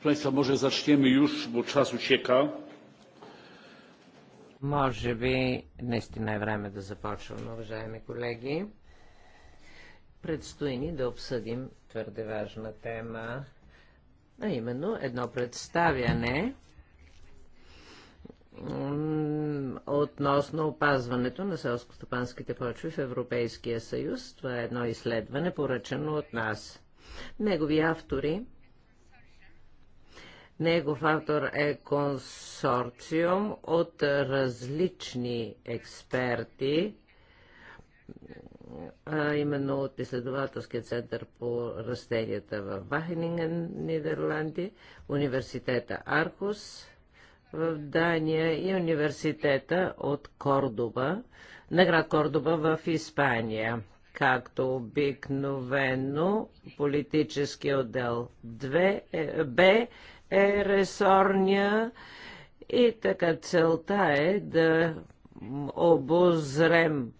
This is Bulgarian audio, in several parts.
Proszę Państwa, może zaczniemy już, bo czas ucieka. Може би наистина е време да започваме, уважаеми колеги. Предстои ни да обсъдим твърде важна тема, а именно едно представяне относно опазването на селско-стопанските почви в Европейския съюз. Това е едно изследване, поръчено от нас. Негови автори Негов автор е консорциум от различни експерти, а именно от изследователския център по растенията в Вахенинген, Нидерланди, университета Аркус в Дания и университета от Кордоба, на град Кордоба в Испания. Както обикновено, политически отдел 2, е, Б е ресорния и така целта е да обозрем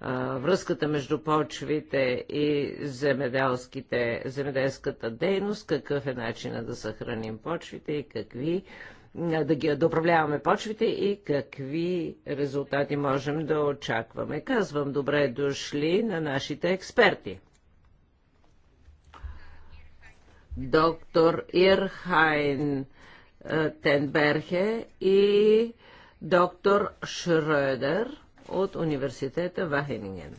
а, връзката между почвите и земеделската дейност, какъв е начинът да съхраним почвите и какви да, ги, да управляваме почвите и какви резултати можем да очакваме. Казвам добре дошли на нашите експерти. доктор Ирхайн е, Тенберхе и доктор Шрёдер от университета Вахенинген.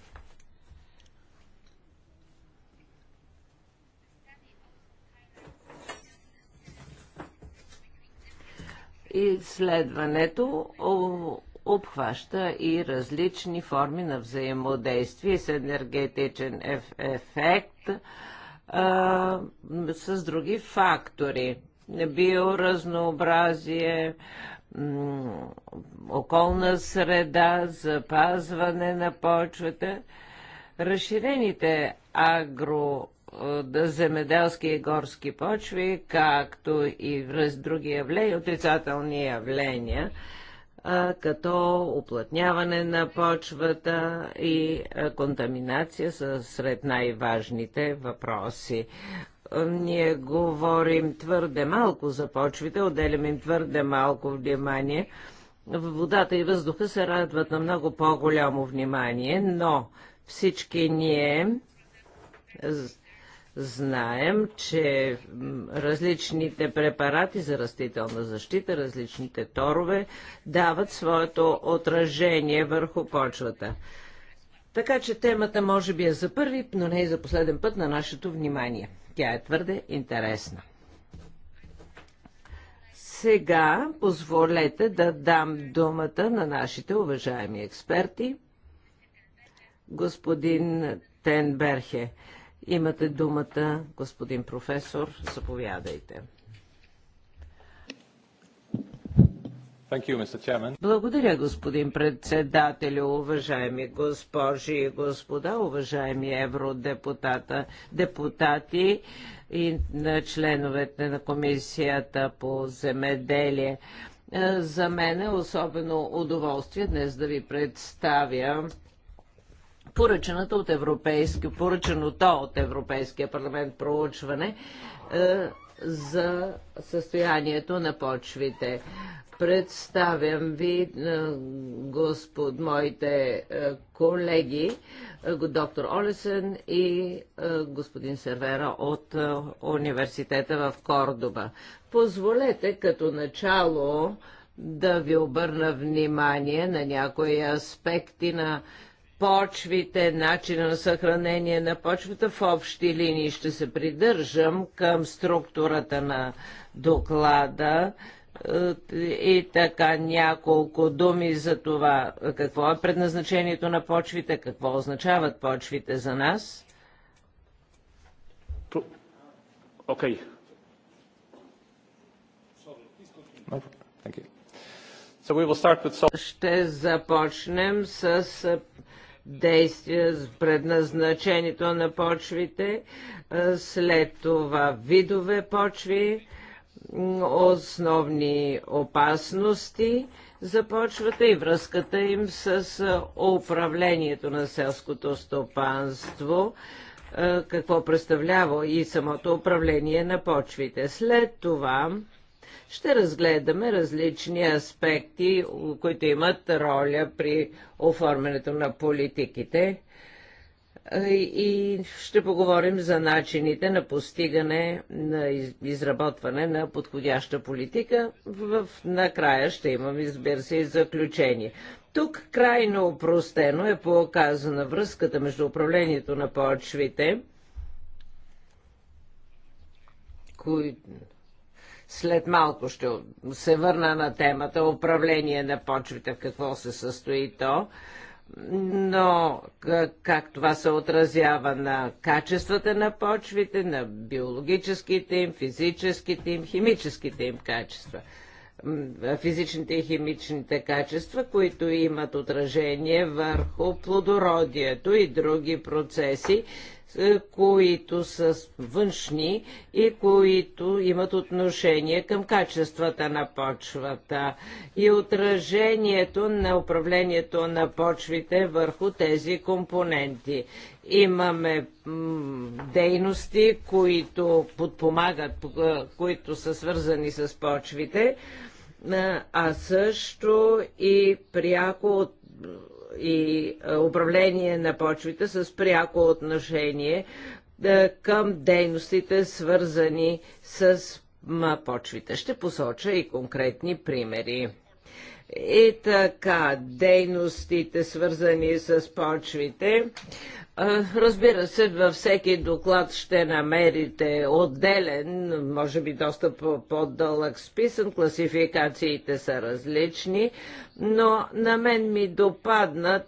Изследването обхваща и различни форми на взаимодействие с енергетичен ефект, а, с други фактори. Биоразнообразие, околна среда, запазване на почвата. Разширените агро да земеделски и горски почви, както и други явления, отрицателни явления, а, като оплътняване на почвата и а, контаминация са сред най-важните въпроси. Ние говорим твърде малко за почвите, отделяме им твърде малко внимание. Водата и въздуха се радват на много по-голямо внимание, но всички ние Знаем, че различните препарати за растителна защита, различните торове дават своето отражение върху почвата. Така че темата може би е за първи, но не и за последен път на нашето внимание. Тя е твърде интересна. Сега позволете да дам думата на нашите уважаеми експерти, господин Тенберхе. Имате думата, господин професор. Заповядайте. You, Благодаря, господин председателю, уважаеми госпожи и господа, уважаеми евродепутата, депутати и на членовете на Комисията по земеделие. Е, за мен е особено удоволствие днес да ви представя Поръчената от европейски, поръченото от Европейския парламент проучване е, за състоянието на почвите. Представям ви е, господ, моите е, колеги, е, доктор Олесен и е, господин Сервера от е, университета в Кордоба. Позволете като начало да ви обърна внимание на някои аспекти на почвите, начина на съхранение на почвата в общи линии ще се придържам към структурата на доклада е, и така няколко думи за това какво е предназначението на почвите, какво означават почвите за нас. Окей. Okay. Ще започнем с действия с предназначението на почвите, след това видове почви, основни опасности за почвата и връзката им с управлението на селското стопанство, какво представлява и самото управление на почвите. След това ще разгледаме различни аспекти, които имат роля при оформянето на политиките и ще поговорим за начините на постигане, на изработване на подходяща политика. В, накрая ще имам, избира се, и заключение. Тук крайно упростено е показана връзката между управлението на почвите, след малко ще се върна на темата управление на почвите, какво се състои то но как това се отразява на качествата на почвите, на биологическите им, физическите им, химическите им качества, физичните и химичните качества, които имат отражение върху плодородието и други процеси, е, които са външни и които имат отношение към качествата на почвата и отражението на управлението на почвите върху тези компоненти. Имаме дейности, които подпомагат, е, които са свързани с почвите, е, а също и пряко от и управление на почвите с пряко отношение към дейностите, свързани с почвите. Ще посоча и конкретни примери. И така, дейностите, свързани с почвите, Разбира се, във всеки доклад ще намерите отделен, може би доста по-дълъг по списък, класификациите са различни, но на мен ми допадна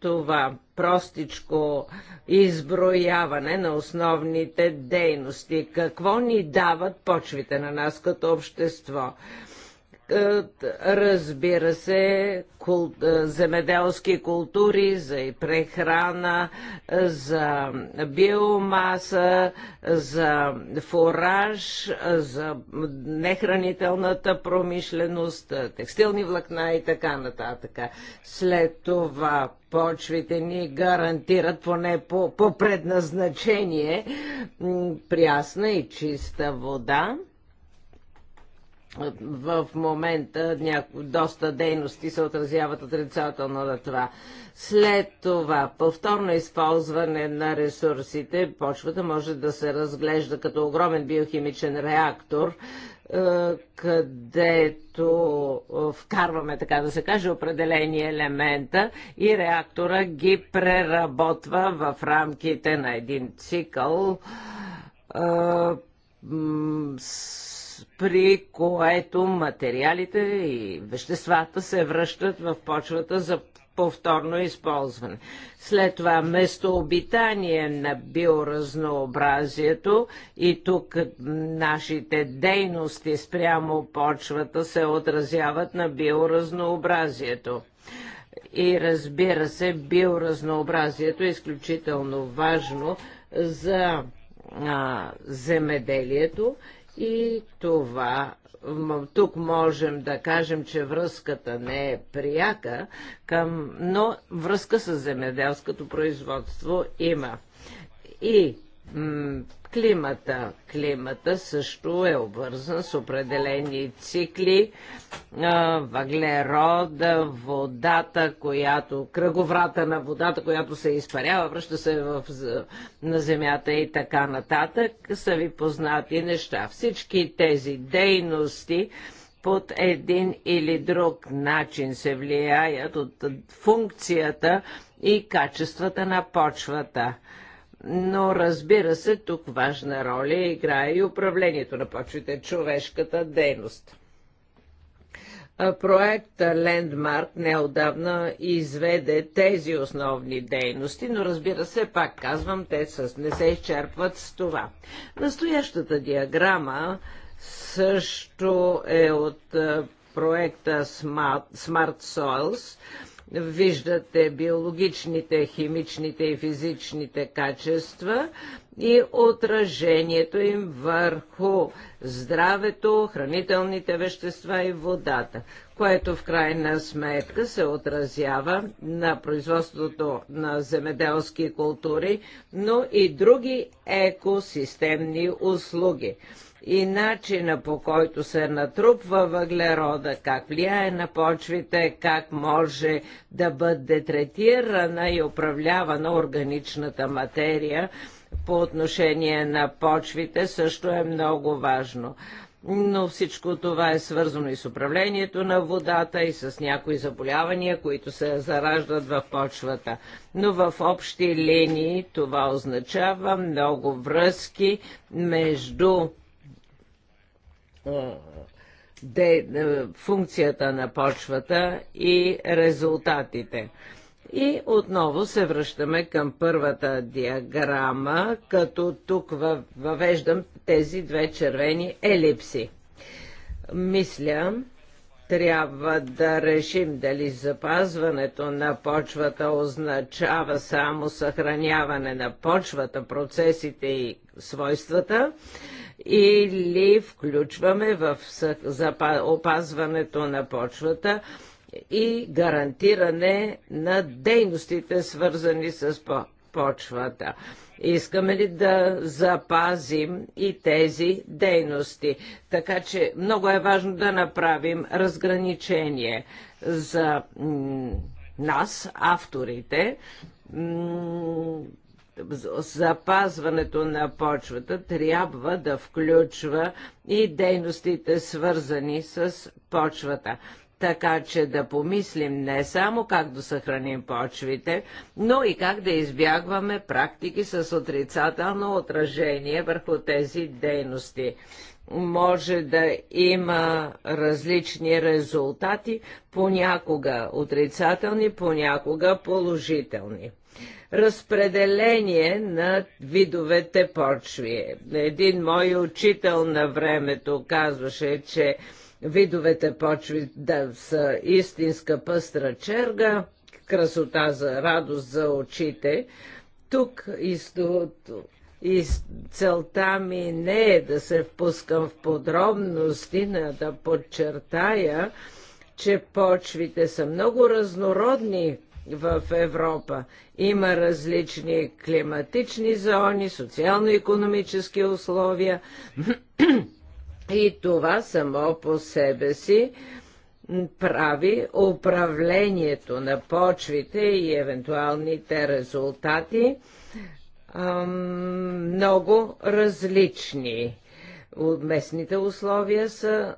това простичко изброяване на основните дейности. Какво ни дават почвите на нас като общество? Е, разбира се, кул, е, земеделски култури, за и прехрана, е, за биомаса, за фораж, за нехранителната промишленост, текстилни влакна и така нататък. След това почвите ни гарантират поне по, по предназначение прясна и чиста вода в момента няко, доста дейности се отразяват отрицателно на това. След това, повторно използване на ресурсите, почвата може да се разглежда като огромен биохимичен реактор, е, където е, вкарваме, така да се каже, определени елемента и реактора ги преработва в рамките на един цикъл е, с при което материалите и веществата се връщат в почвата за повторно използване. След това местообитание на биоразнообразието и тук нашите дейности спрямо почвата се отразяват на биоразнообразието. И разбира се, биоразнообразието е изключително важно за а, земеделието и това тук можем да кажем, че връзката не е прияка, към, но връзка с земеделското производство има. И климата. Климата също е обвързан с определени цикли, въглерода, водата, която, кръговрата на водата, която се изпарява, връща се в, на земята и така нататък, са ви познати неща. Всички тези дейности под един или друг начин се влияят от функцията и качествата на почвата но разбира се, тук важна роля играе и управлението на почвите, човешката дейност. Проект Landmark неодавна изведе тези основни дейности, но разбира се, пак казвам, те с, не се изчерпват с това. Настоящата диаграма също е от проекта Smart, Smart Soils, Виждате биологичните, химичните и физичните качества и отражението им върху здравето, хранителните вещества и водата, което в крайна сметка се отразява на производството на земеделски култури, но и други екосистемни услуги и начина по който се натрупва въглерода, как влияе на почвите, как може да бъде третирана и управлявана органичната материя по отношение на почвите също е много важно но всичко това е свързано и с управлението на водата, и с някои заболявания, които се зараждат в почвата. Но в общи линии това означава много връзки между де, функцията на почвата и резултатите. И отново се връщаме към първата диаграма, като тук въвеждам тези две червени елипси. Мисля, трябва да решим дали запазването на почвата означава само съхраняване на почвата, процесите и свойствата, или включваме в опазването на почвата и гарантиране на дейностите, свързани с почвата. Искаме ли да запазим и тези дейности? Така че много е важно да направим разграничение за нас, авторите запазването на почвата трябва да включва и дейностите свързани с почвата. Така че да помислим не само как да съхраним почвите, но и как да избягваме практики с отрицателно отражение върху тези дейности може да има различни резултати, понякога отрицателни, понякога положителни разпределение на видовете почви. Един мой учител на времето казваше, че видовете почви да са истинска пъстра черга, красота за радост за очите. Тук изто, и целта ми не е да се впускам в подробности, но да подчертая, че почвите са много разнородни в Европа. Има различни климатични зони, социално-економически условия и това само по себе си прави управлението на почвите и евентуалните резултати ам, много различни. Местните условия са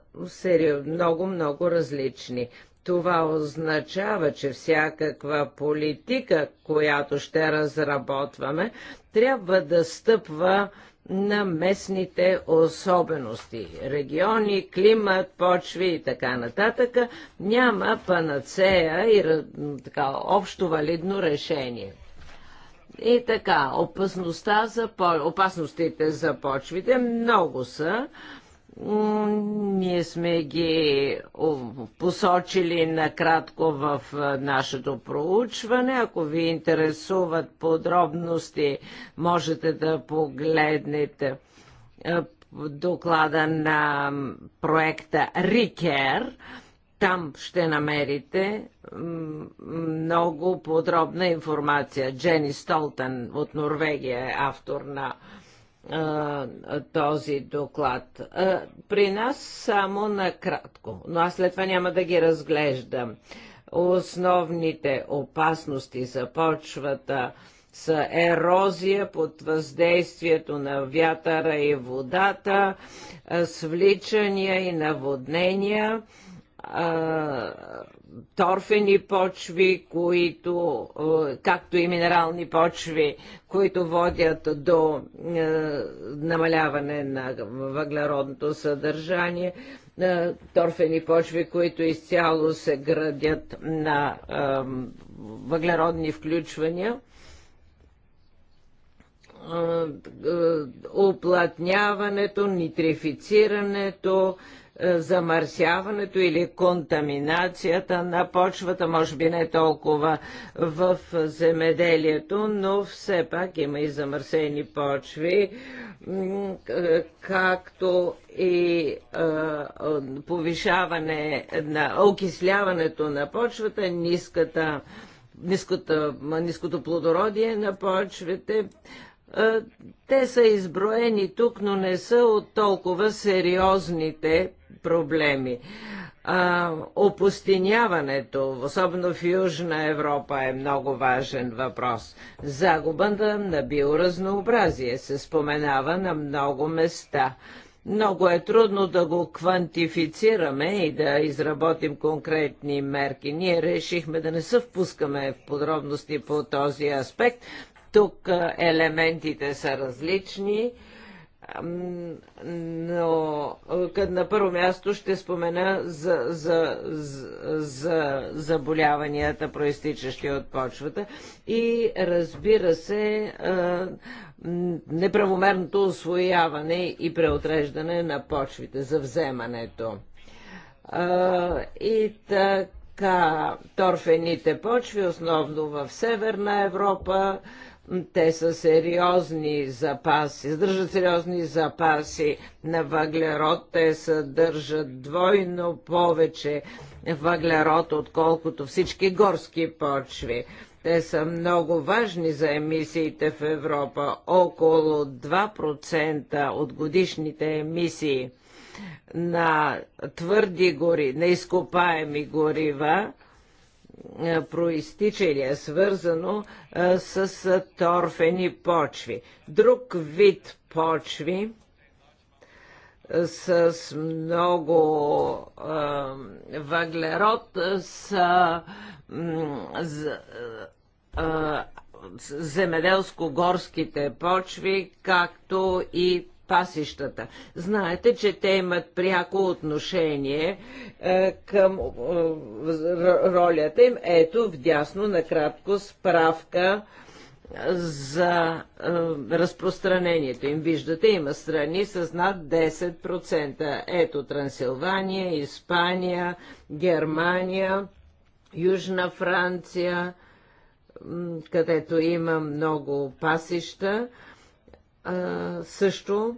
много-много различни. Това означава, че всякаква политика, която ще разработваме, трябва да стъпва на местните особености, региони, климат, почви и така нататък, няма панацея и така, общо валидно решение. И така, опасността за, опасностите за почвите много са, ние сме ги посочили накратко в нашето проучване. Ако ви интересуват подробности, можете да погледнете доклада на проекта РИКЕР. Там ще намерите много подробна информация. Джени Столтен от Норвегия е автор на този доклад. При нас само накратко, но аз след това няма да ги разглеждам. Основните опасности за почвата са ерозия под въздействието на вятъра и водата, свличания и наводнения, торфени почви, които, е, както и минерални почви, които водят до е, намаляване на въглеродното съдържание, е, торфени почви, които изцяло се градят на въглеродни включвания оплътняването, нитрифицирането, е, замърсяването или контаминацията на почвата, може би не толкова в земеделието, но все пак има и замърсени почви, е, както и е, повишаване на окисляването на почвата, ниската, ниската, ниското плодородие на почвите, те са изброени тук, но не са от толкова сериозните проблеми. А, опустиняването, особено в Южна Европа, е много важен въпрос. Загубата на биоразнообразие се споменава на много места. Много е трудно да го квантифицираме и да изработим конкретни мерки. Ние решихме да не се впускаме в подробности по този аспект. Тук елементите са различни но на първо място ще спомена за, за, за заболяванията, проистичащи от почвата и разбира се неправомерното освояване и преотреждане на почвите за вземането. И така, торфените почви, основно в Северна Европа, те са сериозни запаси, съдържат сериозни запаси на въглерод. Те съдържат двойно повече въглерод, отколкото всички горски почви. Те са много важни за емисиите в Европа, около 2% от годишните емисии на твърди гори, на изкопаеми горива е, проистича или е свързано а, е, с е, торфени почви. Друг вид почви а, с много въглерод са земеделско-горските почви, както и пасищата. Знаете, че те имат пряко отношение е, към е, ролята им. Ето, вдясно, накратко, справка за е, разпространението им. Виждате, има страни с над 10%. Ето Трансилвания, Испания, Германия, Южна Франция, където има много пасища а, също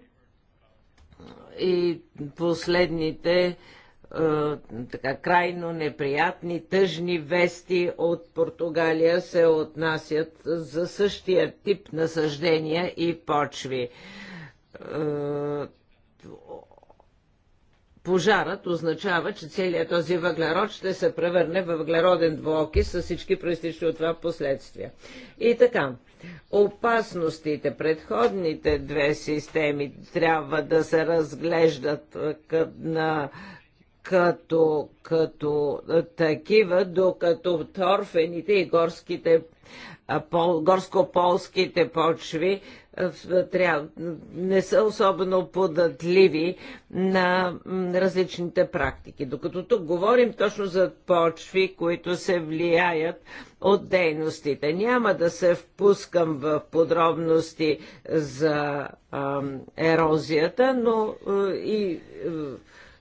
и последните а, така крайно неприятни, тъжни вести от Португалия се отнасят за същия тип насъждения и почви. пожарът означава, че целият този въглерод ще се превърне в въглероден двуокис с всички проистични от това последствия. И така, Опасностите, предходните две системи трябва да се разглеждат на като, като такива, докато торфените и горските горско-полските почви трябва, не са особено податливи на различните практики. Докато тук говорим точно за почви, които се влияят от дейностите. Няма да се впускам в подробности за ерозията, но е, и е,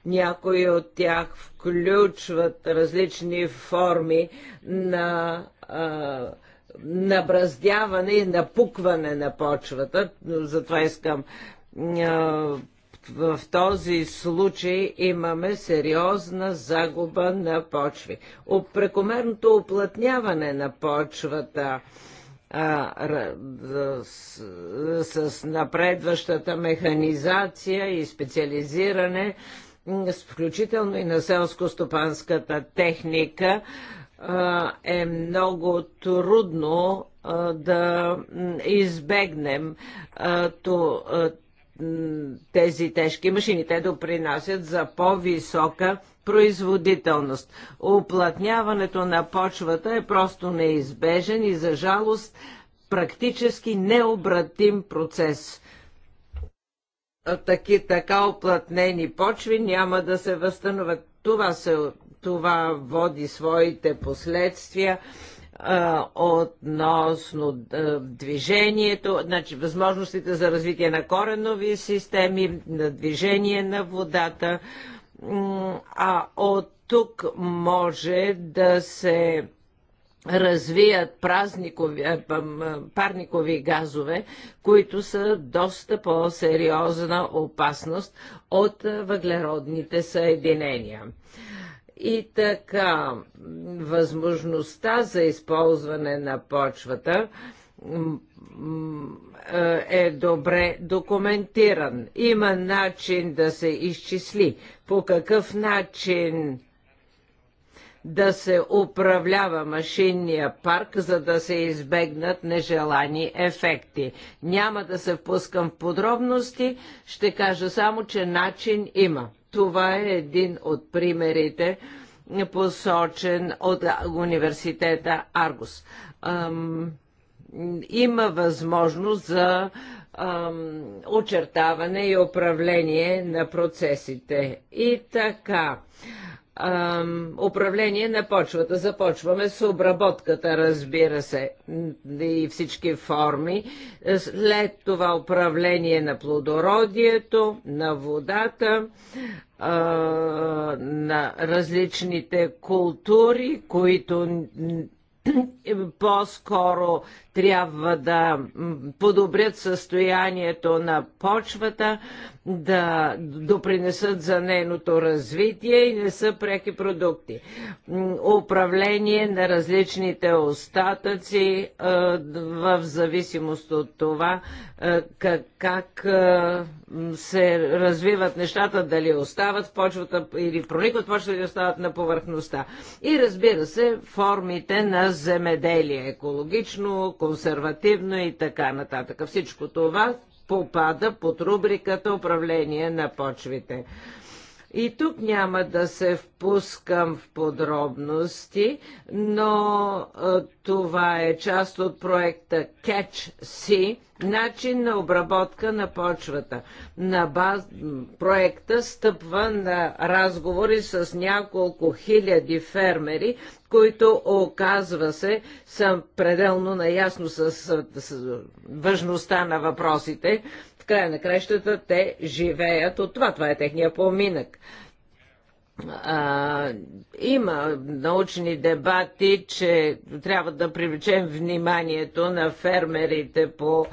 някои от тях включват различни форми на а, набраздяване и напукване на почвата. Затова искам в този случай имаме сериозна загуба на почви. Прекомерното оплътняване на почвата с напредващата механизация и специализиране, включително и на селско-стопанската техника, е много трудно да избегнем тези тежки машини. Те допринасят за по-висока производителност. Оплътняването на почвата е просто неизбежен и за жалост практически необратим процес. Таки така оплътнени почви няма да се възстановят. Това се това води своите последствия относно движението, значи възможностите за развитие на коренови системи, на движение на водата, а от тук може да се развият празникови, парникови газове, които са доста по-сериозна опасност от въглеродните съединения. И така, възможността за използване на почвата е добре документиран. Има начин да се изчисли по какъв начин да се управлява машинния парк, за да се избегнат нежелани ефекти. Няма да се впускам в подробности, ще кажа само, че начин има. Това е един от примерите, посочен от университета Аргус. Има възможност за очертаване и управление на процесите. И така, управление на почвата. Започваме с обработката, разбира се, и всички форми. След това управление на плодородието, на водата, на различните култури, които по-скоро трябва да подобрят състоянието на почвата, да допринесат за нейното развитие и не са преки продукти. Управление на различните остатъци е, в зависимост от това е, как е, се развиват нещата, дали остават в почвата или проникват в почвата или остават на повърхността. И разбира се, формите на земеделие, екологично, консервативно и така нататък. Всичко това попада под рубриката управление на почвите. И тук няма да се впускам в подробности, но това е част от проекта Catch Sea, начин на обработка на почвата. На баз... проекта стъпва на разговори с няколко хиляди фермери, които оказва се са пределно наясно с, с, с важността на въпросите. В края на кращата те живеят от това. Това е техния поминък а, има научни дебати, че трябва да привлечем вниманието на фермерите по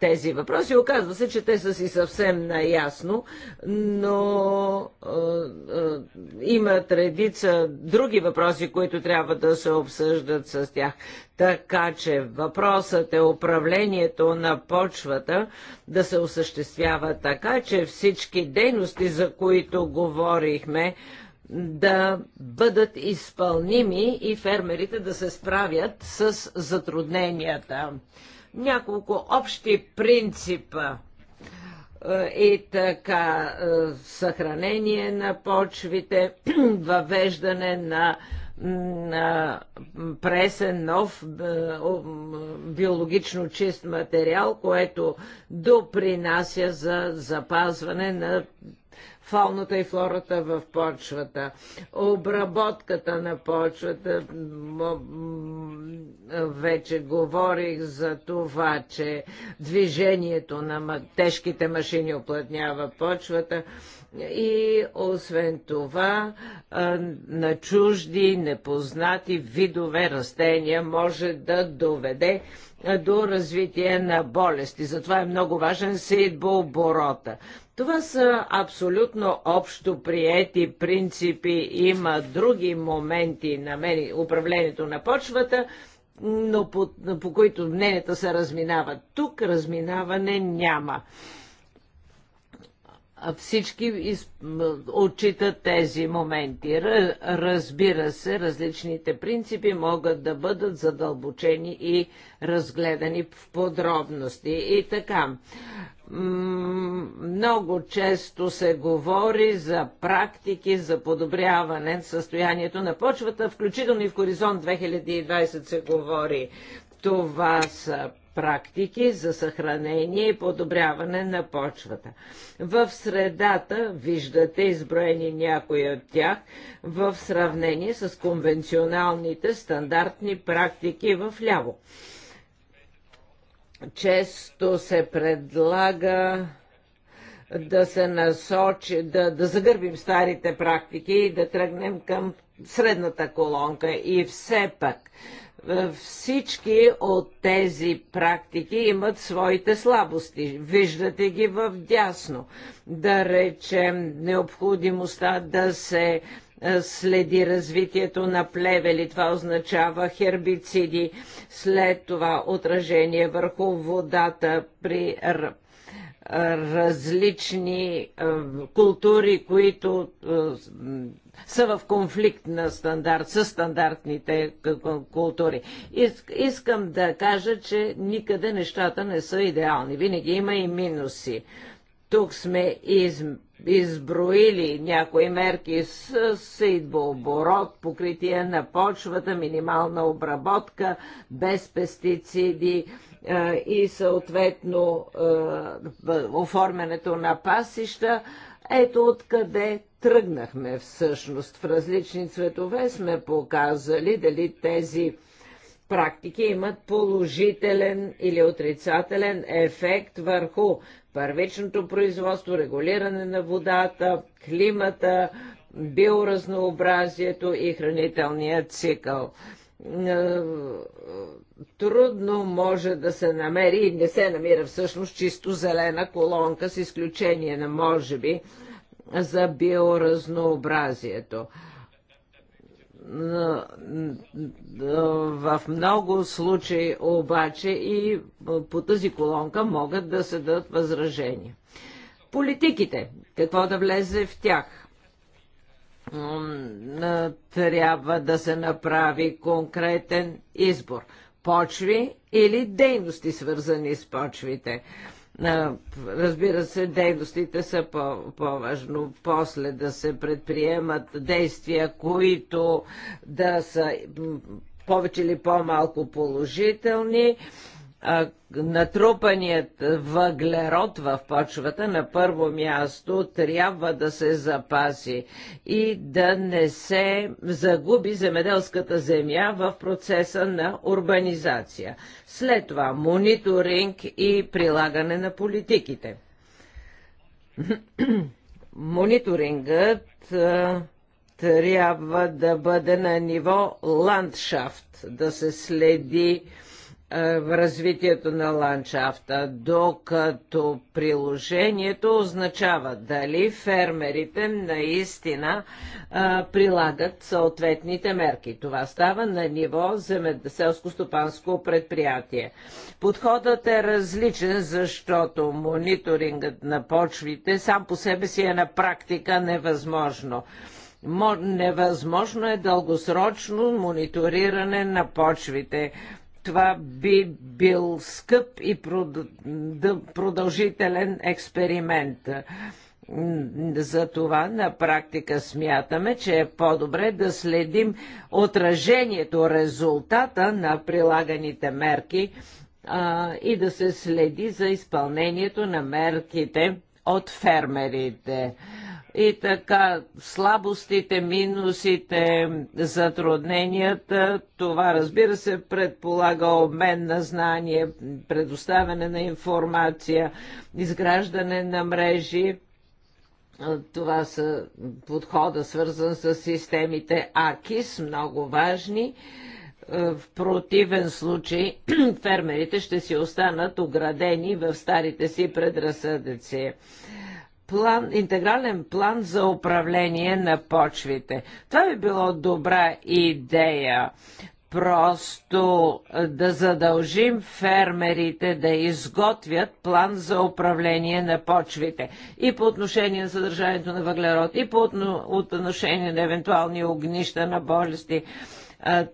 тези въпроси. Оказва се, че те са си съвсем наясно, но а, а, има редица други въпроси, които трябва да се обсъждат с тях. Така че въпросът е управлението на почвата да се осъществява така, че всички дейности, за които говорихме, да бъдат изпълними и фермерите да се справят с затрудненията. Няколко общи принципа е, и така е, съхранение на почвите, въвеждане на, на пресен нов е, биологично чист материал, което допринася за запазване на фауната и флората в почвата, обработката на почвата. Вече говорих за това, че движението на тежките машини оплътнява почвата и освен това на чужди, непознати видове растения може да доведе до развитие на болести. Затова е много важен оборота. Това са абсолютно общо приети принципи. Има други моменти на мен, управлението на почвата, но по, по които мненията се разминават. Тук разминаване няма всички отчитат тези моменти. Разбира се, различните принципи могат да бъдат задълбочени и разгледани в подробности. И така, много често се говори за практики за подобряване на състоянието на почвата, включително и в Хоризонт 2020 се говори. Това са практики за съхранение и подобряване на почвата. В средата виждате изброени някои от тях в сравнение с конвенционалните стандартни практики в ляво. Често се предлага да се насочи, да, да загърбим старите практики и да тръгнем към средната колонка. И все пак е, всички от тези практики имат своите слабости. Виждате ги в дясно. Да речем необходимостта да се е, следи развитието на плевели. Това означава хербициди. След това отражение върху водата при различни култури, които са в конфликт на стандарт, с стандартните култури. Искам да кажа, че никъде нещата не са идеални. Винаги има и минуси. Тук сме из, изброили някои мерки с сейдбооборот, покритие на почвата, минимална обработка, без пестициди е, и съответно е, оформянето на пасища. Ето откъде тръгнахме всъщност. В различни цветове сме показали дали тези практики имат положителен или отрицателен ефект върху първичното производство, регулиране на водата, климата, биоразнообразието и хранителния цикъл. Е, трудно може да се намери и не се намира всъщност чисто зелена колонка, с изключение на може би за биоразнообразието в много случаи обаче и по тази колонка могат да се дадат възражения. Политиките, какво да влезе в тях? Трябва да се направи конкретен избор. Почви или дейности, свързани с почвите Разбира се, дейностите са по-важно по после да се предприемат действия, които да са повече или по-малко положителни а, натрупаният въглерод в почвата на първо място трябва да се запаси и да не се загуби земеделската земя в процеса на урбанизация. След това мониторинг и прилагане на политиките. Мониторингът трябва да бъде на ниво ландшафт, да се следи в е, развитието на ландшафта, докато приложението означава дали фермерите наистина а, е, прилагат съответните мерки. Това става на ниво селско-стопанско предприятие. Подходът е различен, защото мониторингът на почвите сам по себе си е на практика невъзможно. Невъзможно е дългосрочно мониториране на почвите това би бил скъп и продължителен експеримент. Затова на практика смятаме, че е по-добре да следим отражението, резултата на прилаганите мерки а, и да се следи за изпълнението на мерките от фермерите. И така, слабостите, минусите, затрудненията, това разбира се предполага обмен на знание, предоставяне на информация, изграждане на мрежи. Това са подхода свързан с системите АКИС, много важни. В противен случай фермерите ще си останат оградени в старите си предразсъдъци план, интегрален план за управление на почвите. Това би било добра идея просто да задължим фермерите да изготвят план за управление на почвите и по отношение на съдържанието на въглерод, и по отношение на евентуални огнища на болести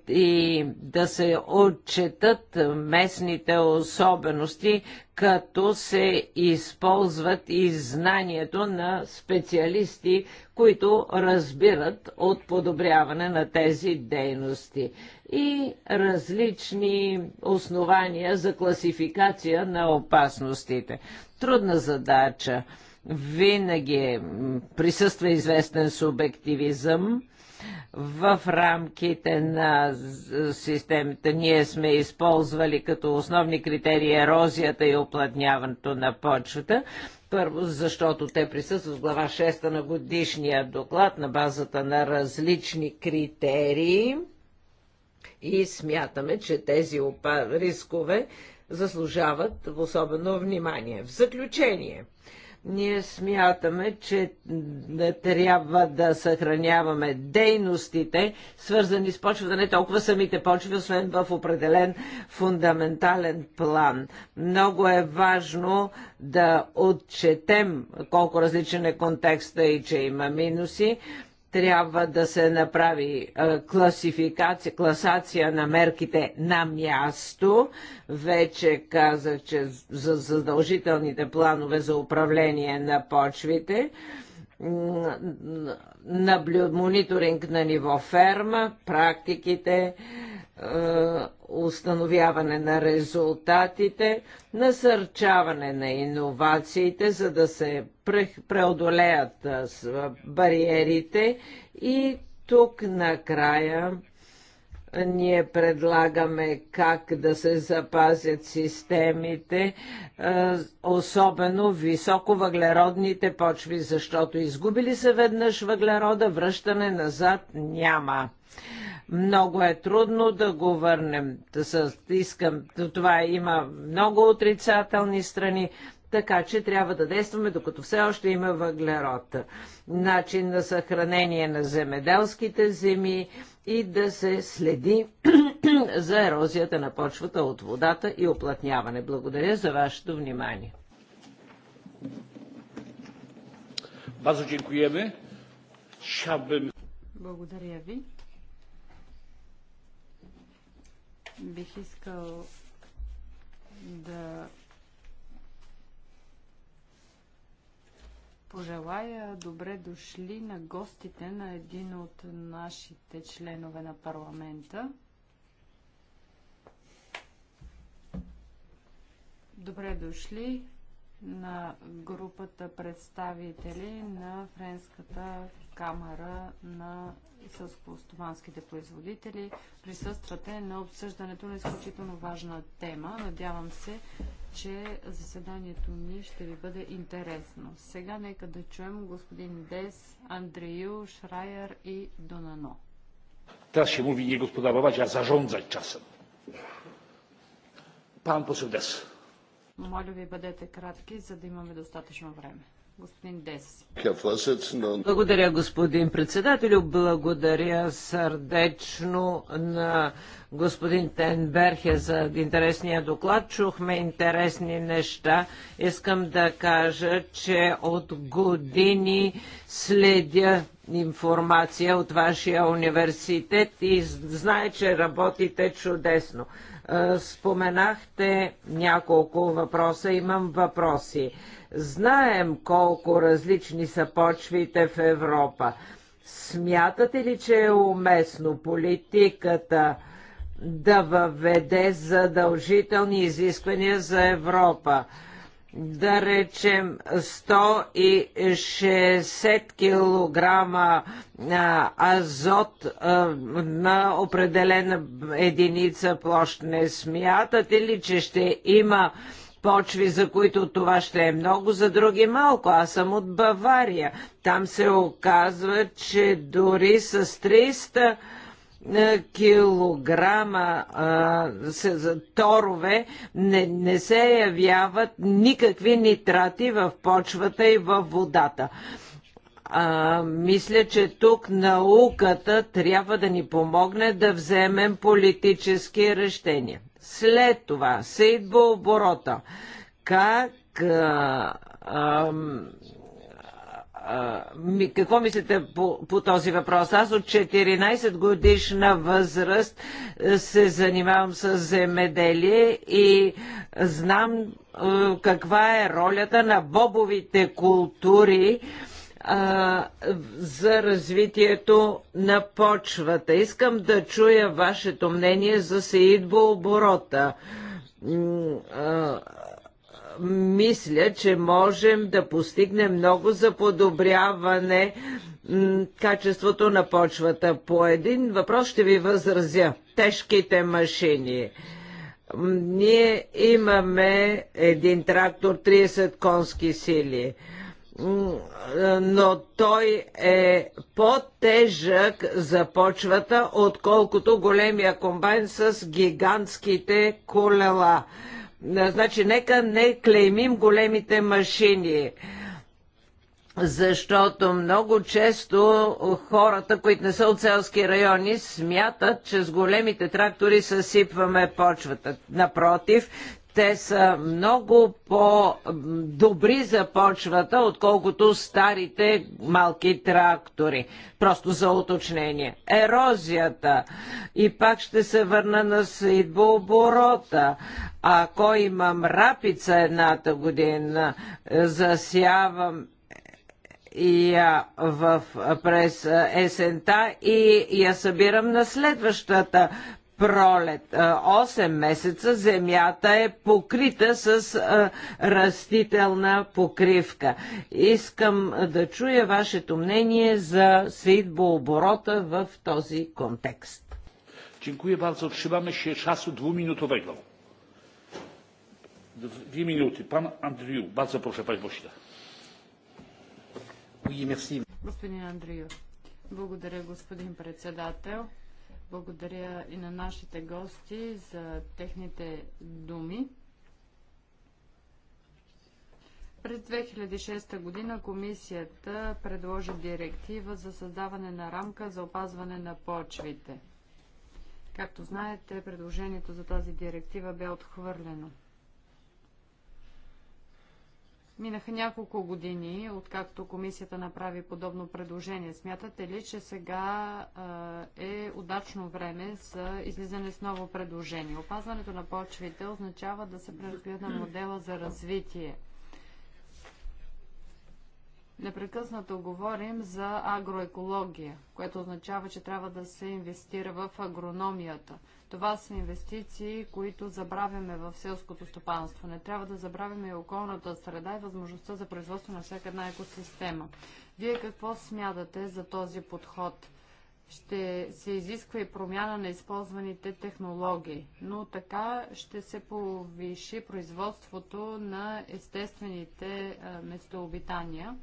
и да се отчетат местните особености, като се използват и знанието на специалисти, които разбират от подобряване на тези дейности и различни основания за класификация на опасностите. Трудна задача. Винаги присъства известен субективизъм в рамките на системата. Ние сме използвали като основни критерии ерозията и оплътняването на почвата. Първо, защото те присъстват в глава 6 на годишния доклад на базата на различни критерии и смятаме, че тези рискове заслужават особено внимание. В заключение – ние смятаме, че трябва да съхраняваме дейностите, свързани с да не толкова самите почви, освен в определен фундаментален план. Много е важно да отчетем колко различен е контекста и че има минуси, трябва да се направи класификация, класация на мерките на място. Вече казах, че за задължителните планове за управление на почвите наблюд, мониторинг на ниво ферма, практиките, е, установяване на резултатите, насърчаване на иновациите, за да се преодолеят е, е, бариерите и тук накрая ние предлагаме как да се запазят системите, особено високо въглеродните почви, защото изгубили се веднъж въглерода, връщане назад няма. Много е трудно да го върнем. Искам, това има много отрицателни страни, така че трябва да действаме, докато все още има въглерод. Начин на съхранение на земеделските земи и да се следи за ерозията на почвата от водата и оплътняване. Благодаря за вашето внимание. Благодаря ви. Бих искал да пожелая добре дошли на гостите на един от нашите членове на парламента. Добре дошли на групата представители на Френската камера на сълскостоманските производители. Присъствате на обсъждането на изключително важна тема. Надявам се, че заседанието ни ще ви бъде интересно. Сега нека да чуем господин Дес, Андрею, Шрайер и Донано. Teraz ще му види господа Бабача, zarządzać czasem. Пан poseł Des. Моля ви, бъдете кратки, за да имаме достатъчно време. Господин Благодаря, господин председателю. Благодаря сърдечно на господин Тенберхе за интересния доклад. Чухме интересни неща. Искам да кажа, че от години следя информация от вашия университет и знае, че работите чудесно. Е, споменахте няколко въпроса. Имам въпроси. Знаем колко различни са почвите в Европа. Смятате ли, че е уместно политиката да въведе задължителни изисквания за Европа? да речем 160 кг азот на определена единица площ. Не смятате ли, че ще има почви, за които това ще е много, за други малко. Аз съм от Бавария. Там се оказва, че дори с 300 килограма а, с, торове не, не се явяват никакви нитрати в почвата и в водата. А, мисля, че тук науката трябва да ни помогне да вземем политически решения. След това се идва оборота. Как а, а, какво мислите по, по този въпрос? Аз от 14 годишна възраст е, се занимавам с земеделие и знам е, каква е ролята на бобовите култури а, е, за развитието на почвата. Искам да чуя вашето мнение за сеидбо оборота мисля, че можем да постигнем много за подобряване качеството на почвата. По един въпрос ще ви възразя. Тежките машини ние имаме един трактор 30 конски сили, но той е по-тежък за почвата, отколкото големия комбайн с гигантските колела. Значи, нека не клеймим големите машини защото много често хората, които не са от селски райони, смятат, че с големите трактори съсипваме почвата. Напротив, те са много по-добри за почвата, отколкото старите малки трактори. Просто за уточнение. Ерозията. И пак ще се върна на оборота. Ако имам рапица едната година, засявам и я в, през есента и я събирам на следващата пролет. 8 месеца земята е покрита с растителна покривка. Искам да чуя вашето мнение за свитбооборота в този контекст. Dziękuję bardzo. Trzymamy się czasu dwuminutowego. Dwie minuty. Pan Andriu. Bardzo proszę, panie pośle. Господин Андрио. Благодаря, господин председател. Благодаря и на нашите гости за техните думи. През 2006 година комисията предложи директива за създаване на рамка за опазване на почвите. Както знаете, предложението за тази директива бе отхвърлено. Минаха няколко години, откакто комисията направи подобно предложение. Смятате ли, че сега е удачно време за излизане с ново предложение? Опазването на почвите означава да се преразгледа модела за развитие – Непрекъснато говорим за агроекология, което означава, че трябва да се инвестира в агрономията. Това са инвестиции, които забравяме в селското стопанство. Не трябва да забравяме и околната среда и възможността за производство на всяка една екосистема. Вие какво смятате за този подход? Ще се изисква и промяна на използваните технологии, но така ще се повиши производството на естествените местообитания.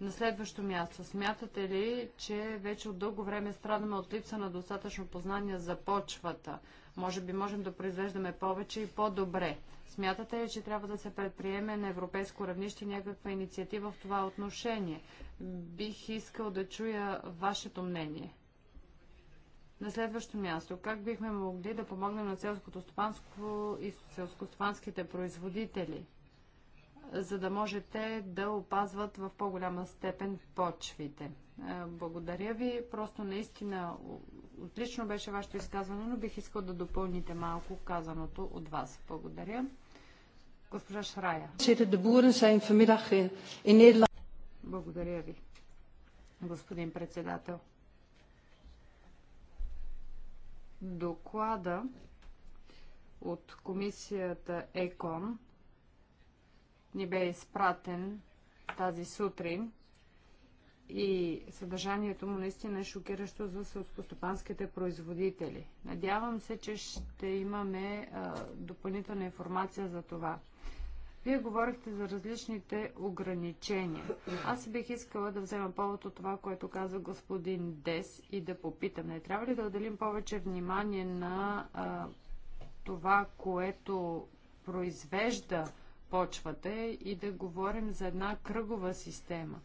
На следващо място, смятате ли, че вече от дълго време страдаме от липса на достатъчно познания за почвата? Може би можем да произвеждаме повече и по-добре. Смятате ли, че трябва да се предприеме на европейско равнище някаква инициатива в това отношение? Бих искал да чуя вашето мнение. На следващо място, как бихме могли да помогнем на селското стопанство и селско производители? за да можете да опазват в по-голяма степен почвите. Благодаря ви. Просто наистина отлично беше вашето изказване, но бих искал да допълните малко казаното от вас. Благодаря. Госпожа Шрая. Благодаря ви, господин председател. Доклада от комисията ЕКОН ни бе изпратен тази сутрин и съдържанието му наистина е шокиращо за селскостопанските производители. Надявам се, че ще имаме допълнителна информация за това. Вие говорихте за различните ограничения. Аз бих искала да взема повод от това, което каза господин Дес и да попитам. Не трябва ли да отделим повече внимание на а, това, което произвежда започвате и да говорим за една кръгова система.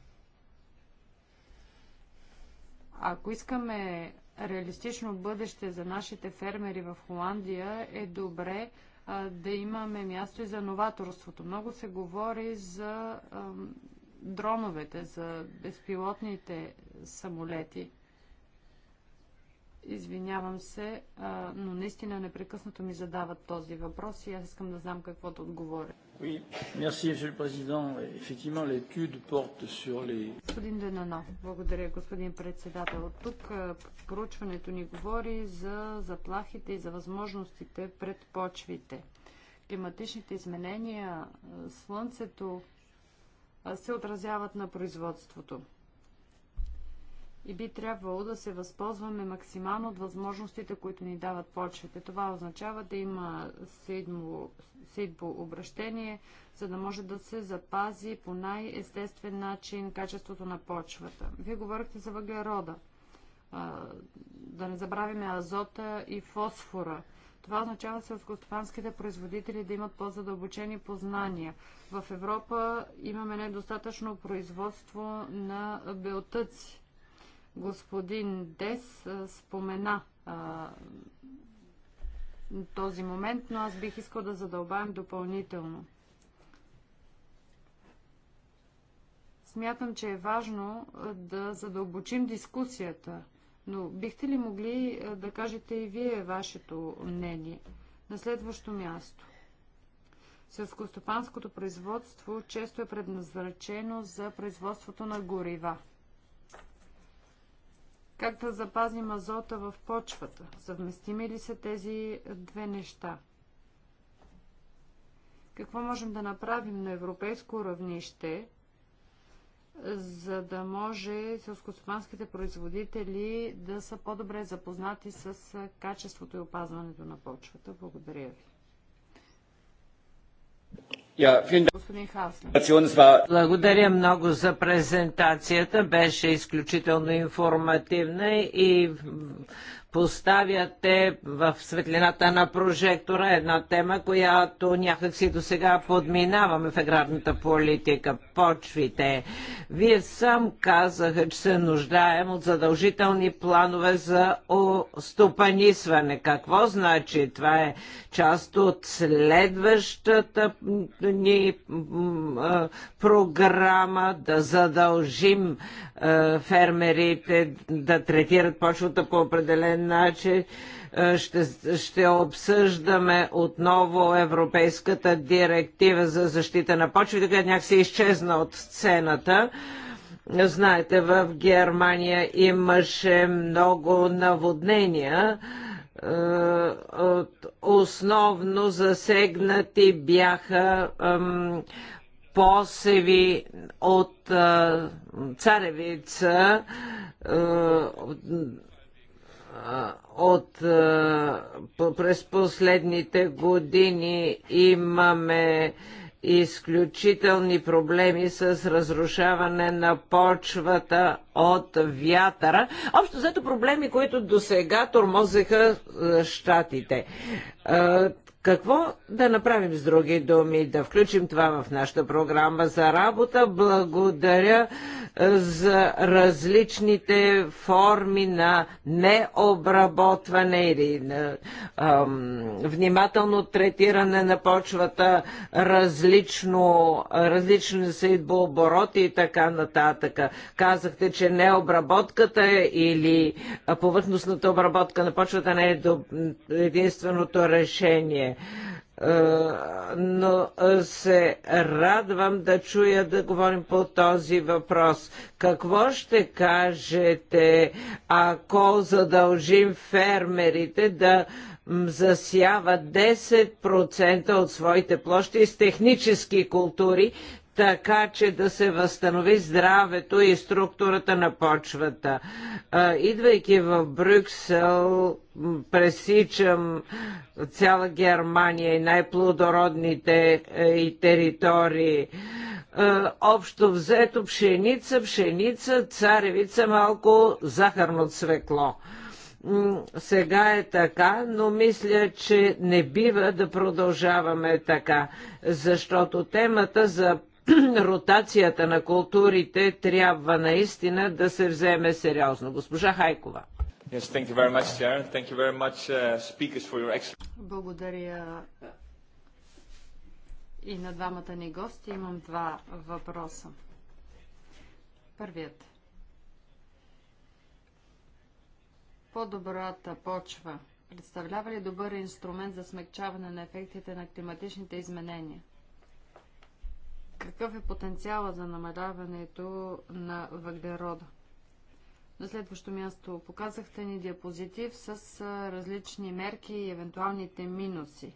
Ако искаме реалистично бъдеще за нашите фермери в Холандия, е добре а, да имаме място и за новаторството. Много се говори за а, дроновете, за безпилотните самолети. Извинявам се, а, но наистина непрекъснато ми задават този въпрос и аз искам да знам какво да отговоря. Oui, merci, Monsieur le Président. Effectivement, l'étude porte sur les... Господин Денано, благодаря, господин председател. Тук проучването ни говори за заплахите и за възможностите пред почвите. Климатичните изменения, слънцето се отразяват на производството и би трябвало да се възползваме максимално от възможностите, които ни дават почвите. Това означава да има седмо, обращение, за да може да се запази по най-естествен начин качеството на почвата. Вие говорихте за въглерода. А, да не забравяме азота и фосфора. Това означава селскостопанските производители да имат по-задълбочени познания. В Европа имаме недостатъчно производство на белтъци Господин Дес спомена а, този момент, но аз бих искал да задълбавам допълнително. Смятам, че е важно да задълбочим дискусията, но бихте ли могли да кажете и вие вашето мнение? На следващо място. Селскостопанското производство често е предназначено за производството на горива. Как да запазим азота в почвата? Съвместими ли са тези две неща? Какво можем да направим на европейско равнище, за да може селскостопанските производители да са по-добре запознати с качеството и опазването на почвата? Благодаря ви. Yeah, Благодаря много за презентацията. Беше изключително информативна и поставяте в светлината на прожектора една тема, която някакси до сега подминаваме в аграрната политика – почвите. Вие сам казаха, че се нуждаем от задължителни планове за стопанисване. Какво значи? Това е част от следващата ни програма да задължим е, фермерите да третират почвата по определен начин. Е, ще, ще обсъждаме отново Европейската директива за защита на почвите, която някакси изчезна от сцената. Знаете, в Германия имаше много наводнения е, основно засегнати бяха посеви от царевица от през последните години имаме изключителни проблеми с разрушаване на почвата от вятъра. Общо взето проблеми, които до сега тормозеха щатите. Какво да направим с други думи? Да включим това в нашата програма за работа. Благодаря е, за различните форми на необработване или на е, ам, внимателно третиране на почвата, различно, различни са и така нататък. Казахте, че необработката или е, повърхностната обработка на почвата не е единственото решение е, но е, се радвам да чуя да говорим по този въпрос. Какво ще кажете, ако задължим фермерите да засяват 10% от своите площи с технически култури, така че да се възстанови здравето и структурата на почвата. Идвайки в Брюксел, пресичам цяла Германия и най-плодородните е, и територии. Общо взето пшеница, пшеница, царевица, малко захарно цвекло сега е така, но мисля, че не бива да продължаваме така, защото темата за ротацията на културите трябва наистина да се вземе сериозно. Госпожа Хайкова. Uh, Благодаря и на двамата ни гости. Имам два въпроса. Първият. По-добрата почва представлява ли добър инструмент за смягчаване на ефектите на климатичните изменения? Какъв е потенциала за намаляването на въглерода? На следващо място показахте ни диапозитив с различни мерки и евентуалните минуси.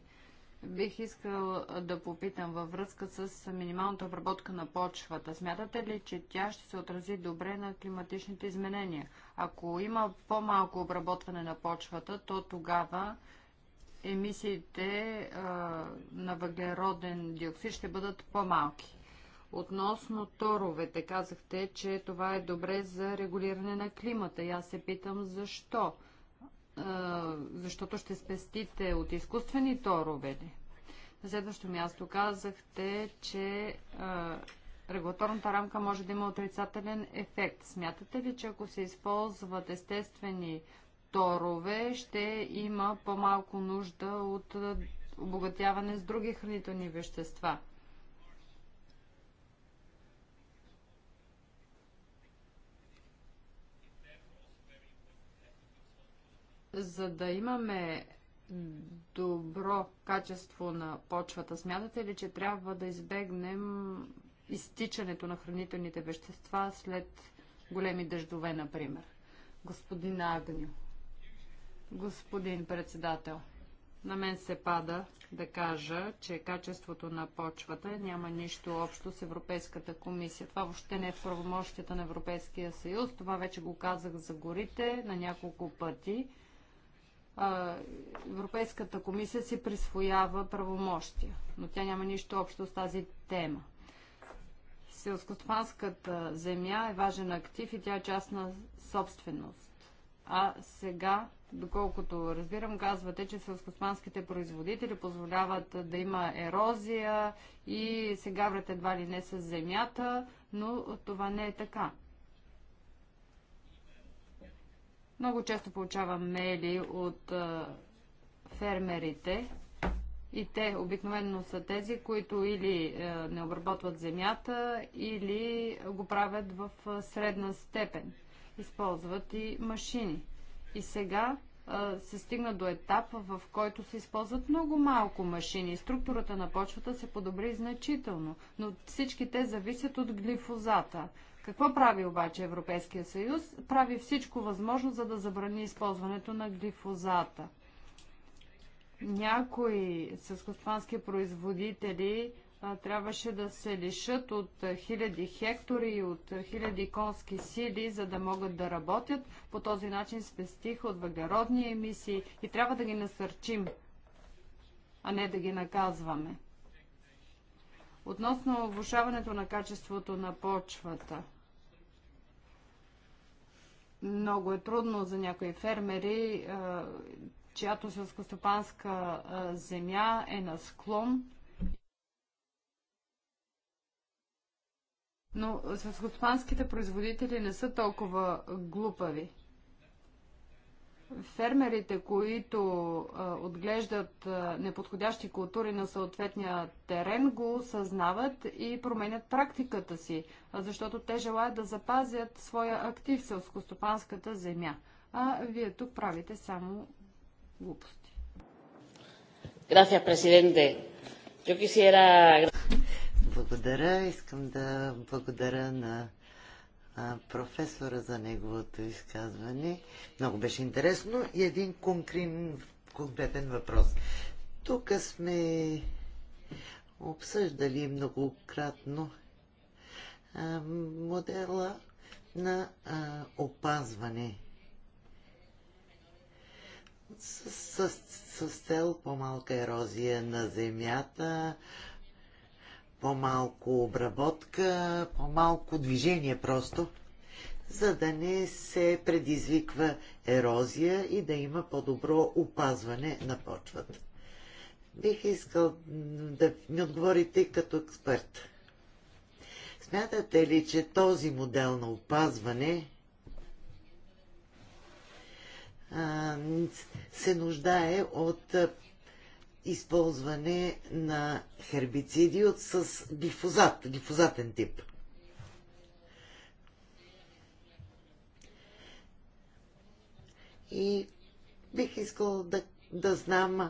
Бих искал да попитам във връзка с минималната обработка на почвата. Смятате ли, че тя ще се отрази добре на климатичните изменения? Ако има по-малко обработване на почвата, то тогава емисиите а, на въглероден диоксид ще бъдат по-малки. Относно торовете, казахте, че това е добре за регулиране на климата. И аз се питам защо. А, защото ще спестите от изкуствени торове. На следващо място казахте, че а, регулаторната рамка може да има отрицателен ефект. Смятате ли, че ако се използват естествени торове, ще има по-малко нужда от обогатяване с други хранителни вещества. За да имаме добро качество на почвата, смятате ли, че трябва да избегнем изтичането на хранителните вещества след големи дъждове, например? Господин Агнио. Господин председател, на мен се пада да кажа, че качеството на почвата няма нищо общо с Европейската комисия. Това въобще не е в правомощията на Европейския съюз. Това вече го казах за горите на няколко пъти. Европейската комисия си присвоява правомощия, но тя няма нищо общо с тази тема. Селскостопанската земя е важен актив и тя е частна собственост. А сега, доколкото разбирам, казвате, че селскостманските производители позволяват да има ерозия и се гаврят едва ли не с земята, но това не е така. Много често получавам мейли от фермерите и те обикновено са тези, които или не обработват земята, или го правят в средна степен използват и машини. И сега се стигна до етап, в който се използват много малко машини. Структурата на почвата се подобри значително, но всички те зависят от глифозата. Какво прави обаче Европейския съюз? Прави всичко възможно, за да забрани използването на глифозата. Някои съскостопански производители трябваше да се лишат от хиляди хектори и от хиляди конски сили, за да могат да работят. По този начин спестиха от въглеродни емисии и трябва да ги насърчим, а не да ги наказваме. Относно влушаването на качеството на почвата. Много е трудно за някои фермери, чиято селскостопанска земя е на склон Но селскостопанските производители не са толкова глупави. Фермерите, които а, отглеждат а, неподходящи култури на съответния терен, го съзнават и променят практиката си, а, защото те желаят да запазят своя актив селскостопанската земя. А вие тук правите само глупости. Gracias, presidente. Yo quisiera благодаря. Искам да благодаря на професора за неговото изказване. Много беше интересно. И един конкрин, конкретен въпрос. Тук сме обсъждали многократно модела на опазване с, с, с цел по-малка ерозия на земята, по-малко обработка, по-малко движение просто, за да не се предизвиква ерозия и да има по-добро опазване на почвата. Бих искал да ми отговорите като експерт. Смятате ли, че този модел на опазване се нуждае от използване на хербициди от, с глифозат, дифузатен тип. И бих искал да, да знам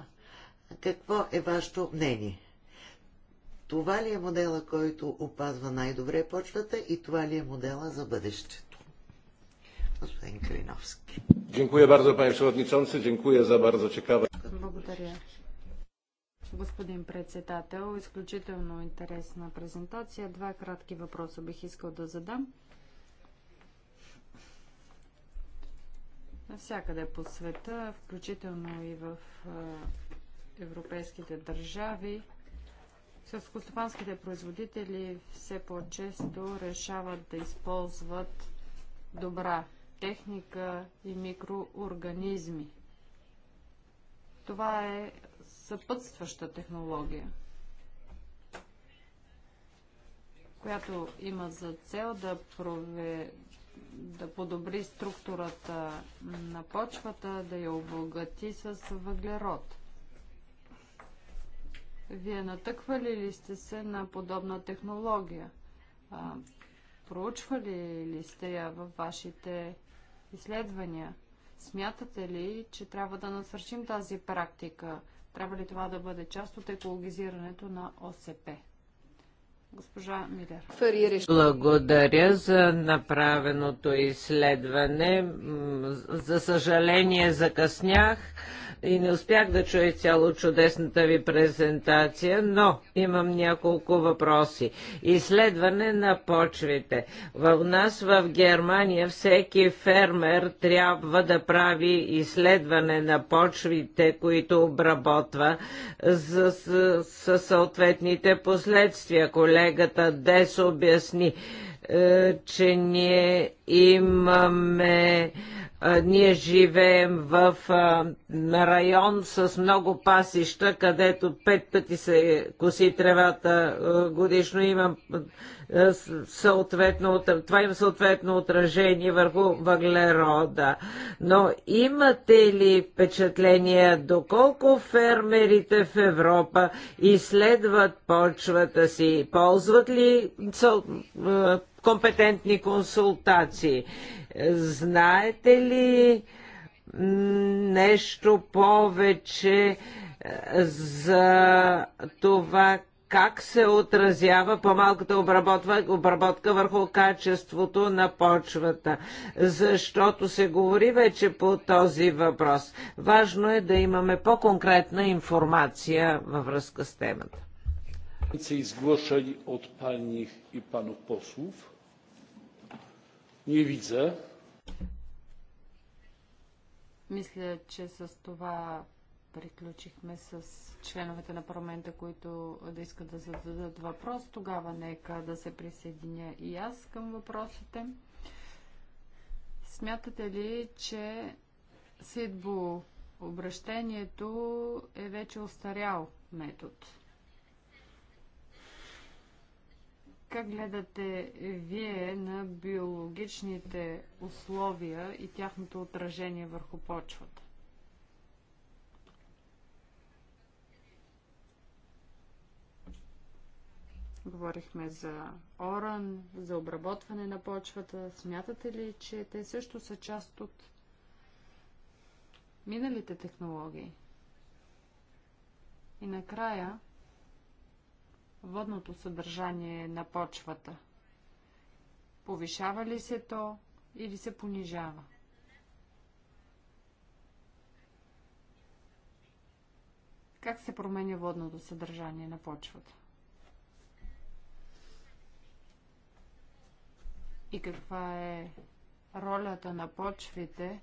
какво е вашето мнение. Това ли е модела, който опазва най-добре почвата и това ли е модела за бъдещето? Господин Калиновски. Dziękuję Благодаря. Господин председател, изключително интересна презентация. Два кратки въпроса бих искал да задам. Навсякъде по света, включително и в европейските държави, селскостопанските производители все по-често решават да използват добра техника и микроорганизми. Това е съпътстваща технология, която има за цел да, прове, да подобри структурата на почвата, да я обогати с въглерод. Вие натъквали ли сте се на подобна технология? А, проучвали ли сте я във вашите изследвания? Смятате ли, че трябва да насърчим тази практика? Трябва ли това да бъде част от екологизирането на ОСП? Госпожа Милер. Благодаря за направеното изследване. За съжаление закъснях и не успях да чуя цяло чудесната ви презентация, но имам няколко въпроси. Изследване на почвите. В нас в Германия всеки фермер трябва да прави изследване на почвите, които обработва с, с, с съответните последствия. Колега колегата Дес обясни, е, че ние имаме е, ние живеем в а, е, район с много пасища, където пет пъти се коси тревата а, годишно. Имам е, съответно, това има съответно отражение върху въглерода. Но имате ли впечатление доколко фермерите в Европа изследват почвата си? Ползват ли е, компетентни консултации? Знаете ли нещо повече е, за това как се отразява по-малката обработка върху качеството на почвата, защото се говори вече по този въпрос. Важно е да имаме по-конкретна информация във връзка с темата. Więcej zgłoszeń od pani i panów posłów? Nie widzę. Мисля, че с това приключихме с членовете на парламента, които да искат да зададат въпрос. Тогава нека да се присъединя и аз към въпросите. Смятате ли, че Сидбо обращението е вече остарял метод? Как гледате вие на биологичните условия и тяхното отражение върху почвата? Говорихме за оран, за обработване на почвата. Смятате ли, че те също са част от миналите технологии? И накрая водното съдържание на почвата. Повишава ли се то или се понижава? Как се променя водното съдържание на почвата? и каква е ролята на почвите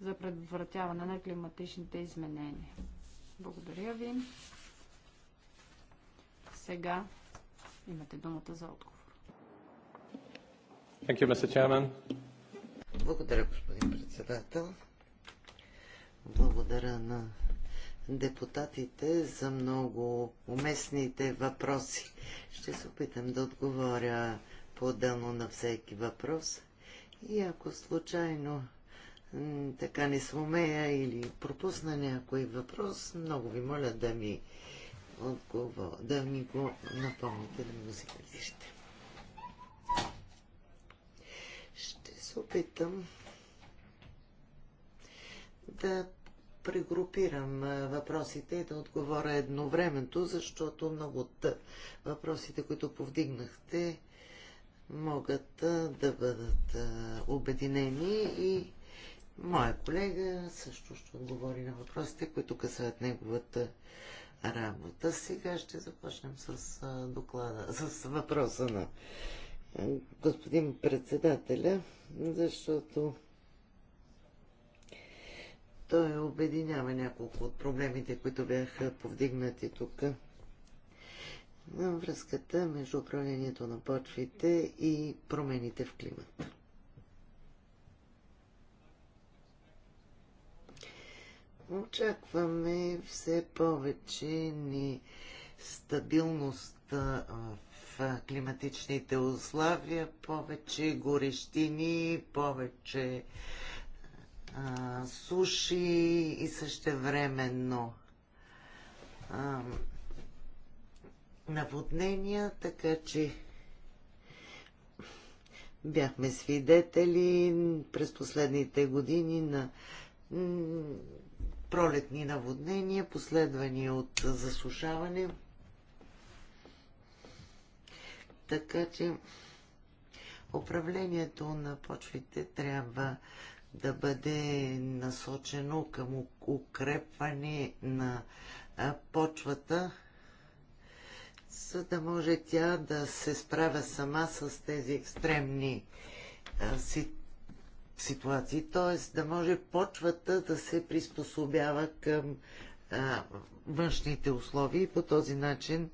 за предотвратяване на климатичните изменения. Благодаря ви. Сега имате думата за отговор. You, Благодаря, господин председател. Благодаря на депутатите за много уместните въпроси. Ще се опитам да отговоря по дълно на всеки въпрос. И ако случайно така не сумея или пропусна някой въпрос, много ви моля да ми, отговор, да ми го напомните, на музикалище. Ще се опитам да прегрупирам въпросите и да отговоря едновременно, защото много от въпросите, които повдигнахте, могат да бъдат обединени и моя колега също ще отговори на въпросите, които касаят неговата работа. Сега ще започнем с, доклада, с въпроса на господин председателя, защото той обединява няколко от проблемите, които бяха повдигнати тук връзката между управлението на почвите и промените в климата. Очакваме все повече стабилност в климатичните условия, повече горещини, повече а, суши и същевременно а, наводнения, така че бяхме свидетели през последните години на пролетни наводнения, последвани от засушаване. Така че управлението на почвите трябва да бъде насочено към укрепване на почвата за да може тя да се справя сама с тези екстремни си, ситуации, т.е. да може почвата да се приспособява към а, външните условия и по този начин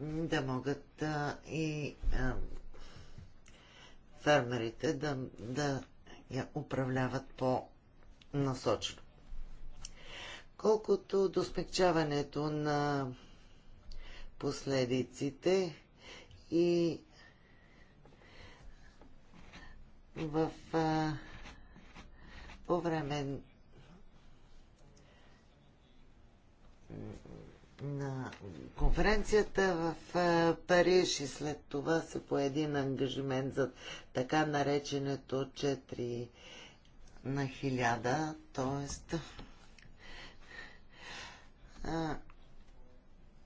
да могат а, и а, фермерите да, да я управляват по-насочно. Колкото до смягчаването на последиците и в а, по време на конференцията в Париж и след това се по един ангажимент за така нареченето 4 на 1000, т.е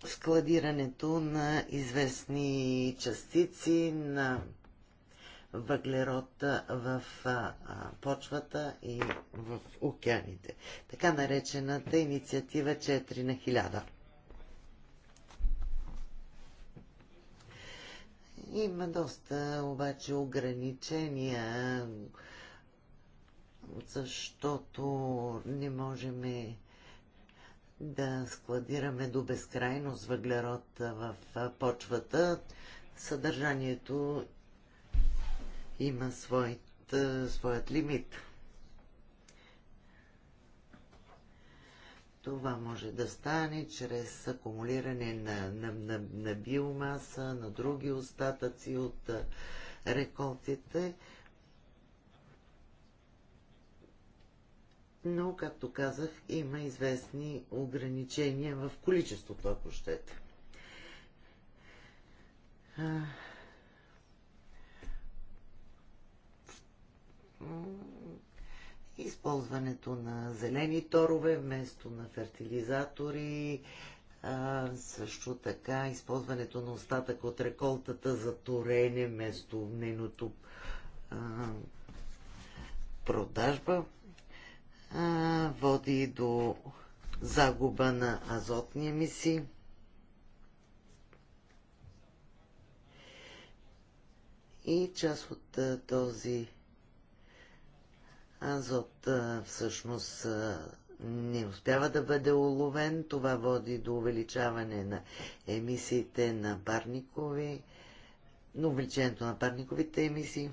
складирането на известни частици на въглерод в а, почвата и в океаните. Така наречената инициатива 4 на 1000. Има доста обаче ограничения, защото не можем да складираме до безкрайност въглерод в почвата, съдържанието има своят, своят лимит. Това може да стане чрез акумулиране на, на, на, на биомаса, на други остатъци от реколтите но, както казах, има известни ограничения в количеството, ако щете. Използването на зелени торове вместо на фертилизатори, а, също така използването на остатък от реколтата за торене вместо нейното а, продажба води до загуба на азотни емисии. И част от този азот всъщност не успява да бъде уловен. Това води до увеличаване на емисиите на парникови, на увеличението на парниковите емисии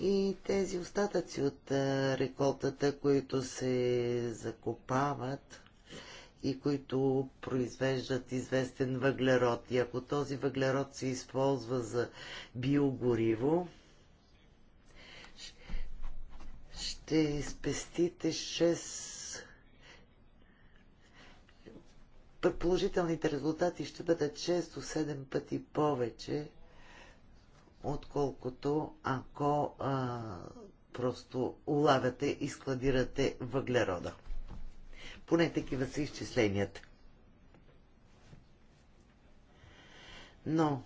и тези остатъци от реколтата, които се закопават и които произвеждат известен въглерод. И ако този въглерод се използва за биогориво, ще спестите 6 Предположителните резултати ще бъдат 6-7 пъти повече отколкото ако а, просто улавяте и складирате въглерода. Поне такива са изчисленията. Но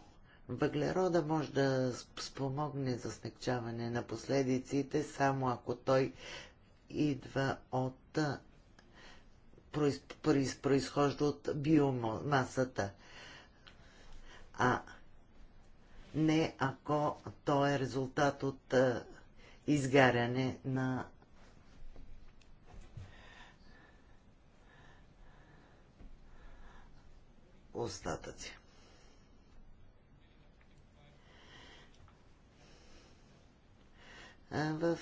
въглерода може да спомогне за смягчаване на последиците, само ако той идва от произхожда от биомасата. А не ако то е резултат от е, изгаряне на остатъци. В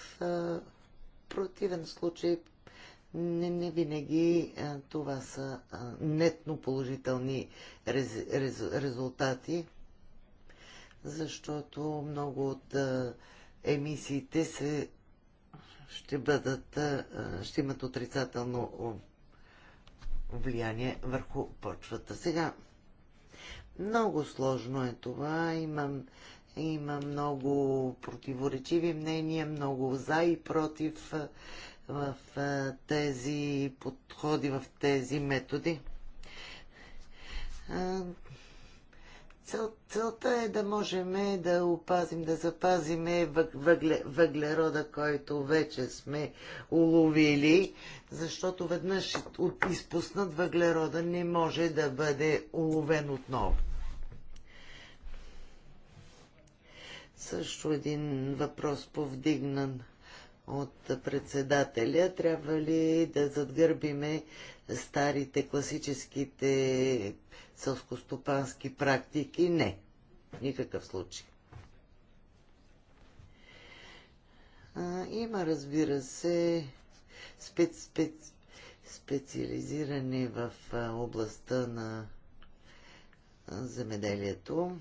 противен случай не, не винаги това са нетно положителни рез, рез, резултати защото много от емисиите се ще бъдат, ще имат отрицателно влияние върху почвата. Сега, много сложно е това. Имам, има много противоречиви мнения, много за и против в тези подходи, в тези методи. Цел, целта е да можем да опазим, да запазим въгле, въглерода, който вече сме уловили, защото веднъж изпуснат въглерода не може да бъде уловен отново. Също един въпрос повдигнан от председателя. Трябва ли да задгърбиме старите класическите сълскостопански практики? Не. В никакъв случай. А, има, разбира се, спец, спец, специализирани в областта на земеделието.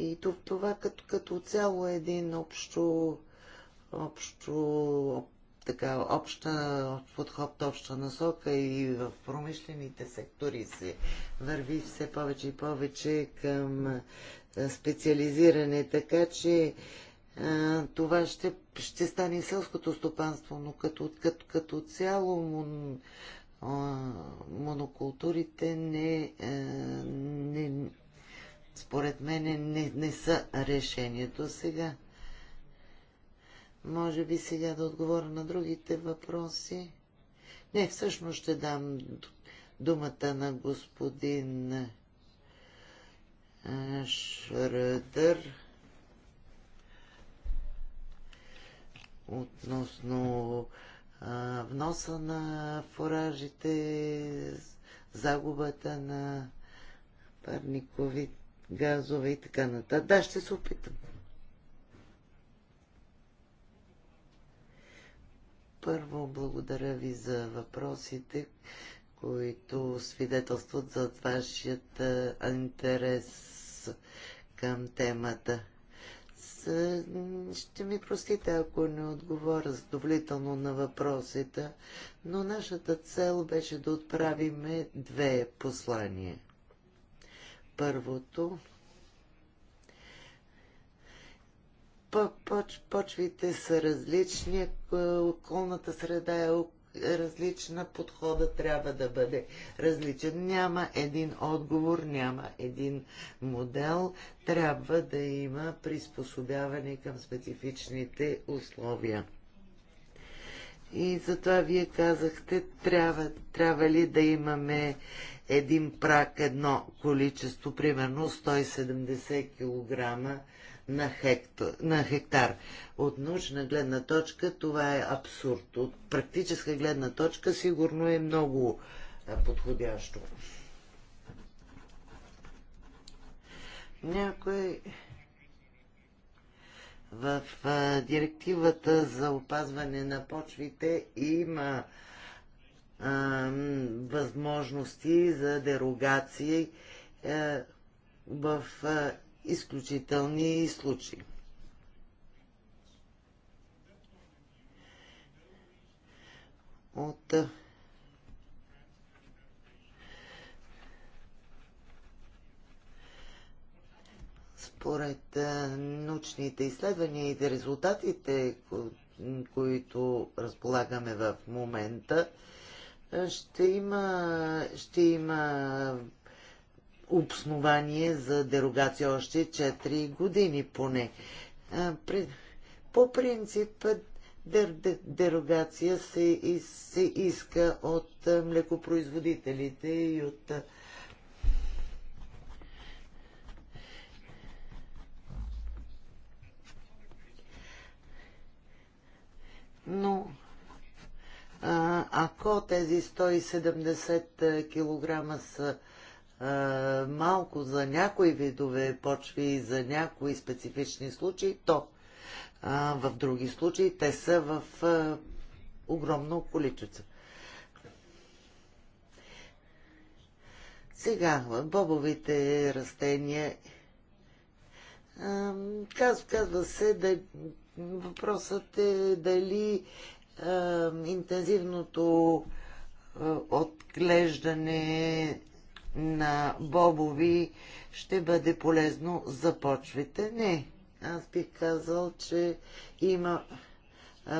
И това като, като цяло е един общо, общо така, обща подход, обща насока и в промишлените сектори се върви все повече и повече към специализиране, така че а, това ще, ще стане и селското стопанство, но като, като, като цяло мон, а, монокултурите не, а, не, според мен не, не са решението сега. Може би сега да отговоря на другите въпроси. Не, всъщност ще дам думата на господин Шредър. относно а, вноса на фуражите, загубата на парниковите газове и така нататък. Да, ще се опитам. Първо, благодаря ви за въпросите, които свидетелстват за вашият интерес към темата. Ще ми простите, ако не отговоря задоволително на въпросите, но нашата цел беше да отправиме две послания – първото. Почвите са различни, е, околната среда е различна, подхода трябва да бъде различен. Няма един отговор, няма един модел. Трябва да има приспособяване към специфичните условия. И затова вие казахте, трябва, трябва ли да имаме един прак, едно количество, примерно 170 кг на, хектар, на хектар. От научна гледна точка това е абсурд. От практическа гледна точка сигурно е много подходящо. Някой в директивата за опазване на почвите има а, възможности за дерогации а, е, в а, е, изключителни случаи. От е, според научните изследвания и резултатите, които разполагаме в момента, ще има, ще има обоснование за дерогация още 4 години поне. По принцип дерогация се, се иска от млекопроизводителите и от но ако тези 170 е, кг са е, малко за някои видове почви и за някои специфични случаи, то в други случаи те са в е, огромно количество. Сега, бобовите растения. Казва, казва се, да, въпросът е дали интензивното отглеждане на бобови ще бъде полезно за почвите. Не, аз бих казал, че има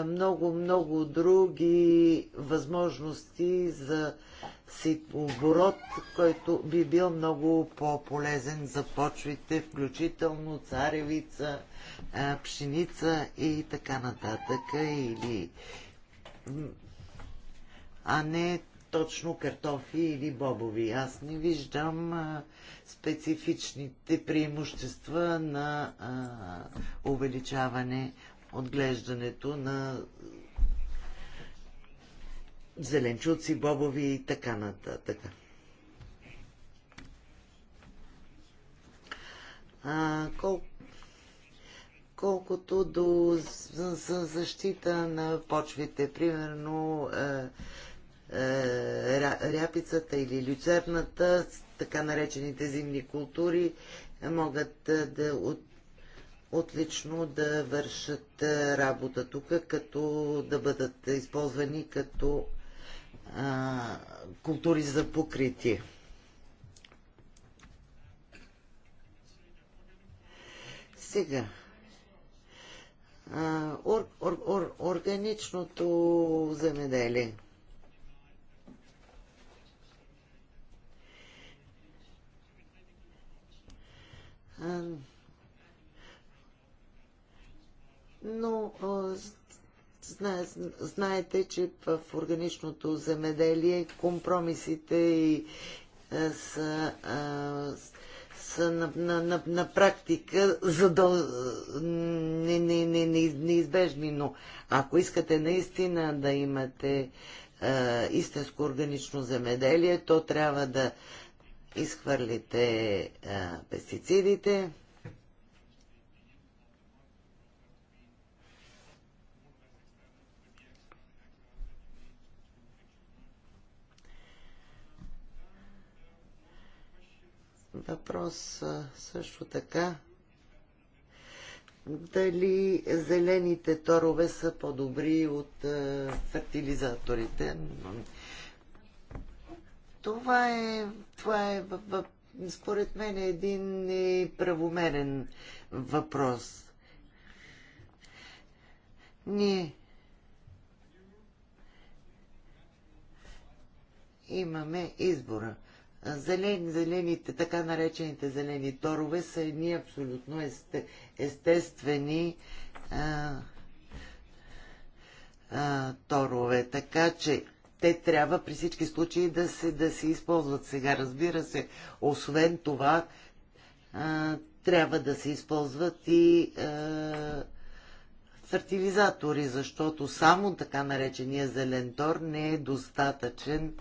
много, много други възможности за оборот, който би бил много по-полезен за почвите, включително царевица, пшеница и така нататък, или а не точно картофи или бобови. Аз не виждам а, специфичните преимущества на а, увеличаване отглеждането на зеленчуци, бобови и така нататък. колко колкото до защита на почвите. Примерно е, е, ряпицата или люцерната, така наречените зимни култури, могат е, да от, отлично да вършат работа тук, като да бъдат използвани като а, култури за покритие. Сега, ор, ор, ор, органичното земеделие. Но знаете, че в органичното земеделие компромисите и са на, на, на, на практика задъл... не, не, не, не, неизбежни, но ако искате наистина да имате е, истинско органично земеделие, то трябва да изхвърлите е, пестицидите, въпрос също така дали зелените торове са по-добри от фертилизаторите. Това е, това е според мен е един правомерен въпрос. Ние имаме избора. Зелен, зелените, така наречените зелени торове са едни абсолютно есте, естествени а, а, торове. Така че те трябва при всички случаи да се, да се използват сега. Разбира се, освен това, а, трябва да се използват и а, фертилизатори, защото само така наречения зелен тор не е достатъчен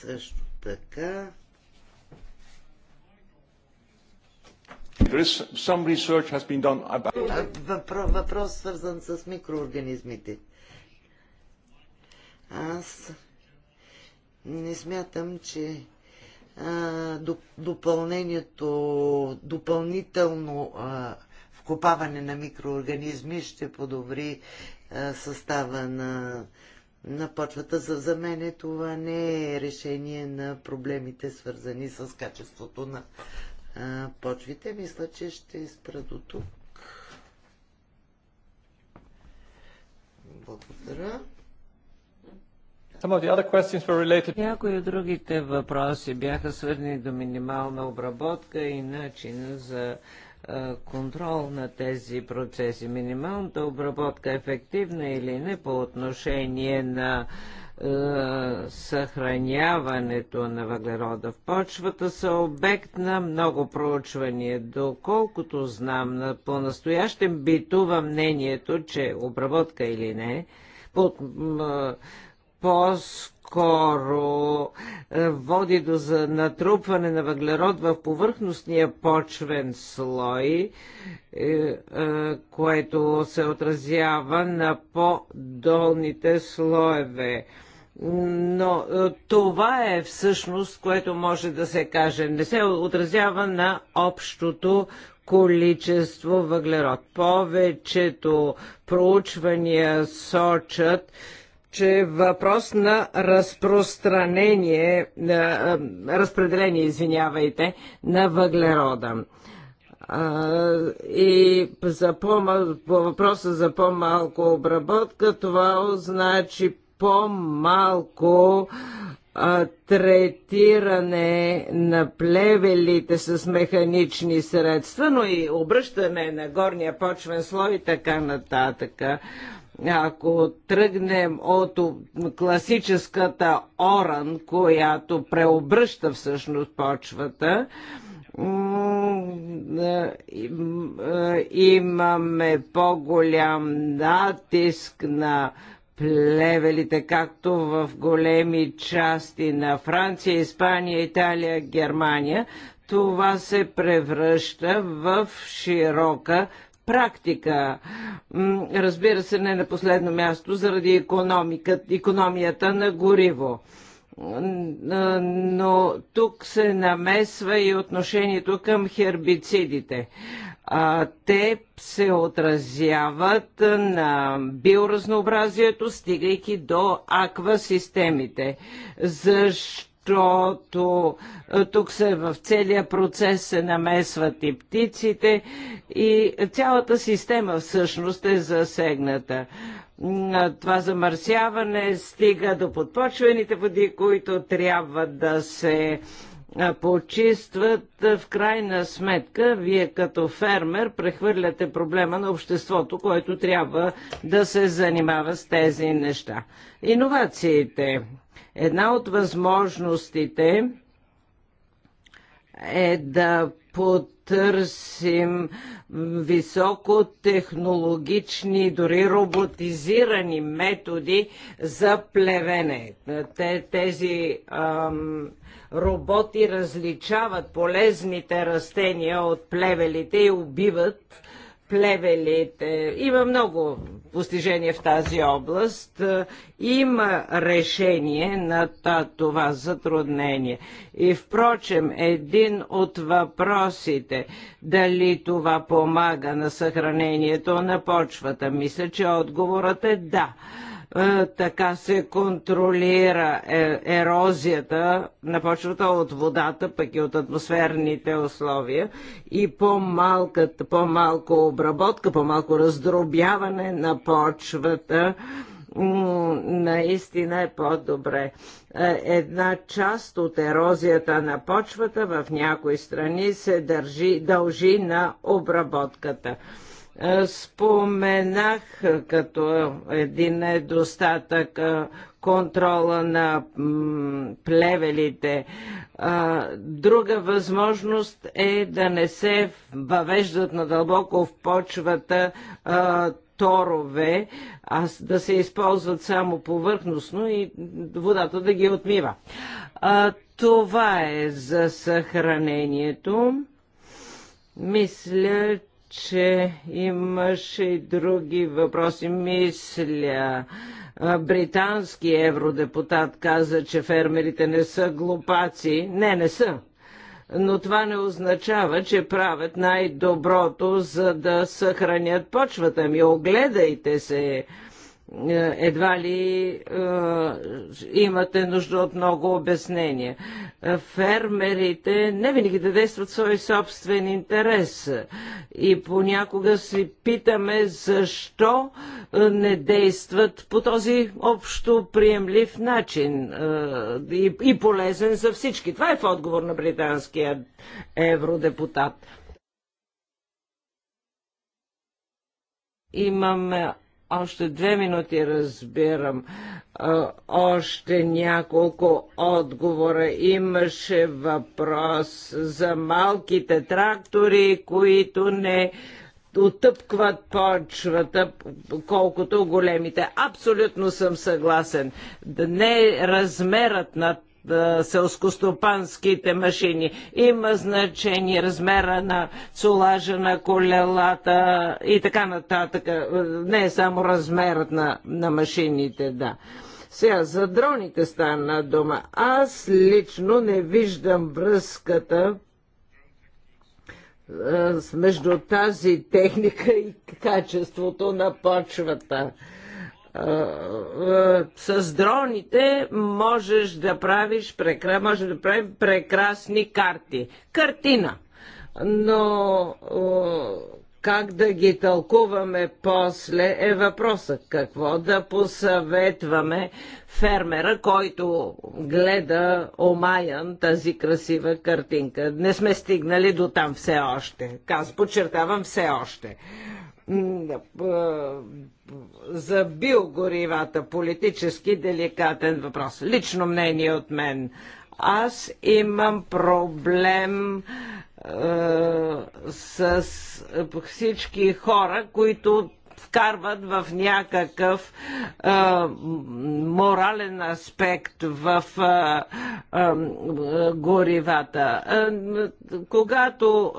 Също така. Въпрос, свързан с микроорганизмите. Аз не смятам, че допълнението, допълнително вкопаване на микроорганизми ще подобри състава на на почвата. За, за мен е това не е решение на проблемите, свързани с качеството на а, почвите. Мисля, че ще спра до тук. Благодаря. Някои от другите въпроси бяха свързани до минимална обработка и начина за контрол на тези процеси. Минималната обработка е ефективна или не по отношение на е, съхраняването на въглерода в почвата са обект на много проучвания. Доколкото знам, по-настоящем битува мнението, че обработка или не, по, по-скоро е, води до натрупване на въглерод в повърхностния почвен слой, е, е, което се отразява на по-долните слоеве. Но това е всъщност, което може да се каже. Не се отразява на общото количество въглерод. Повечето проучвания сочат, че е въпрос на разпространение, на, разпределение, извинявайте, на въглерода. И за по, по въпроса за по-малко обработка, това означи по-малко третиране на плевелите с механични средства, но и обръщане на горния почвен слой и така нататък. Ако тръгнем от класическата оран, която преобръща всъщност почвата, е, е, имаме по-голям натиск на плевелите, както в големи части на Франция, Испания, Италия, Германия, това се превръща в широка практика. Разбира се, не на последно място, заради економията на гориво но тук се намесва и отношението към хербицидите. те се отразяват на биоразнообразието, стигайки до аквасистемите. Защо? защото е, тук се в целия процес се намесват и птиците и цялата система всъщност е засегната това замърсяване стига до подпочвените води, които трябва да се почистват. В крайна сметка, вие като фермер прехвърляте проблема на обществото, което трябва да се занимава с тези неща. Иновациите Една от възможностите е да потърсим високотехнологични, дори роботизирани методи за плевене. тези ам, роботи различават полезните растения от плевелите и убиват плевелите. Има много постижения в тази област. Има решение на това затруднение. И впрочем, един от въпросите, дали това помага на съхранението на почвата, мисля, че отговорът е да. Така се контролира е, ерозията на почвата от водата, пък и от атмосферните условия и по-малко обработка, по-малко раздробяване на почвата наистина е по-добре. Е, една част от ерозията на почвата в някои страни се държи, дължи на обработката. Е, споменах е, като един недостатък е, контрола на плевелите. Друга възможност е да не се въвеждат надълбоко в почвата торове, а да се използват само повърхностно и водата да ги отмива. това е за съхранението. Мисля, че имаше и други въпроси. Мисля, британски евродепутат каза, че фермерите не са глупаци. Не, не са. Но това не означава, че правят най-доброто, за да съхранят почвата ми. Огледайте се. Е, едва ли е, имате нужда от много обяснения. Фермерите не винаги да действат свой собствен интерес и понякога си питаме защо е, не действат по този общо приемлив начин е, и, и полезен за всички. Това е в отговор на британския евродепутат. Имаме още две минути разбирам. Още няколко отговора. Имаше въпрос за малките трактори, които не отъпкват почвата, колкото големите. Абсолютно съм съгласен. Не размерът на е, селскостопанските машини. Има значение размера на цулажа на колелата и така нататък. Е, не е само размерът на, на машините, да. Сега за дроните стана дума. Аз лично не виждам връзката е, между тази техника и качеството на почвата с дроните можеш да правиш прекра... може да правим прекрасни карти. Картина. Но как да ги тълкуваме после е въпросът. Какво да посъветваме фермера, който гледа омаян тази красива картинка. Не сме стигнали до там все още. Аз подчертавам все още за биогоривата политически деликатен въпрос. Лично мнение от мен. Аз имам проблем е, с всички хора, които вкарват в някакъв а, морален аспект в а, а, горивата. Когато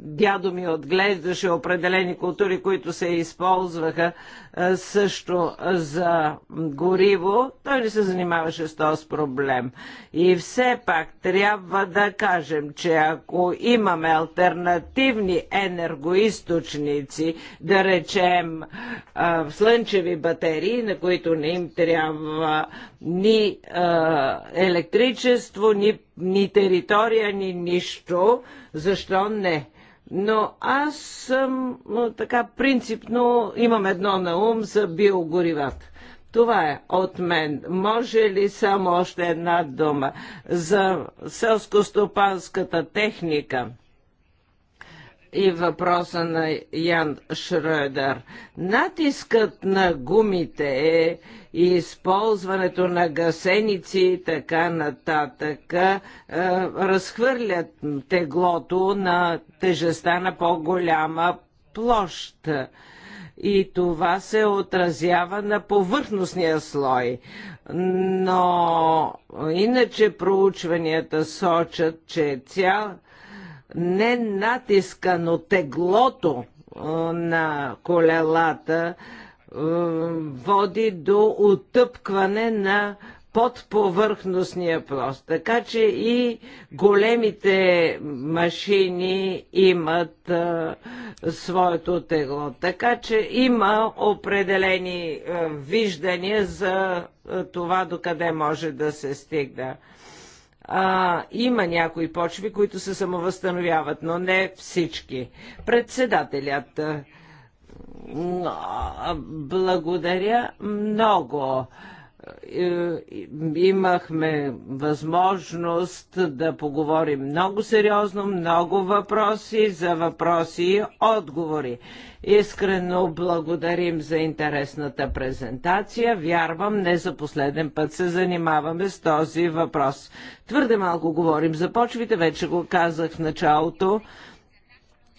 дядо ми отглеждаше определени култури, които се използваха също за гориво, той не се занимаваше с този проблем. И все пак трябва да кажем, че ако имаме альтернативни енергоисточници, да речем слънчеви батерии, на които не им трябва ни електричество, ни, ни територия, ни нищо, защо не? Но аз съм така принципно, имам едно на ум за биогоривата. Това е от мен. Може ли само още една дума за селско-стопанската техника? и въпроса на Ян Шрöдер. Натискът на гумите е и използването на гасеници и така нататък е, разхвърлят теглото на тежеста на по-голяма площ и това се отразява на повърхностния слой. Но иначе проучванията сочат, че цял не натиска, но теглото на колелата води до отъпкване на под повърхностния плост. Така че и големите машини имат а, своето тегло. Така че има определени а, виждания за а, това докъде може да се стигне а, има някои почви, които се самовъзстановяват, но не всички. Председателят. Благодаря много. Е, имахме възможност да поговорим много сериозно, много въпроси за въпроси и отговори. Искрено благодарим за интересната презентация. Вярвам, не за последен път се занимаваме с този въпрос. Твърде малко говорим за почвите, вече го казах в началото.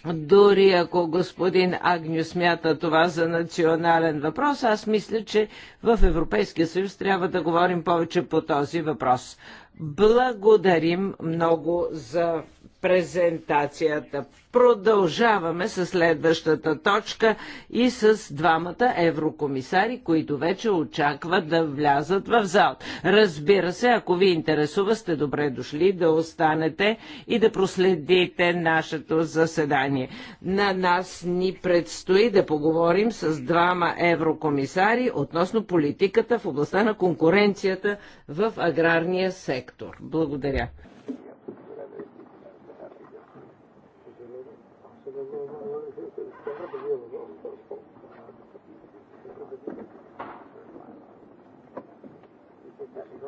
Дори ако господин Агню смята това за национален въпрос, аз мисля, че в Европейския съюз трябва да говорим повече по този въпрос. Благодарим много за презентацията. Продължаваме с следващата точка и с двамата еврокомисари, които вече очакват да влязат в зал. Разбира се, ако ви интересува, сте добре дошли да останете и да проследите нашето заседание. На нас ни предстои да поговорим с двама еврокомисари относно политиката в областта на конкуренцията в аграрния сектор. Благодаря.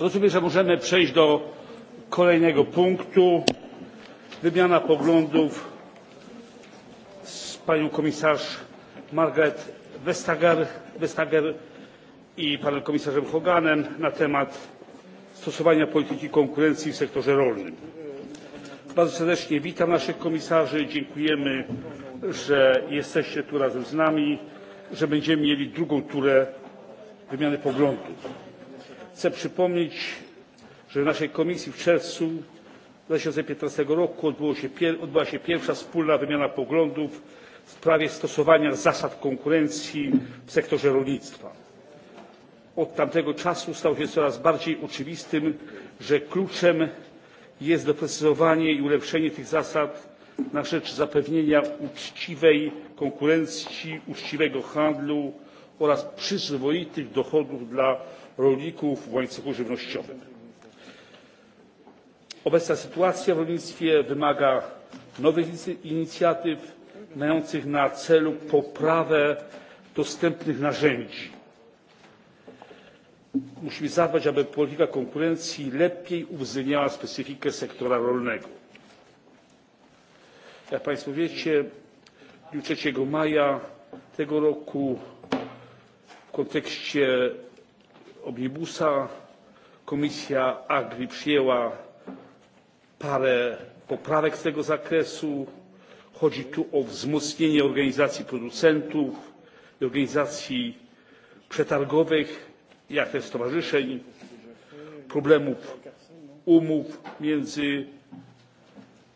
Rozumiem, że możemy przejść do kolejnego punktu. Wymiana poglądów z panią komisarz Margaret Vestager i panem komisarzem Hoganem na temat stosowania polityki konkurencji w sektorze rolnym. Bardzo serdecznie witam naszych komisarzy. Dziękujemy, że jesteście tu razem z nami że będziemy mieli drugą turę wymiany poglądów. Chcę przypomnieć, że w naszej komisji w czerwcu 2015 roku odbyła się pierwsza wspólna wymiana poglądów w sprawie stosowania zasad konkurencji w sektorze rolnictwa. Od tamtego czasu stało się coraz bardziej oczywistym, że kluczem jest doprecyzowanie i ulepszenie tych zasad na rzecz zapewnienia uczciwej konkurencji uczciwego handlu oraz przyzwoitych dochodów dla rolników w łańcuchu żywnościowym. obecna sytuacja w rolnictwie wymaga nowych inicjatyw mających na celu poprawę dostępnych narzędzi. musimy zadbać aby polityka konkurencji lepiej uwzględniała specyfikę sektora rolnego. jak państwo wiecie dniu 3 maja tego roku w kontekście omnibusa komisja agri przyjęła parę poprawek z tego zakresu. chodzi tu o wzmocnienie organizacji producentów i organizacji przetargowych jak też stowarzyszeń problemów umów między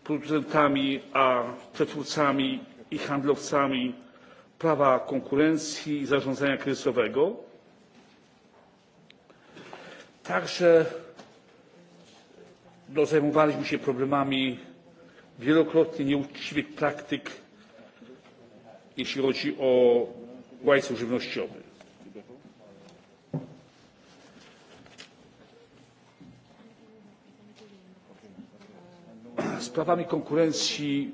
producentami a przetwórcami i handlowcami prawa konkurencji i zarządzania kryzysowego także zajmowaliśmy się problemami wielokrotnie nieuczciwych praktyk jeśli chodzi o łańcuch żywnościowy. sprawami konkurencji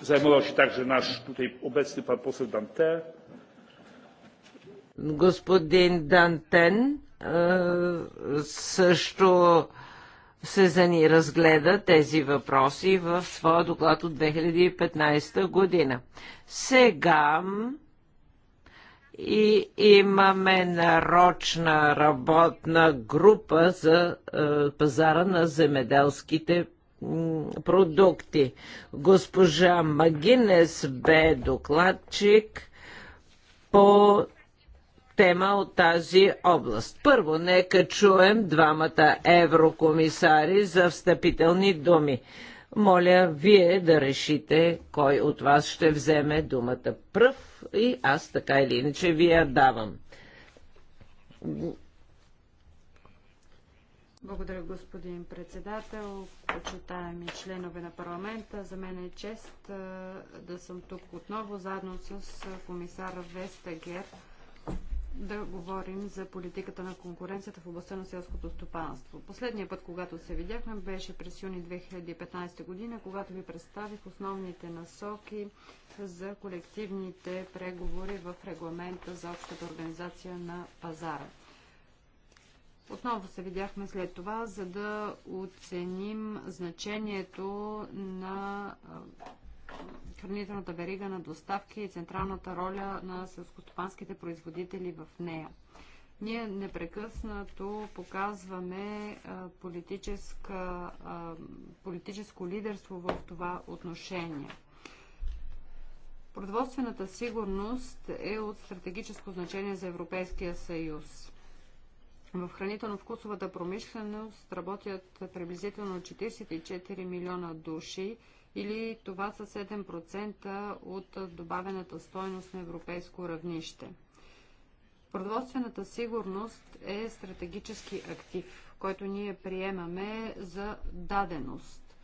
Zajmował się także nasz tutaj obecny pan poseł Dante. Господин Дантен е, също се за ни разгледа тези въпроси в своя доклад от 2015 година. Сега и имаме нарочна работна група за е, пазара на земеделските продукти. Госпожа Магинес бе докладчик по тема от тази област. Първо, нека чуем двамата еврокомисари за встъпителни думи. Моля вие да решите кой от вас ще вземе думата пръв и аз така или иначе ви я давам. Благодаря, господин председател, почитаеми членове на парламента. За мен е чест да съм тук отново, заедно с комисара Вестагер, да говорим за политиката на конкуренцията в областта на селското стопанство. Последния път, когато се видяхме, беше през юни 2015 година, когато ви представих основните насоки за колективните преговори в регламента за общата организация на пазара. Отново се видяхме след това, за да оценим значението на хранителната верига на доставки и централната роля на селскостопанските производители в нея. Ние непрекъснато показваме политическо лидерство в това отношение. Продоволствената сигурност е от стратегическо значение за Европейския съюз. В хранително-вкусовата промишленост работят приблизително 44 милиона души или това са 7% от добавената стойност на европейско равнище. Продоволствената сигурност е стратегически актив, който ние приемаме за даденост.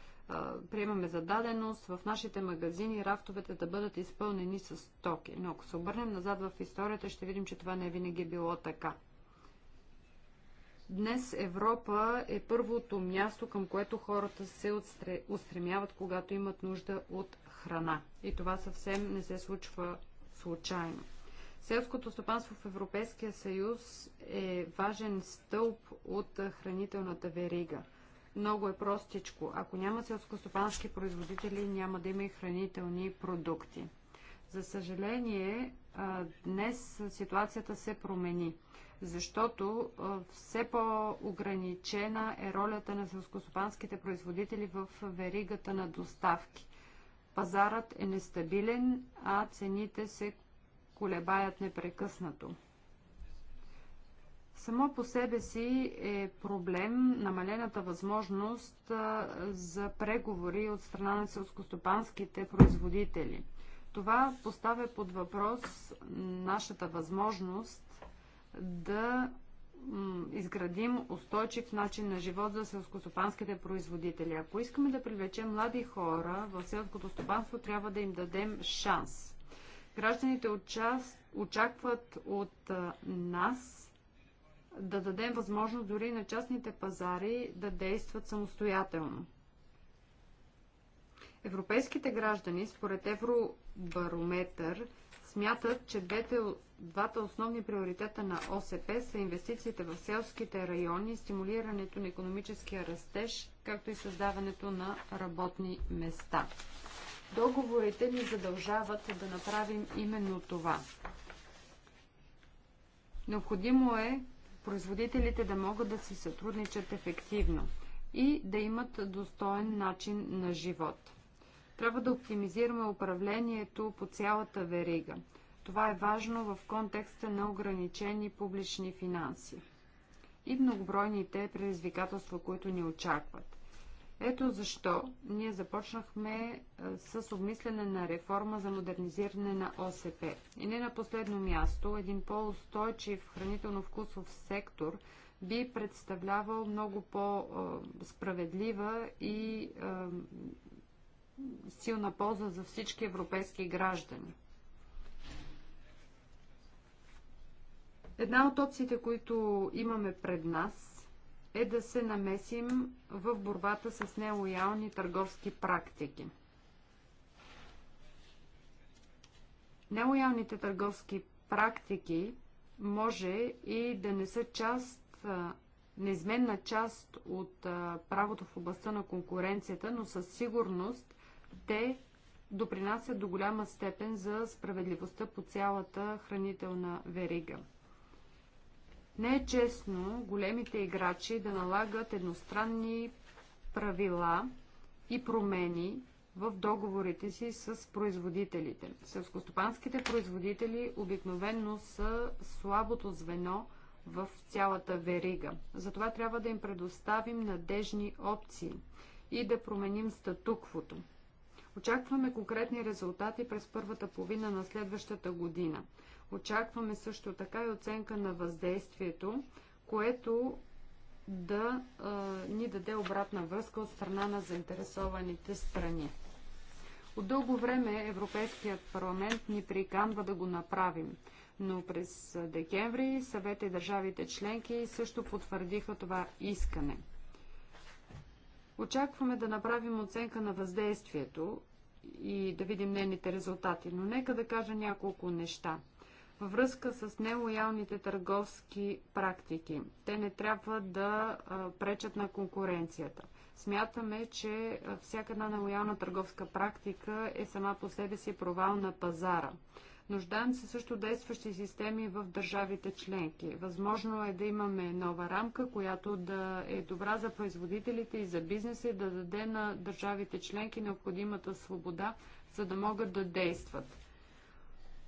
Приемаме за даденост в нашите магазини рафтовете да бъдат изпълнени с стоки. Но ако се обърнем назад в историята, ще видим, че това не е винаги било така. Днес Европа е първото място, към което хората се устремяват, когато имат нужда от храна. И това съвсем не се случва случайно. Селското стопанство в Европейския съюз е важен стълб от хранителната верига. Много е простичко. Ако няма селскостопански производители, няма да има и хранителни продукти. За съжаление, днес ситуацията се промени защото все по-ограничена е ролята на селскостопанските производители в веригата на доставки. Пазарът е нестабилен, а цените се колебаят непрекъснато. Само по себе си е проблем намалената възможност за преговори от страна на селскостопанските производители. Това поставя под въпрос нашата възможност да изградим устойчив начин на живот за селскостопанските производители. Ако искаме да привлечем млади хора в селското стопанство, трябва да им дадем шанс. Гражданите отчас, очакват от нас да дадем възможност дори на частните пазари да действат самостоятелно. Европейските граждани, според Евробарометър, смятат, че двете, двата основни приоритета на ОСП са инвестициите в селските райони, стимулирането на економическия растеж, както и създаването на работни места. Договорите ни задължават да направим именно това. Необходимо е производителите да могат да си сътрудничат ефективно и да имат достоен начин на живот. Трябва да оптимизираме управлението по цялата верига. Това е важно в контекста на ограничени публични финанси и многобройните предизвикателства, които ни очакват. Ето защо ние започнахме е, с обмислене на реформа за модернизиране на ОСП. И не на последно място, един по-устойчив хранително-вкусов сектор би представлявал много по-справедлива е, и е, силна полза за всички европейски граждани. Една от опциите, които имаме пред нас, е да се намесим в борбата с нелоялни търговски практики. Нелоялните търговски практики може и да не са част, неизменна част от правото в областта на конкуренцията, но със сигурност те допринасят до голяма степен за справедливостта по цялата хранителна верига. Не е честно големите играчи да налагат едностранни правила и промени в договорите си с производителите. Селскостопанските производители обикновенно са слабото звено в цялата верига. Затова трябва да им предоставим надежни опции и да променим статуквото. Очакваме конкретни резултати през първата половина на следващата година. Очакваме също така и оценка на въздействието, което да а, ни даде обратна връзка от страна на заинтересованите страни. От дълго време Европейският парламент ни приканва да го направим, но през декември съвета и държавите членки също потвърдиха това искане – Очакваме да направим оценка на въздействието и да видим нейните резултати, но нека да кажа няколко неща. Във връзка с нелоялните търговски практики, те не трябва да пречат на конкуренцията. Смятаме, че всяка една нелоялна търговска практика е сама по себе си провал на пазара. Нуждаем се също действащи системи в държавите членки. Възможно е да имаме нова рамка, която да е добра за производителите и за бизнеса и да даде на държавите членки необходимата свобода, за да могат да действат.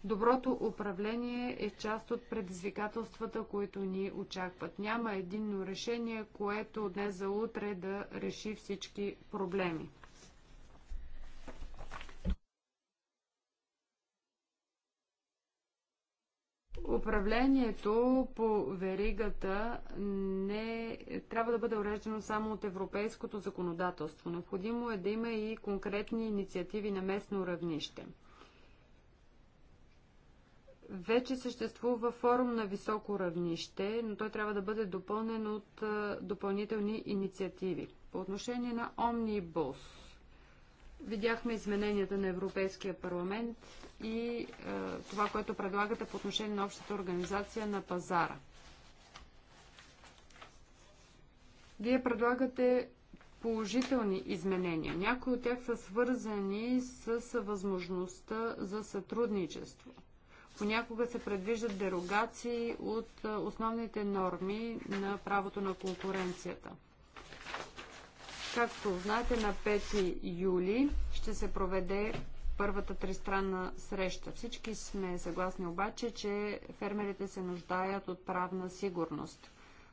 Доброто управление е част от предизвикателствата, които ни очакват. Няма единно решение, което днес за утре да реши всички проблеми. Управлението по веригата не трябва да бъде уреждано само от европейското законодателство. Необходимо е да има и конкретни инициативи на местно равнище. Вече съществува форум на високо равнище, но той трябва да бъде допълнен от допълнителни инициативи. По отношение на Omnibus – Видяхме измененията на Европейския парламент и е, това, което предлагате по отношение на общата организация на пазара. Вие предлагате положителни изменения. Някои от тях са свързани с възможността за сътрудничество. Понякога се предвиждат дерогации от е, основните норми на правото на конкуренцията. Както знаете, на 5 юли ще се проведе първата тристранна среща. Всички сме съгласни обаче, че фермерите се нуждаят от правна сигурност.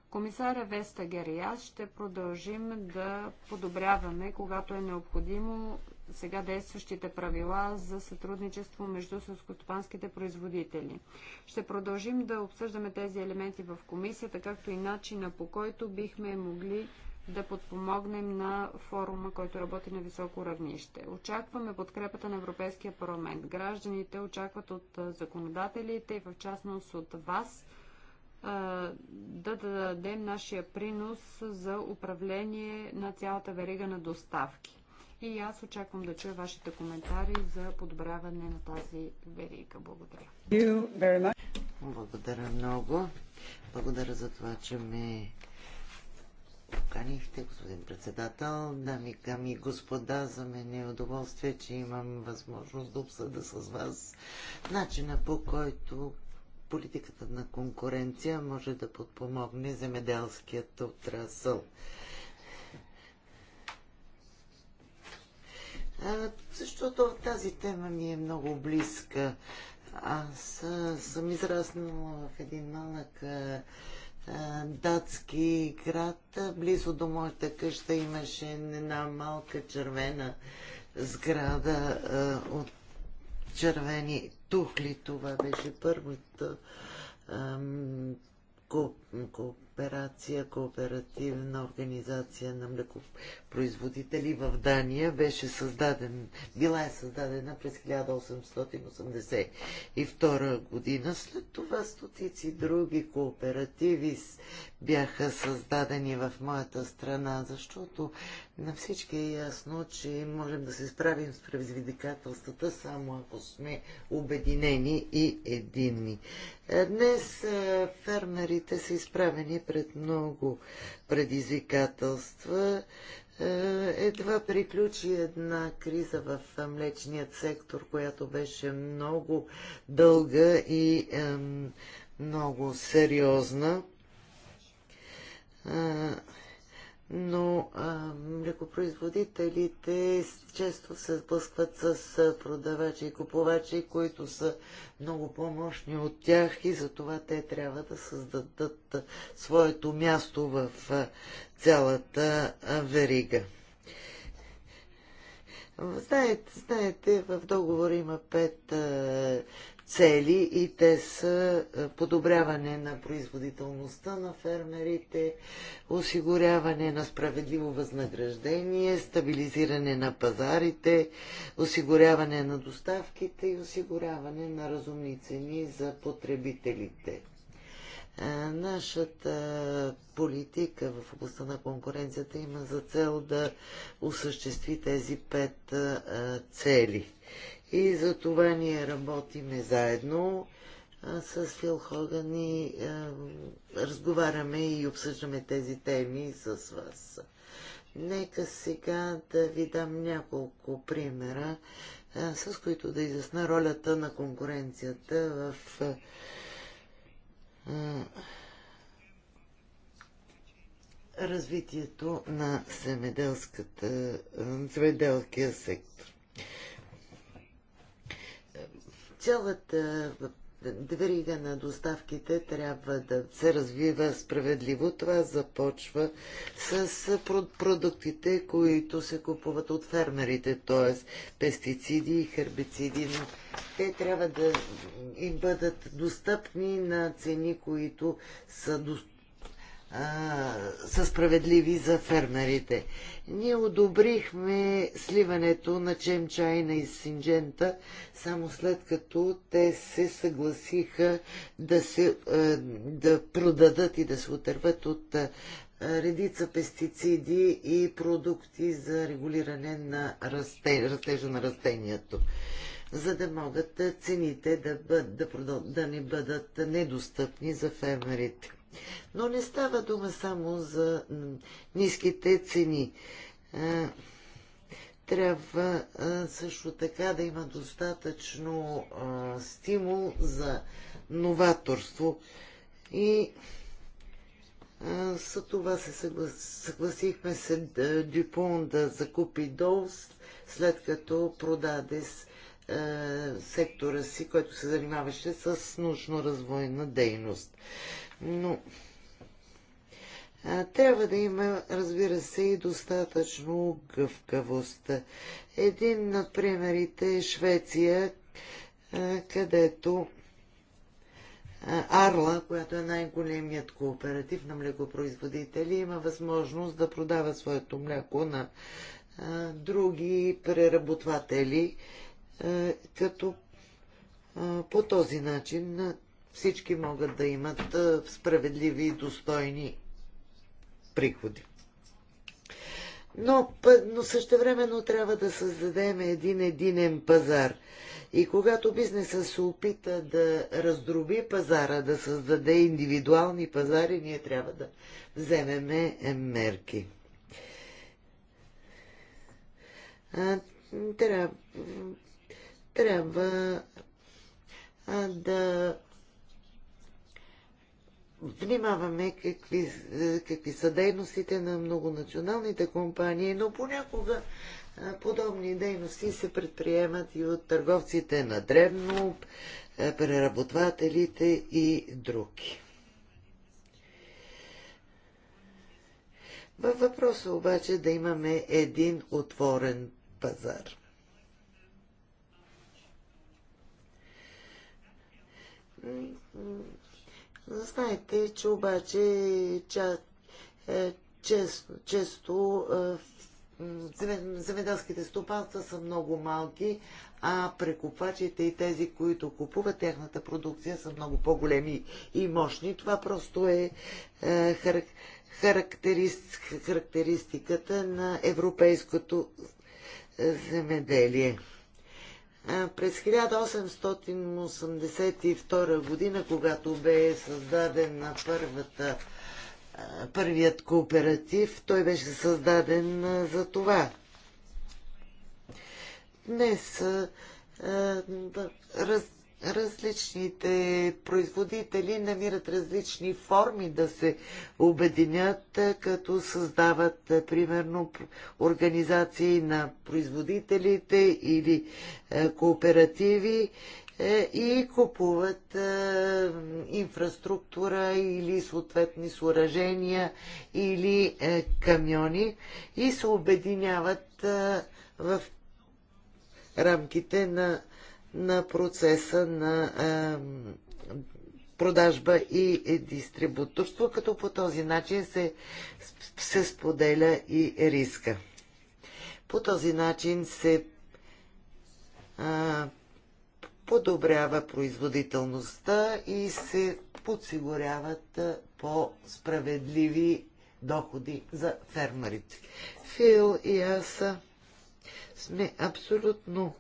Комисаря Вестагер и аз ще продължим да подобряваме, когато е необходимо, сега действащите правила за сътрудничество между селскостопанските производители. Ще продължим да обсъждаме тези елементи в комисията, както и начина по който бихме могли да подпомогнем на форума, който работи на високо равнище. Очакваме подкрепата на Европейския парламент. Гражданите очакват от законодателите и в частност от вас да дадем нашия принос за управление на цялата верига на доставки. И аз очаквам да чуя вашите коментари за подобряване на тази верига. Благодаря. Благодаря много. Благодаря за това, че ме поканихте, господин председател. Дами и господа, за мен е удоволствие, че имам възможност да обсъда с вас начина по който политиката на конкуренция може да подпомогне земеделският отрасъл. Защото тази тема ми е много близка. Аз съм израснала в един малък датски град. Близо до моята къща имаше една малка червена сграда от червени тухли. Това беше първата кооперация, кооперативна организация на млекопроизводители в Дания беше създаден, била е създадена през 1882 година. След това стотици други кооперативи бяха създадени в моята страна, защото на всички е ясно, че можем да се справим с предизвикателствата само ако сме обединени и единни. Е, днес е, фермерите са изправени пред много предизвикателства. Е, едва приключи една криза в млечният сектор, която беше много дълга и много сериозна но млекопроизводителите често се сблъскват с продавачи и купувачи, които са много по-мощни от тях и затова те трябва да създадат своето място в цялата верига. Знаете, знаете, в договора има пет цели и те са е, подобряване на производителността на фермерите, осигуряване на справедливо възнаграждение, стабилизиране на пазарите, осигуряване на доставките и осигуряване на разумни цени за потребителите. Е, нашата политика в областта на конкуренцията има за цел да осъществи тези пет е, цели. И за това ние работиме заедно с Фил Хоган и а, разговаряме и обсъждаме тези теми с вас. Нека сега да ви дам няколко примера, а, с които да изясна ролята на конкуренцията в а, развитието на земеделския сектор. Цялата е, верига на доставките трябва да се развива справедливо. Това започва с е, продуктите, които се купуват от фермерите, т.е. пестициди и хербициди. Но те трябва да им бъдат достъпни на цени, които са достъпни са справедливи за фермерите. Ние одобрихме сливането на Чемчайна и Синджента само след като те се съгласиха да, се, да продадат и да се отърват от редица пестициди и продукти за регулиране на расте, растежа на растението за да могат цените да, бъд, да, продъл, да не бъдат недостъпни за фермерите. Но не става дума само за ниските цени. Трябва също така да има достатъчно стимул за новаторство. И с това се съгласихме се Дюпон да закупи Долс, след като продаде с, сектора си, който се занимаваше с научно-развойна дейност. Но а, трябва да има, разбира се, и достатъчно гъвкавост. Един от примерите е Швеция, а, където Арла, която е най-големият кооператив на млекопроизводители, има възможност да продава своето мляко на а, други преработватели, а, като а, по този начин всички могат да имат справедливи и достойни приходи. Но, но същевременно трябва да създадем един единен пазар. И когато бизнеса се опита да раздроби пазара, да създаде индивидуални пазари, ние трябва да вземеме е, мерки. А, трябва, трябва а, да внимаваме какви, е, какви са дейностите на многонационалните компании, но понякога е, подобни дейности се предприемат и от търговците на древно, е, преработвателите и други. Във въпроса обаче да имаме един отворен пазар. Знаете, че обаче ча, е, често, често е, земеделските стопанства са много малки, а прекупачите и тези, които купуват тяхната продукция, са много по-големи и мощни. Това просто е, е хар, характерист, характеристиката на европейското е, земеделие. През 1882 година, когато бе създаден на първата, първият кооператив, той беше създаден за това. Днес раз, различните производители намират различни форми да се обединят, е, като създават, е, примерно, организации на производителите или е, кооперативи и купуват инфраструктура или съответни съоръжения или камиони и се обединяват в рамките на на процеса на продажба и дистрибуторство, като по този начин се, се споделя и риска. По този начин се а, подобрява производителността и се подсигуряват по-справедливи доходи за фермерите. Фил и аз сме абсолютно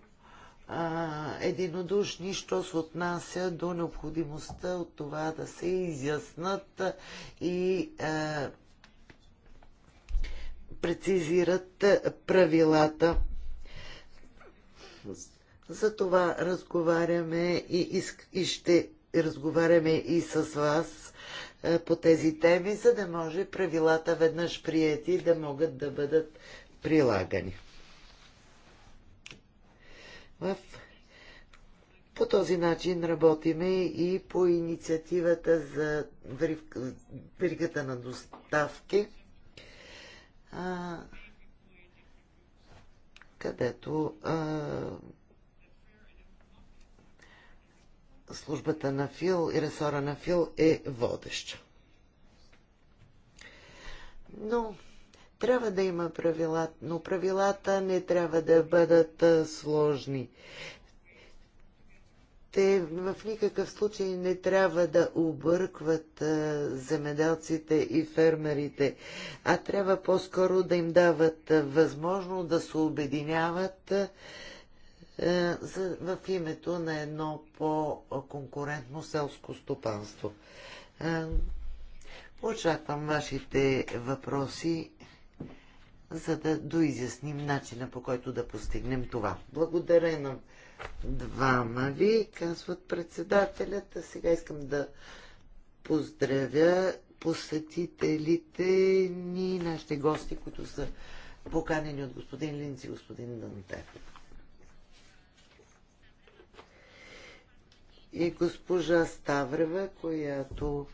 единодушни, що се отнася до необходимостта от това да се изяснат и а, прецизират правилата. За това разговаряме и, и ще разговаряме и с вас по тези теми, за да може правилата веднъж приети да могат да бъдат прилагани. В... По този начин работиме и по инициативата за веригата на доставки, а... където а... службата на ФИЛ и ресора на ФИЛ е водеща. Но трябва да има правила, но правилата не трябва да бъдат сложни. Те в никакъв случай не трябва да объркват земеделците и фермерите, а трябва по-скоро да им дават възможност да се обединяват в името на едно по-конкурентно селско стопанство. Очаквам вашите въпроси за да доизясним начина по който да постигнем това. Благодаря на двама ви, казват председателят. сега искам да поздравя посетителите ни, нашите гости, които са поканени от господин Линци и господин Данте. И госпожа Ставрева, която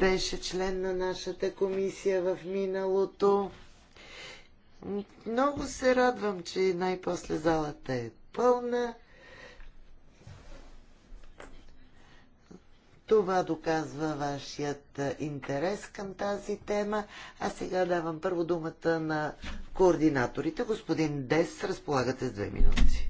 беше член на нашата комисия в миналото. Много се радвам, че най-после залата е пълна. Това доказва вашият интерес към тази тема. А сега давам първо думата на координаторите. Господин Дес, разполагате с две минути.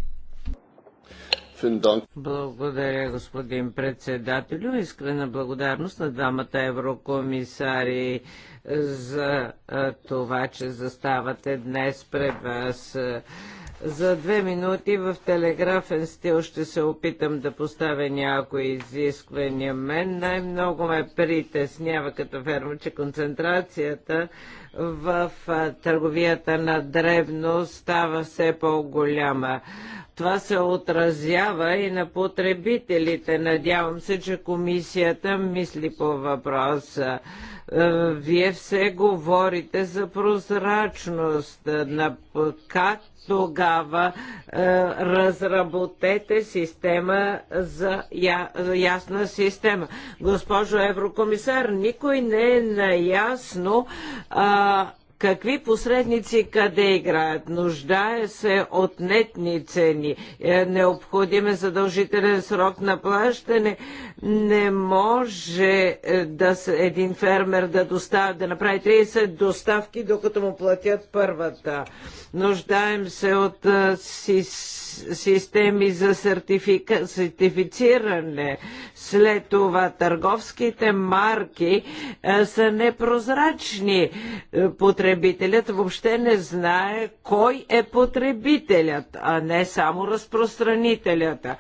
Благодаря, господин председателю. Искрена благодарност на двамата еврокомисари за това, че заставате днес пред вас. За две минути в телеграфен стил ще се опитам да поставя някои изисквания. Мен най-много ме притеснява като ферма, че концентрацията в търговията на дребно става все по-голяма. Това се отразява и на потребителите. Надявам се, че комисията мисли по въпроса. Е, вие все говорите за прозрачност. На как тогава е, разработете система за ясна система. Госпожо Еврокомисар, никой не е наясно какви посредници къде играят. Нуждае се от нетни цени. Е необходим е задължителен срок на плащане не може е, да един фермер да, достав, да направи 30 доставки, докато му платят първата. Нуждаем се от е, си, системи за сертифика, сертифициране. След това търговските марки а, е, са непрозрачни. Потребителят въобще не знае кой е потребителят, а не само разпространителята.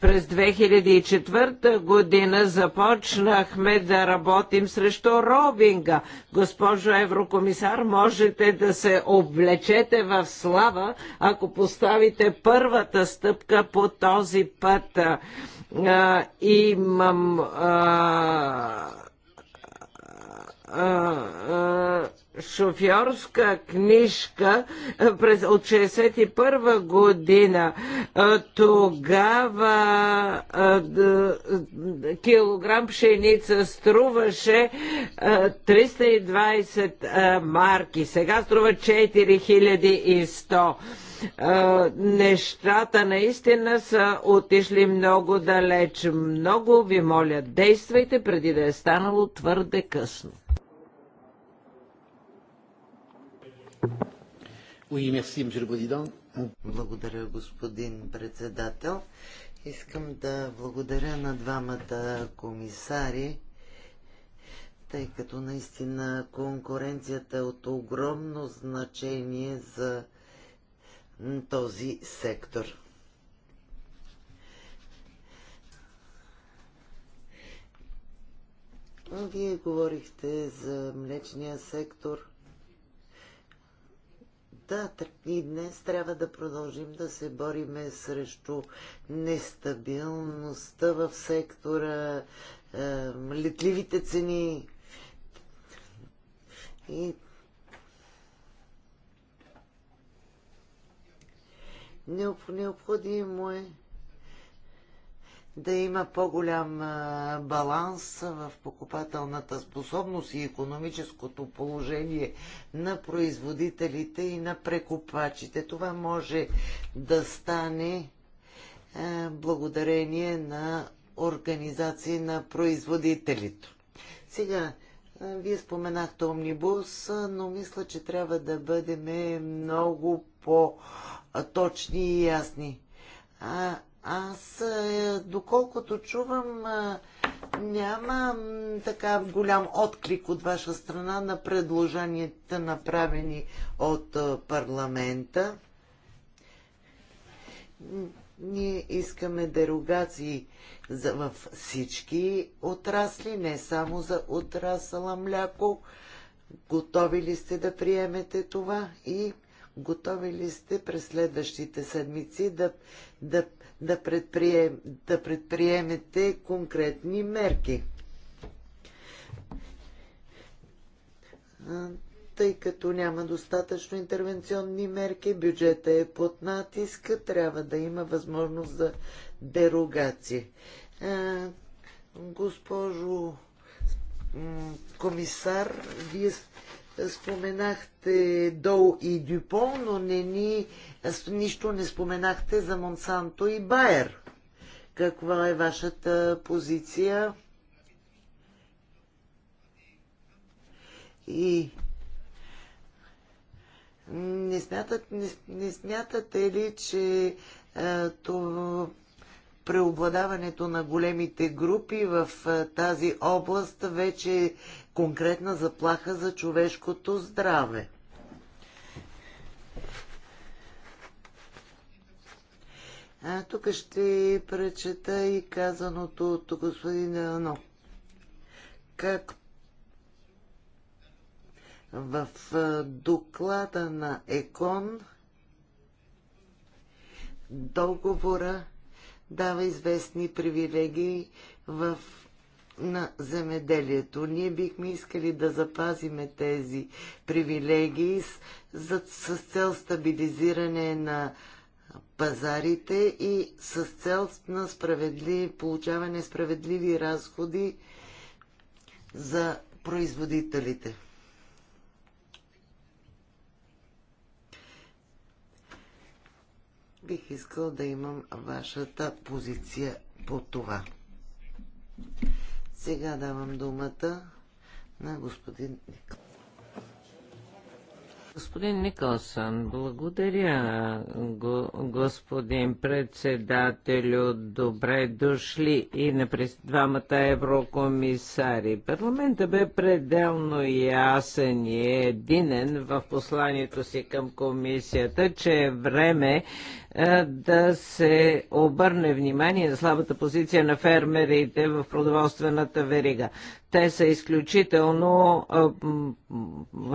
През 2004 година започнахме да работим срещу робинга. Госпожо еврокомисар, можете да се облечете в слава, ако поставите първата стъпка по този път. А, имам а, шофьорска книжка през, от 61 година. Тогава килограм пшеница струваше 320 марки. Сега струва 4100 нещата наистина са отишли много далеч. Много ви моля, действайте преди да е станало твърде късно. Oui, merci, Благодаря, господин председател. Искам да благодаря на двамата комисари, тъй като наистина конкуренцията е от огромно значение за този сектор. Вие говорихте за млечния сектор света, и днес трябва да продължим да се бориме срещу нестабилността в сектора, е, летливите цени и Необходимо е да има по-голям баланс в покупателната способност и економическото положение на производителите и на прекупвачите. Това може да стане благодарение на организации на производителите. Сега, вие споменахте Омнибус, но мисля, че трябва да бъдем много по-точни и ясни. А, аз, е, доколкото чувам, е, няма така голям отклик от ваша страна на предложенията, направени от е, парламента. Ние искаме дерогации за, във всички отрасли, не само за отрасъла мляко. Готови ли сте да приемете това и готови ли сте през следващите седмици да, да да, предприем, да предприемете конкретни мерки. Тъй като няма достатъчно интервенционни мерки, бюджета е под натиск, трябва да има възможност за дерогации. Госпожо комисар, вие Споменахте Доу и Дюпон, но не ни, нищо не споменахте за Монсанто и Байер. Каква е вашата позиция? И не, смятат, не, не смятате ли, че е, то, преобладаването на големите групи в тази област вече конкретна заплаха за човешкото здраве. А, тук ще пречета и казаното от господин Ано. Как в доклада на ЕКОН договора дава известни привилегии в на земеделието. Ние бихме искали да запазиме тези привилегии с, за, с цел стабилизиране на пазарите и с цел на справедли, получаване справедливи разходи за производителите. Бих искал да имам вашата позиция по това. Сега давам думата на господин Николов. Господин Николсън, благодаря, господин председателю. Добре дошли и на двамата еврокомисари. Парламента бе пределно ясен и единен в посланието си към комисията, че е време е, да се обърне внимание на слабата позиция на фермерите в продоволствената верига. Те са изключително е,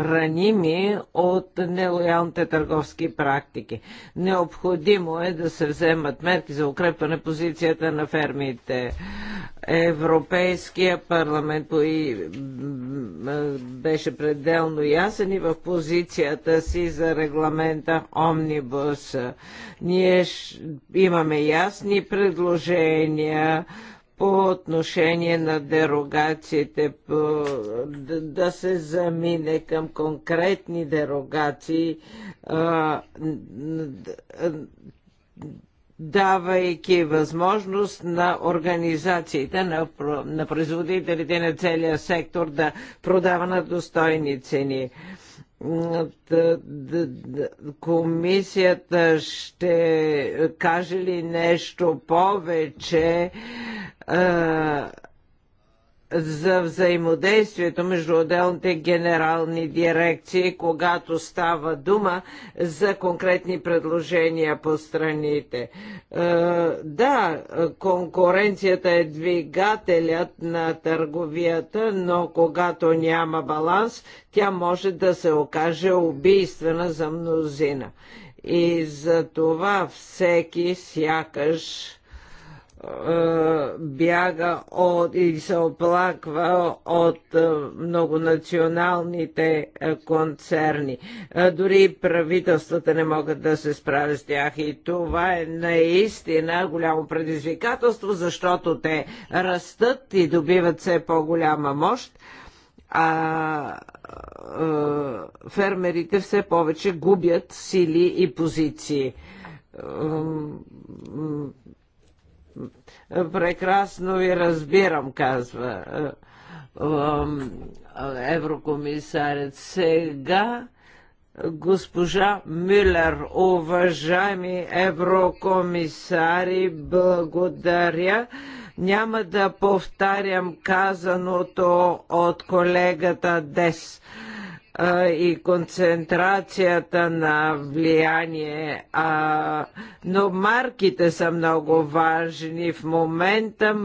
раними от нелоялните търговски практики. Необходимо е да се вземат мерки за укрепване позицията на фермите. Европейския парламент е, беше пределно ясен и в позицията си за регламента Омнибус. Ние имаме ясни предложения по отношение на дерогациите, по, да се замине към конкретни дерогации, а, давайки възможност на организациите, на, на производителите на целия сектор да продава на достойни цени. А, комисията ще каже ли нещо повече а, за взаимодействието между отделните генерални дирекции, когато става дума за конкретни предложения по страните. Е, да, конкуренцията е двигателят на търговията, но когато няма баланс, тя може да се окаже убийствена за мнозина. И за това всеки сякаш е, бяга от или се оплаква от е, многонационалните е, концерни. Дори правителствата не могат да се справят с тях и това е наистина голямо предизвикателство, защото те растат и добиват все по-голяма мощ, а фермерите все повече губят сили и позиции Прекрасно ви разбирам, казва е, еврокомисарят. Сега госпожа Мюлер, уважаеми еврокомисари, благодаря. Няма да повтарям казаното от колегата Дес и концентрацията на влияние, а, но марките са много важни. В момента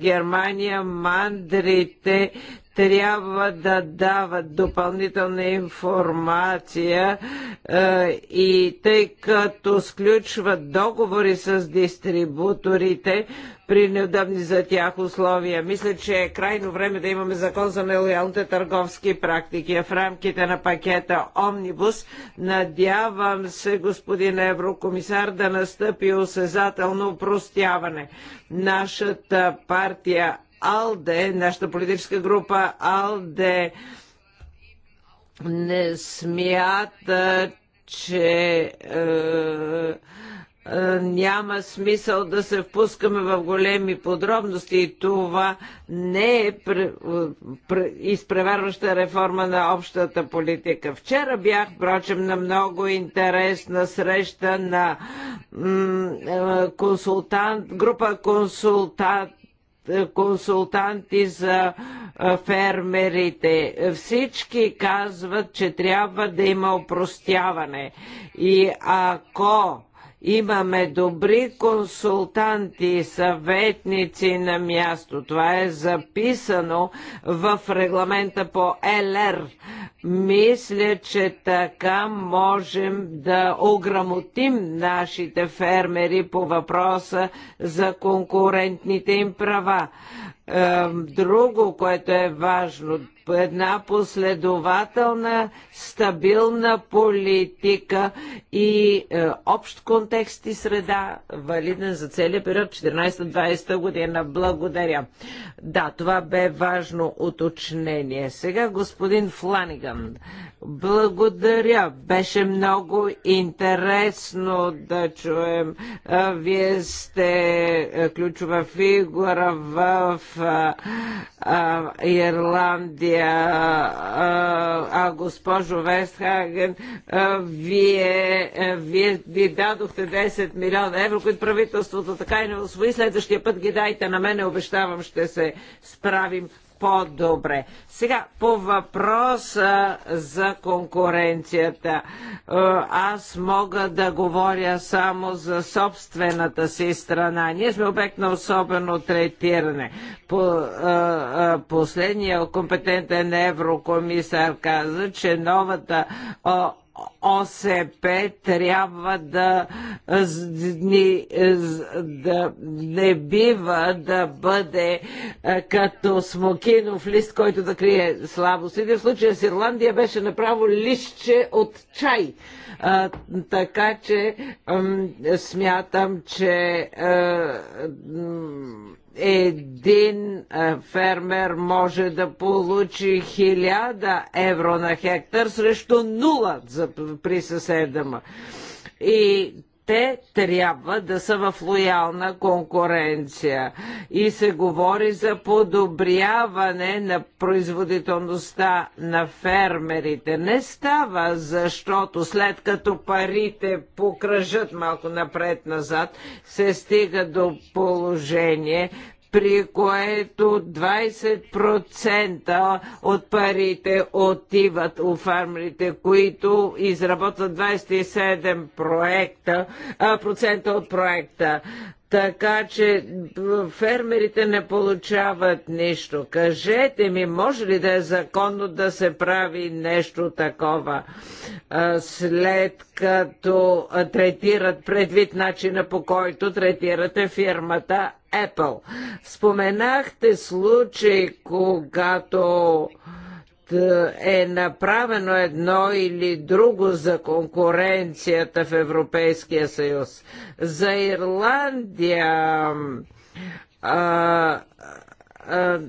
Германия мандрите трябва да дават допълнителна информация е, и тъй като сключват договори с дистрибуторите при неудобни за тях условия. Мисля, че е крайно време да имаме закон за нелоялните търговски практики. В рамките на пакета Омнибус надявам се, господин еврокомисар, да настъпи осезателно упростяване. Нашата партия АЛДЕ, нашата политическа група АЛДЕ не смята, че е, е няма смисъл да се впускаме в големи подробности и това не е изпреварваща реформа на общата политика. Вчера бях, впрочем, на много интересна среща на е, консултант, група консултант консултанти за фермерите. Всички казват, че трябва да има опростяване. И ако Имаме добри консултанти и съветници на място. Това е записано в регламента по ЛР. Мисля, че така можем да ограмотим нашите фермери по въпроса за конкурентните им права. Друго, което е важно, една последователна, стабилна политика и е, общ контекст и среда, валиден за целия период 14-20 година. Благодаря. Да, това бе важно уточнение. Сега господин Фланиган. Благодаря. Беше много интересно да чуем. Вие сте е, ключова фигура в Ирландия а, а госпожо Вестхаген, а, вие, а, вие ви дадохте 10 милиона евро, които правителството така и не освои. Следващия път ги дайте на мен, обещавам, ще се справим по-добре. Сега, по въпроса за конкуренцията, е, аз мога да говоря само за собствената си страна. Ние сме обект на особено третиране. По, е, е, последния компетентен еврокомисар каза, че новата ОСП трябва да, да не бива да бъде като смокинов лист, който да крие И В случая с Ирландия беше направо листче от чай. А, така че смятам, че а, един е, фермер може да получи 1000 евро на хектар срещу нула при съседа му. И те трябва да са в лоялна конкуренция. И се говори за подобряване на производителността на фермерите. Не става, защото след като парите покръжат малко напред-назад, се стига до положение, при което 20% от парите отиват у фармерите, които изработват 27% проекта, процента от проекта така че фермерите не получават нищо. Кажете ми, може ли да е законно да се прави нещо такова, след като третират предвид начина по който третирате фирмата Apple? Споменахте случай, когато е направено едно или друго за конкуренцията в Европейския съюз. За Ирландия а, а,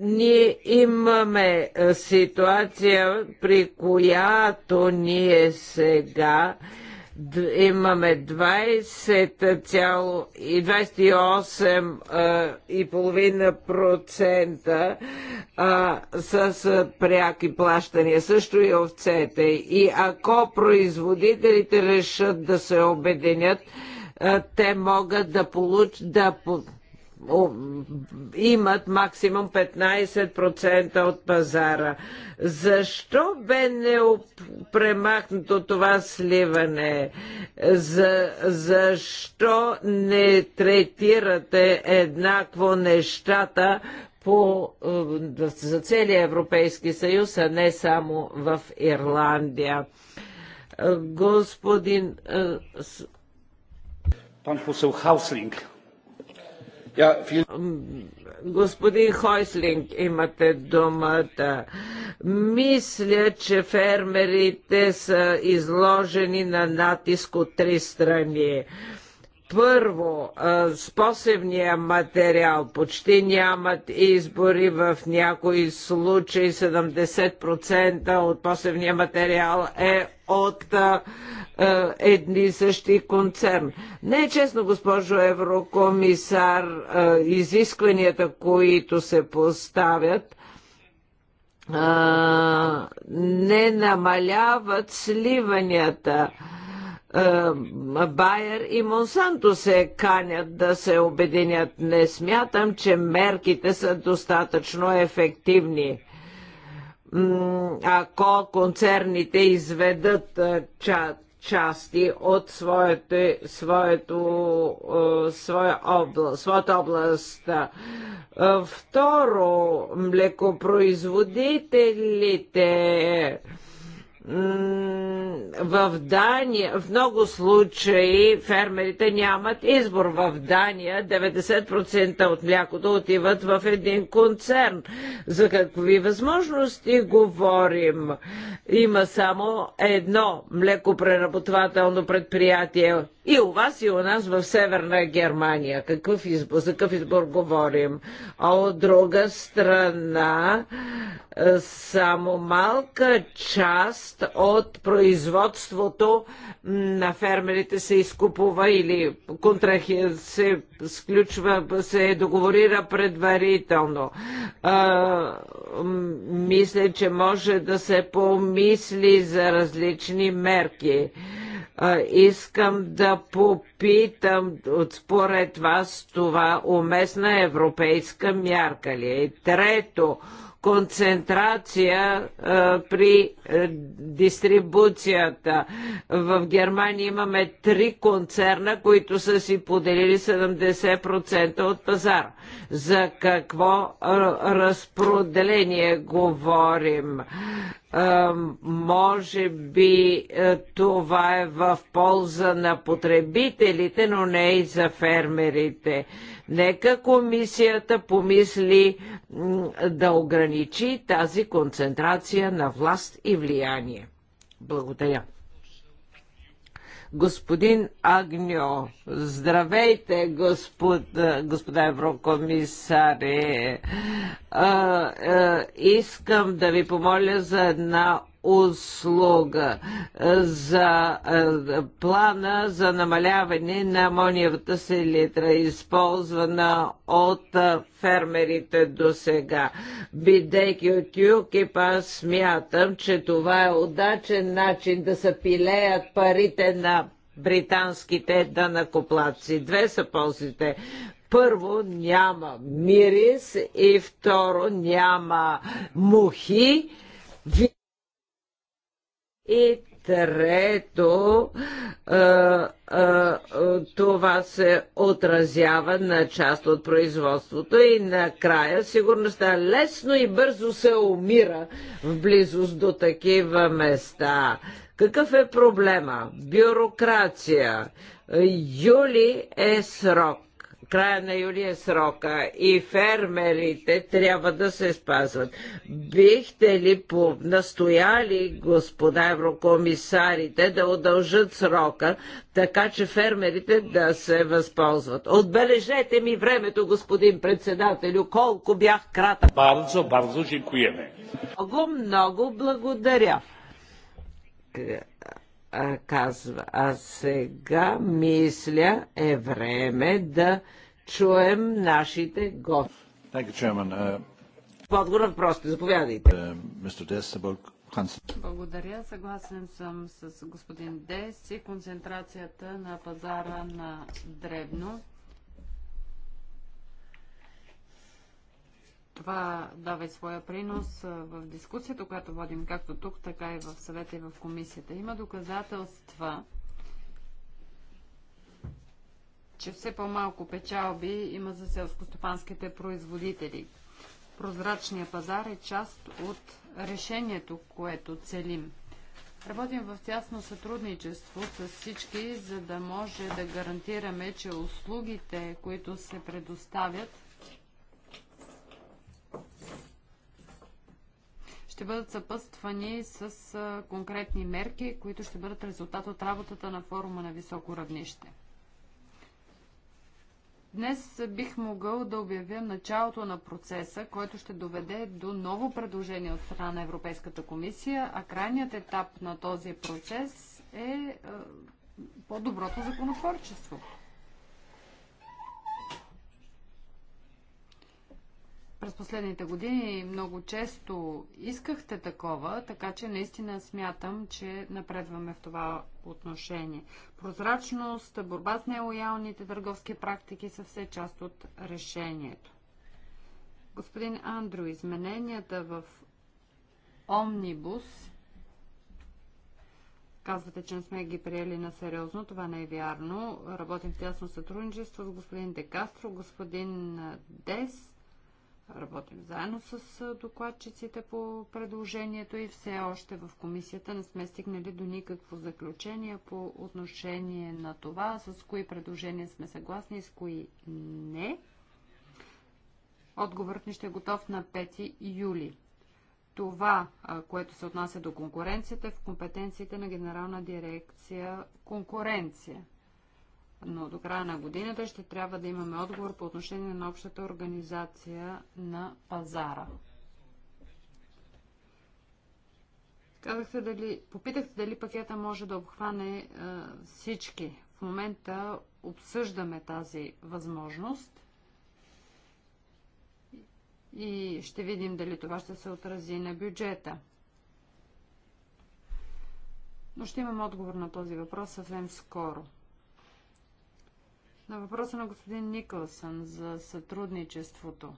ние имаме ситуация, при която ние сега а, имаме 28,5% с пряки плащания, също и овцете. И ако производителите решат да се обединят, те могат да получат да имат максимум 15% от пазара. Защо бе не премахнато това сливане? За, защо не третирате еднакво нещата по, е, за целия Европейски съюз, а не само в Ирландия? Е, господин... Пан посел Хауслинг. Господин Хойслинг, имате думата. Мисля, че фермерите са изложени на натиск от три страни първо с посевния материал. Почти нямат избори в някои случаи. 70% от посевния материал е от а, е, едни и същи концерн. Не е честно, госпожо еврокомисар, е, изискванията, които се поставят, е, не намаляват сливанията. Байер и Монсанто се канят да се обединят. Не смятам, че мерките са достатъчно ефективни ако концерните изведат чат части от своите, своето, е, своя област, своята област. Е, второ, млекопроизводителите в Дания, в много случаи фермерите нямат избор. В Дания 90% от млякото отиват в един концерн. За какви възможности говорим? Има само едно млекопреработвателно предприятие и у вас, и у нас в Северна Германия. Какъв избор, за какъв избор говорим? А от друга страна, е, само малка част от производството на фермерите се изкупува или контрахи се сключва, се договорира предварително. А, е, мисля, че може да се помисли за различни мерки. Искам да попитам, според вас това уместна европейска мярка ли е? Трето, концентрация а, при а, е, дистрибуцията. В Германия имаме три концерна, които са си поделили 70% от пазар. За какво а, е, разпределение говорим? Е, може би това е в полза на потребителите, но не и за фермерите. Нека комисията помисли да ограничи тази концентрация на власт и влияние. Благодаря. Господин Агньо, здравейте, господ, господа еврокомисари. искам да ви помоля за една услуга за плана за намаляване на амониевата селитра, използвана от фермерите до сега. Бидейки от ЮКИП, аз смятам, че това е удачен начин да се пилеят парите на британските данакоплаци. Две са ползите първо няма мирис и второ няма мухи. И трето, това се отразява на част от производството и накрая сигурността лесно и бързо се умира в близост до такива места. Какъв е проблема? Бюрокрация. Юли е срок края на юли е срока и фермерите трябва да се спазват. Бихте ли по настояли, господа еврокомисарите, да удължат срока, така че фермерите да се възползват? Отбележете ми времето, господин председателю, колко бях кратък. Бързо, бързо, жикуеме. Много, много благодаря а, казва. А сега, мисля, е време да чуем нашите гости. Uh, Отговорът просто, заповядайте. Uh, Благодаря. Съгласен съм с господин Дес и концентрацията на пазара на дребно Това дава и своя принос в дискусията, която водим както тук, така и в съвета и в комисията. Има доказателства, че все по-малко печалби има за селскостопанските производители. Прозрачният пазар е част от решението, което целим. Работим в тясно сътрудничество с всички, за да може да гарантираме, че услугите, които се предоставят, ще бъдат съпътствани с конкретни мерки, които ще бъдат резултат от работата на форума на високо равнище. Днес бих могъл да обявя началото на процеса, който ще доведе до ново предложение от страна на Европейската комисия, а крайният етап на този процес е по-доброто законотворчество. през последните години много често искахте такова, така че наистина смятам, че напредваме в това отношение. Прозрачност, борба с нелоялните търговски практики са все част от решението. Господин Андрю, измененията в Омнибус, казвате, че не сме ги приели на сериозно, това не е вярно. Работим в тясно сътрудничество с господин Декастро, господин Дес, Работим заедно с докладчиците по предложението и все още в комисията не сме стигнали до никакво заключение по отношение на това, с кои предложения сме съгласни и с кои не. Отговорът ни ще е готов на 5 юли. Това, което се отнася до конкуренцията, е в компетенциите на Генерална дирекция конкуренция но до края на годината ще трябва да имаме отговор по отношение на общата организация на пазара. Казахте дали, попитахте дали пакета може да обхване е, всички. В момента обсъждаме тази възможност и ще видим дали това ще се отрази на бюджета. Но ще имам отговор на този въпрос съвсем скоро. На въпроса на господин Никълсън за сътрудничеството.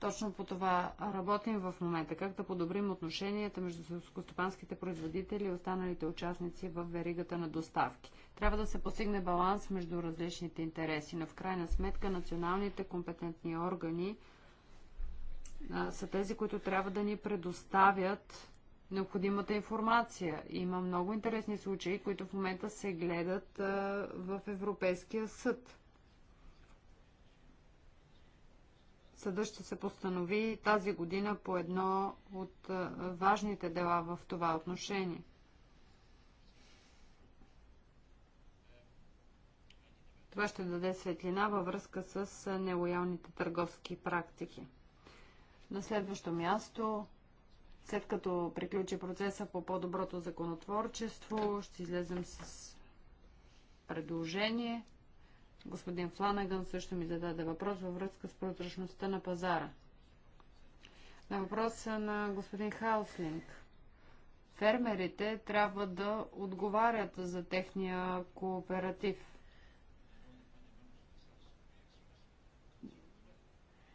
Точно по това работим в момента. Как да подобрим отношенията между селскостопанските производители и останалите участници в веригата на доставки. Трябва да се постигне баланс между различните интереси. Но в крайна сметка националните компетентни органи а, са тези, които трябва да ни предоставят необходимата информация. Има много интересни случаи, които в момента се гледат а, в Европейския съд. Съда ще се постанови тази година по едно от а, важните дела в това отношение. Това ще даде светлина във връзка с нелоялните търговски практики. На следващо място след като приключи процеса по по-доброто законотворчество, ще излезем с предложение. Господин Фланаган също ми зададе въпрос във връзка с прозрачността на пазара. На въпроса на господин Хауслинг. Фермерите трябва да отговарят за техния кооператив.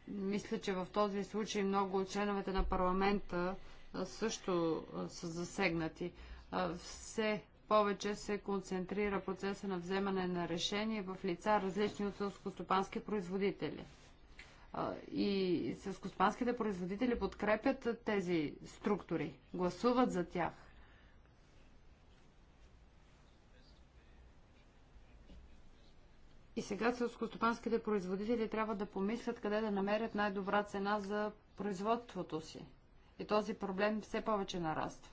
Мисля, че в този случай много от членовете на парламента също са засегнати. Все повече се концентрира процеса на вземане на решение в лица различни от селскостопански производители. И селскостопанските производители подкрепят тези структури, гласуват за тях. И сега селскостопанските производители трябва да помислят къде да намерят най-добра цена за производството си. И този проблем все повече нараства.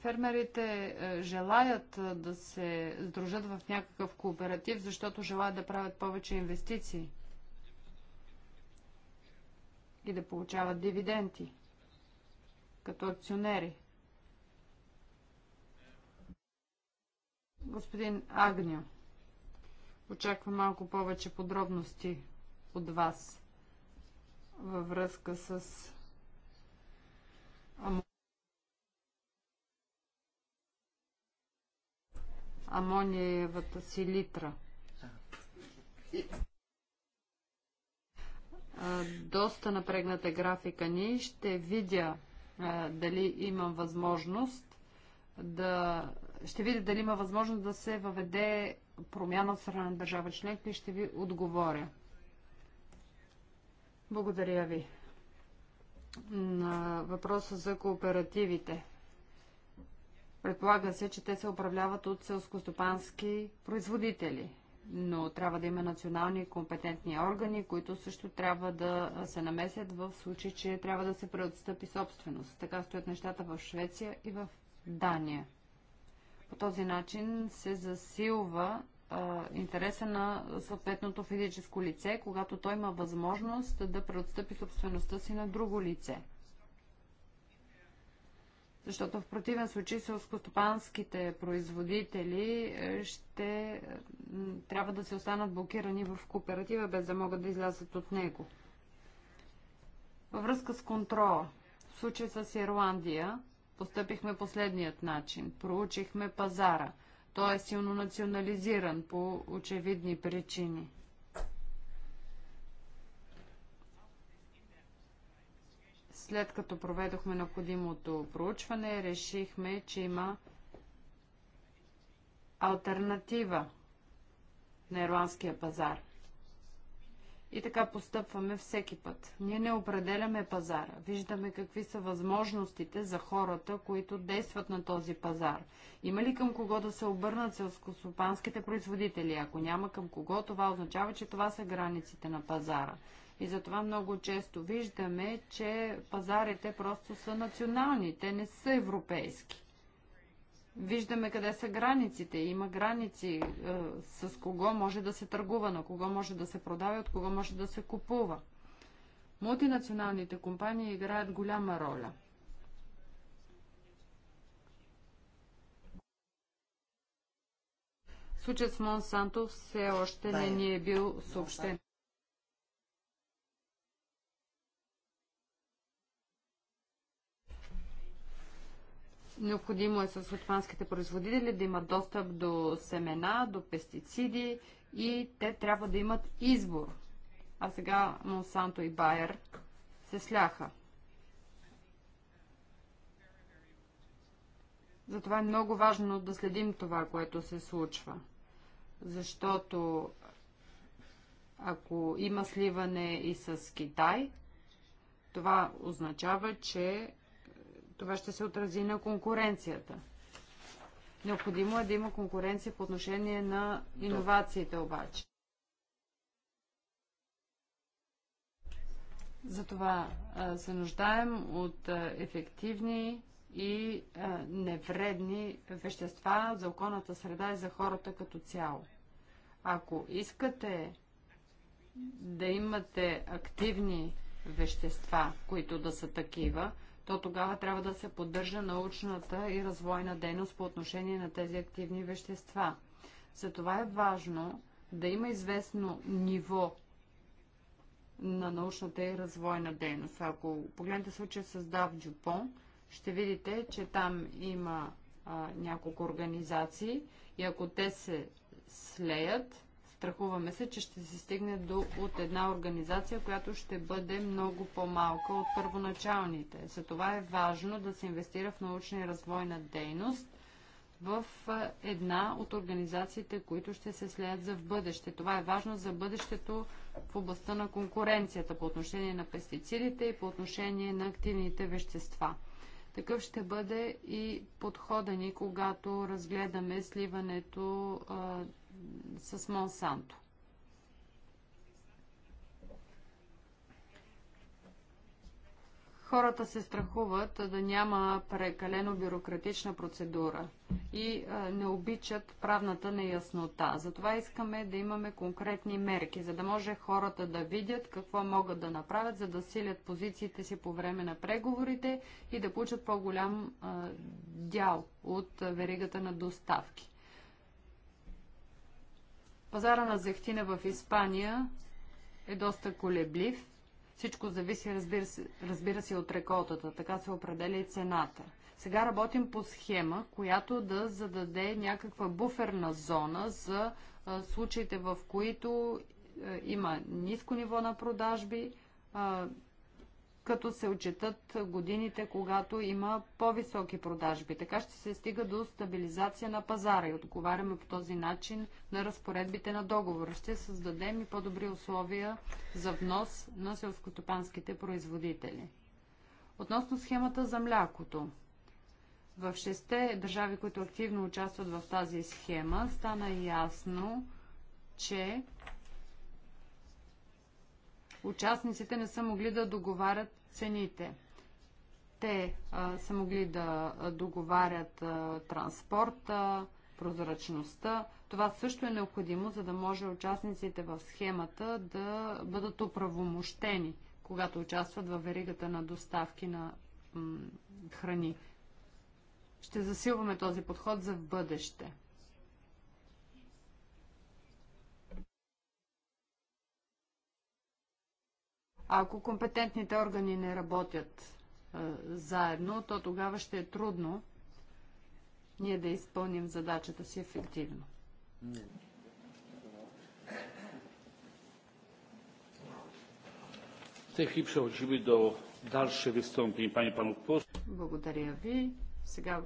фермерите е, желаят е, да се сдружат в някакъв кооператив, защото желаят да правят повече инвестиции и да получават дивиденти като акционери. Господин Агнио. Очаквам малко повече подробности от вас във връзка с амониевата силитра. Доста напрегната графика ни. Ще видя дали имам възможност да... Ще видя дали има възможност да се въведе промяна от страна на държава членка и ще ви отговоря. Благодаря ви. На въпроса за кооперативите. Предполага се, че те се управляват от селскостопански производители, но трябва да има национални компетентни органи, които също трябва да се намесят в случай, че трябва да се преотстъпи собственост. Така стоят нещата в Швеция и в Дания. По този начин се засилва интереса на съответното физическо лице, когато той има възможност да преотстъпи собствеността си на друго лице. Защото в противен случай селскостопанските производители е, ще е, трябва да се останат блокирани в кооператива, без да могат да излязат от него. Във връзка с контрола, в случай с Ирландия, Постъпихме последният начин. Проучихме пазара. Той е силно национализиран по очевидни причини. След като проведохме необходимото проучване, решихме, че има альтернатива на ирландския пазар. И така постъпваме всеки път. Ние не определяме пазара. Виждаме какви са възможностите за хората, които действат на този пазар. Има ли към кого да се обърнат селскостопанските производители? Ако няма към кого, това означава, че това са границите на пазара. И затова много често виждаме, че пазарите просто са национални, те не са европейски виждаме къде са границите. Има граници е, с кого може да се търгува, на кого може да се продава, от кого може да се купува. Мултинационалните компании играят голяма роля. Случаят с Монсанто все още не ни е бил съобщен. Необходимо е с селскостопанските производители да имат достъп до семена, до пестициди и те трябва да имат избор. А сега Монсанто и Байер се сляха. Затова е много важно да следим това, което се случва. Защото ако има сливане и с Китай, това означава, че това ще се отрази на конкуренцията. Необходимо е да има конкуренция по отношение на иновациите обаче. Затова се нуждаем от ефективни и невредни вещества за околната среда и за хората като цяло. Ако искате да имате активни вещества, които да са такива, то тогава трябва да се поддържа научната и развойна дейност по отношение на тези активни вещества. Затова е важно да има известно ниво на научната и развойна дейност. Ако погледнете случая с Дав Дюпон, ще видите, че там има а, няколко организации и ако те се слеят, Страхуваме се, че ще се стигне до от една организация, която ще бъде много по-малка от първоначалните. Затова е важно да се инвестира в научна и развойна дейност в една от организациите, които ще се следят за в бъдеще. Това е важно за бъдещето в областта на конкуренцията по отношение на пестицидите и по отношение на активните вещества. Такъв ще бъде и подхода ни, когато разгледаме сливането с Монсанто. Хората се страхуват да няма прекалено бюрократична процедура и не обичат правната неяснота. Затова искаме да имаме конкретни мерки, за да може хората да видят какво могат да направят, за да силят позициите си по време на преговорите и да получат по-голям дял от веригата на доставки. Пазара на зехтина в Испания е доста колеблив. Всичко зависи, разбира се, разбира се, от реколтата. Така се определя и цената. Сега работим по схема, която да зададе някаква буферна зона за а, случаите, в които а, има ниско ниво на продажби, а, като се отчитат годините, когато има по-високи продажби. Така ще се стига до стабилизация на пазара и отговаряме по този начин на разпоредбите на договора. Ще създадем и по-добри условия за внос на селскотопанските производители. Относно схемата за млякото. В шесте държави, които активно участват в тази схема, стана ясно, че участниците не са могли да договарят цените. Те а, са могли да договарят а, транспорта, прозрачността. Това също е необходимо, за да може участниците в схемата да бъдат оправомощени, когато участват в веригата на доставки на храни. Ще засилваме този подход за в бъдеще. Ако компетентните органи не работят а, заедно, то тогава ще е трудно ние да изпълним задачата си ефективно. Благодаря ви. Сега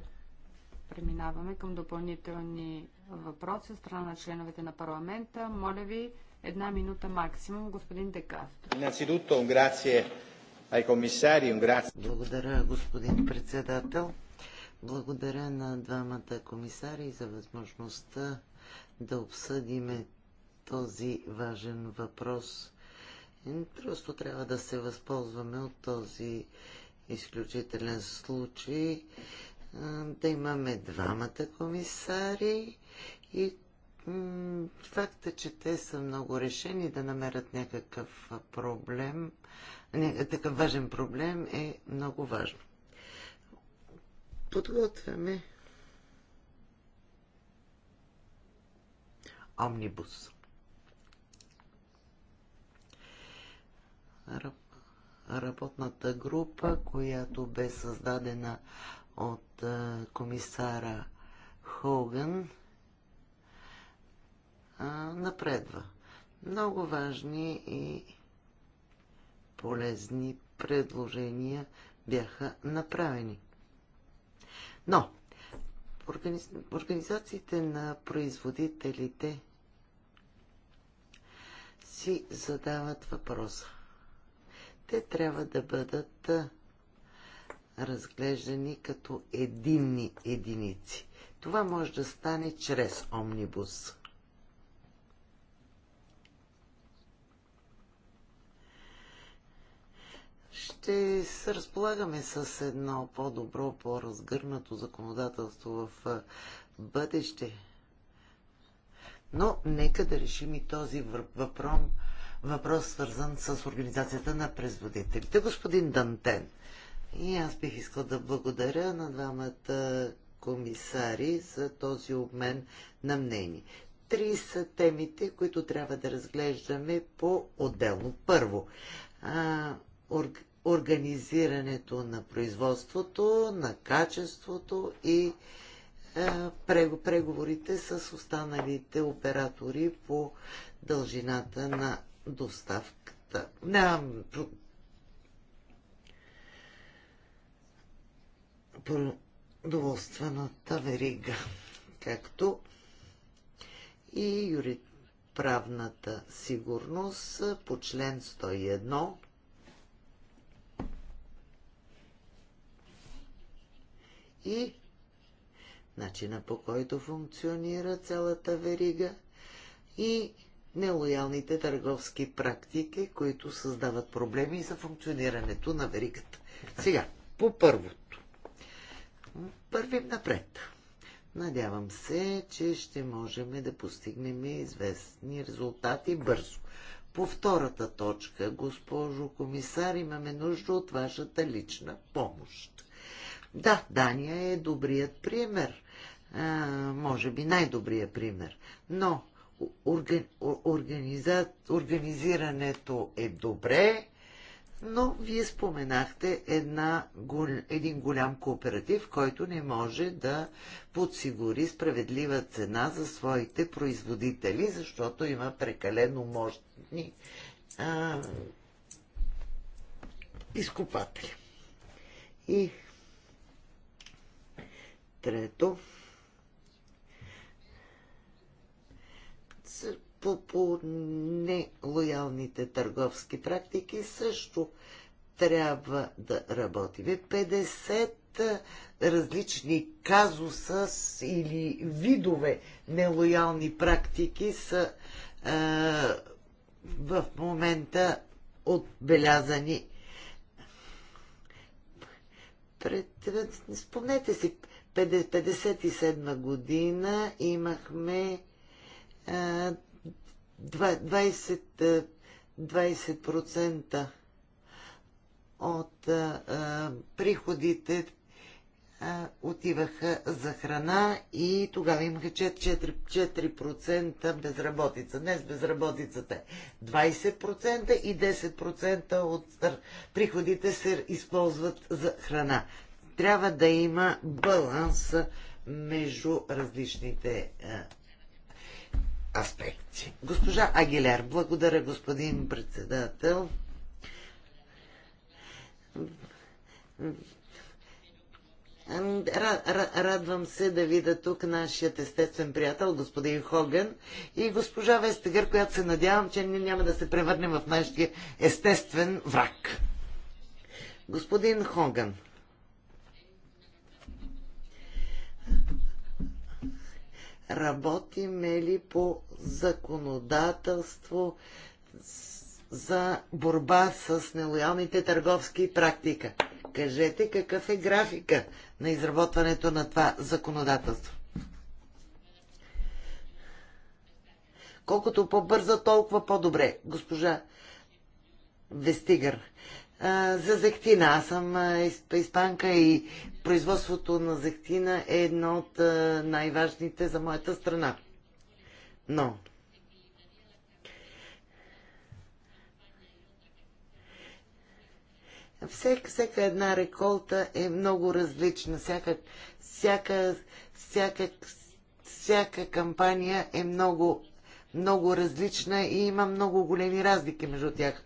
преминаваме към допълнителни въпроси от страна на членовете на парламента. Моля ви, Една минута максимум, господин Декастро. Innanzitutto грация ай комисари, грация. Благодаря, господин председател. Благодаря на двамата комисари за възможността да обсъдиме този важен въпрос. Просто трябва да се възползваме от този изключителен случай да имаме двамата комисари и факта, че те са много решени да намерят някакъв проблем, такъв важен проблем е много важно. Подготвяме омнибус. Работната група, която бе създадена от комисара Хоган, напредва. Много важни и полезни предложения бяха направени. Но организ... организациите на производителите си задават въпроса. Те трябва да бъдат разглеждани като единни единици. Това може да стане чрез омнибус. ще се разполагаме с едно по-добро, по-разгърнато законодателство в бъдеще. Но нека да решим и този въпрос, въпрос свързан с организацията на производителите. Господин Дантен, и аз бих искал да благодаря на двамата комисари за този обмен на мнение. Три са темите, които трябва да разглеждаме по-отделно. Първо, а, организирането на производството, на качеството и е, преговорите с останалите оператори по дължината на доставката. На продоволствената верига, както и юридически правната сигурност по член 101 и начина по който функционира цялата верига и нелоялните търговски практики, които създават проблеми за функционирането на веригата. Сега, по първото. Първим напред. Надявам се, че ще можем да постигнем известни резултати бързо. По втората точка, госпожо комисар, имаме нужда от вашата лична помощ. Да, Дания е добрият пример. А, може би най-добрият пример. Но орга, организа, организирането е добре, но вие споменахте една, един голям кооператив, който не може да подсигури справедлива цена за своите производители, защото има прекалено мощни а, изкупатели. И Трето, по, по нелоялните търговски практики също трябва да работиме. 50 различни казуса или видове нелоялни практики са е, в момента отбелязани. Пред, спомнете си, 1957 година имахме 20%, 20 от а, приходите а, отиваха за храна и тогава имаха 4%, 4% безработица. Днес безработицата е 20% и 10% от приходите се използват за храна трябва да има баланс между различните е, аспекти. Госпожа Агилер, благодаря господин председател. Радвам се да видя тук нашият естествен приятел, господин Хоган и госпожа Вестегър, която се надявам, че ние няма да се превърнем в нашия естествен враг. Господин Хоган, работиме ли по законодателство за борба с нелоялните търговски практика. Кажете какъв е графика на изработването на това законодателство. Колкото по-бърза, толкова по-добре, госпожа Вестигър за зехтина. Аз съм испанка и производството на зехтина е едно от най-важните за моята страна. Но Всек, всяка една реколта е много различна. Всяка, всяка, всяка, всяка кампания е много, много различна и има много големи разлики между тях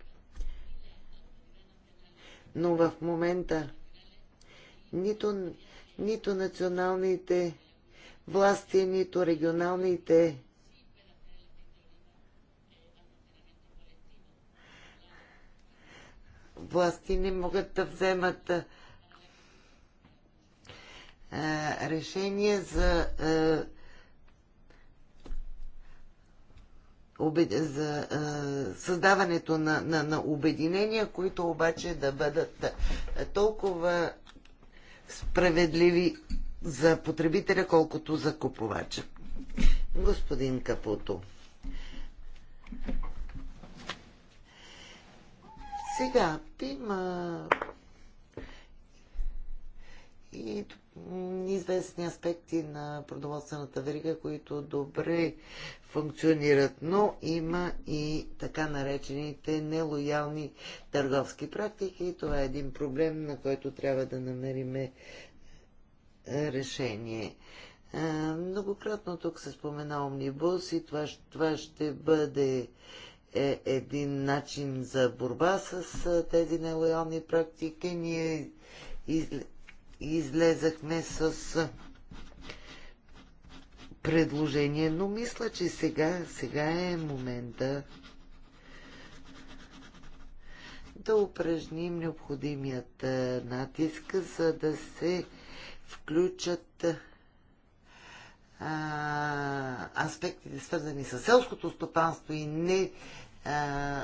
но в момента нито, нито националните власти, нито регионалните власти не могат да вземат а, решение за а, за създаването на, на, на обединения, които обаче да бъдат толкова справедливи за потребителя, колкото за купувача. Господин Капуто. Сега има и известни аспекти на продоволствената верига, които добре функционират, но има и така наречените нелоялни търговски практики. Това е един проблем, на който трябва да намериме е, решение. Е, многократно тук се спомена омнибус и това, това ще бъде е един начин за борба с е, тези нелоялни практики. Ние излезахме с предложение, но мисля, че сега, сега е момента да упражним необходимият натиск, за да се включат а, аспектите, свързани с селското стопанство и не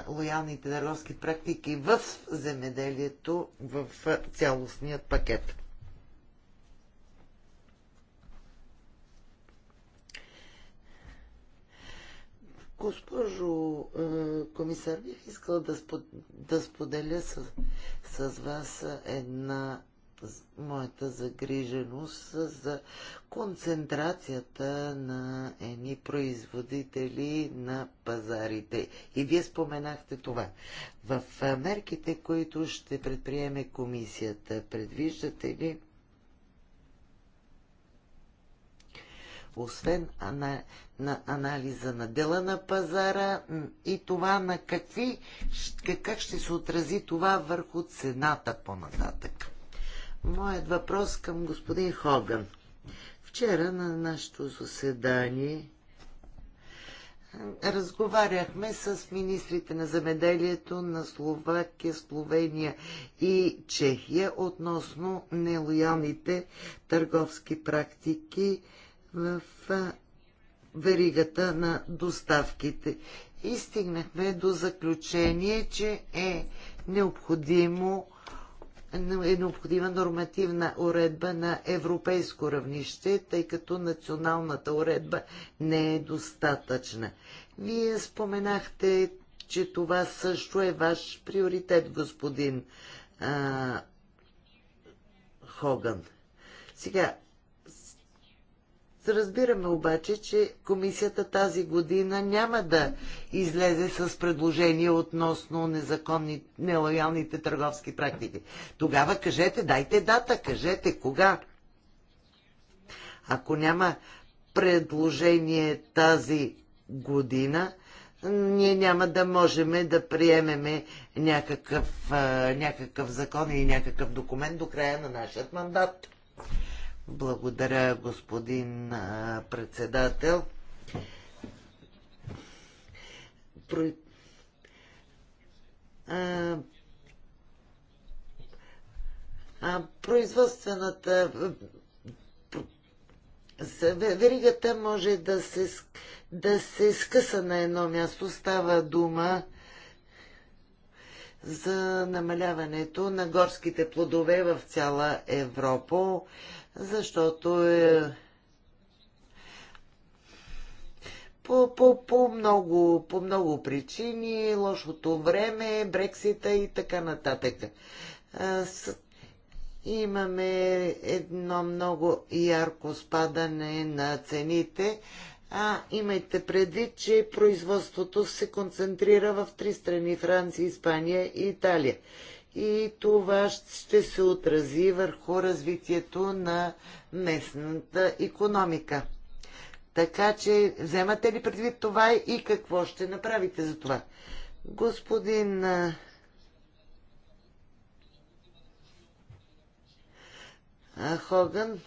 лоялните търговски практики в земеделието в цялостният пакет. Госпожо е, комисар, бих искала да, спод, да споделя с, с вас една моята загриженост за концентрацията на едни производители на пазарите. И вие споменахте това. В мерките, които ще предприеме комисията, предвиждате ли освен ана, на анализа на дела на пазара и това на какви, как ще се отрази това върху цената по-нататък. Моят въпрос към господин Хоган. Вчера на нашето заседание разговаряхме с министрите на земеделието на Словакия, Словения и Чехия относно нелоялните търговски практики в веригата на доставките. И стигнахме до заключение, че е необходимо е необходима нормативна уредба на европейско равнище, тъй като националната уредба не е достатъчна. Вие споменахте, че това също е ваш приоритет, господин а, Хоган. Сега, Разбираме обаче, че комисията тази година няма да излезе с предложение относно незаконни, нелоялните търговски практики. Тогава кажете, дайте дата, кажете кога. Ако няма предложение тази година, ние няма да можем да приемеме някакъв, някакъв закон или някакъв документ до края на нашия мандат. Благодаря, господин председател. Про... А... А, производствената веригата може да се, да се скъса на едно място. Става дума за намаляването на горските плодове в цяла Европа защото е, по, по, по, много, по много причини, лошото време, Брексита и така нататък. с, имаме едно много ярко спадане на цените, а имайте предвид, че производството се концентрира в три страни Франция, Испания и Италия и това ще се отрази върху развитието на местната економика. Така че вземате ли предвид това и какво ще направите за това? Господин Хоган,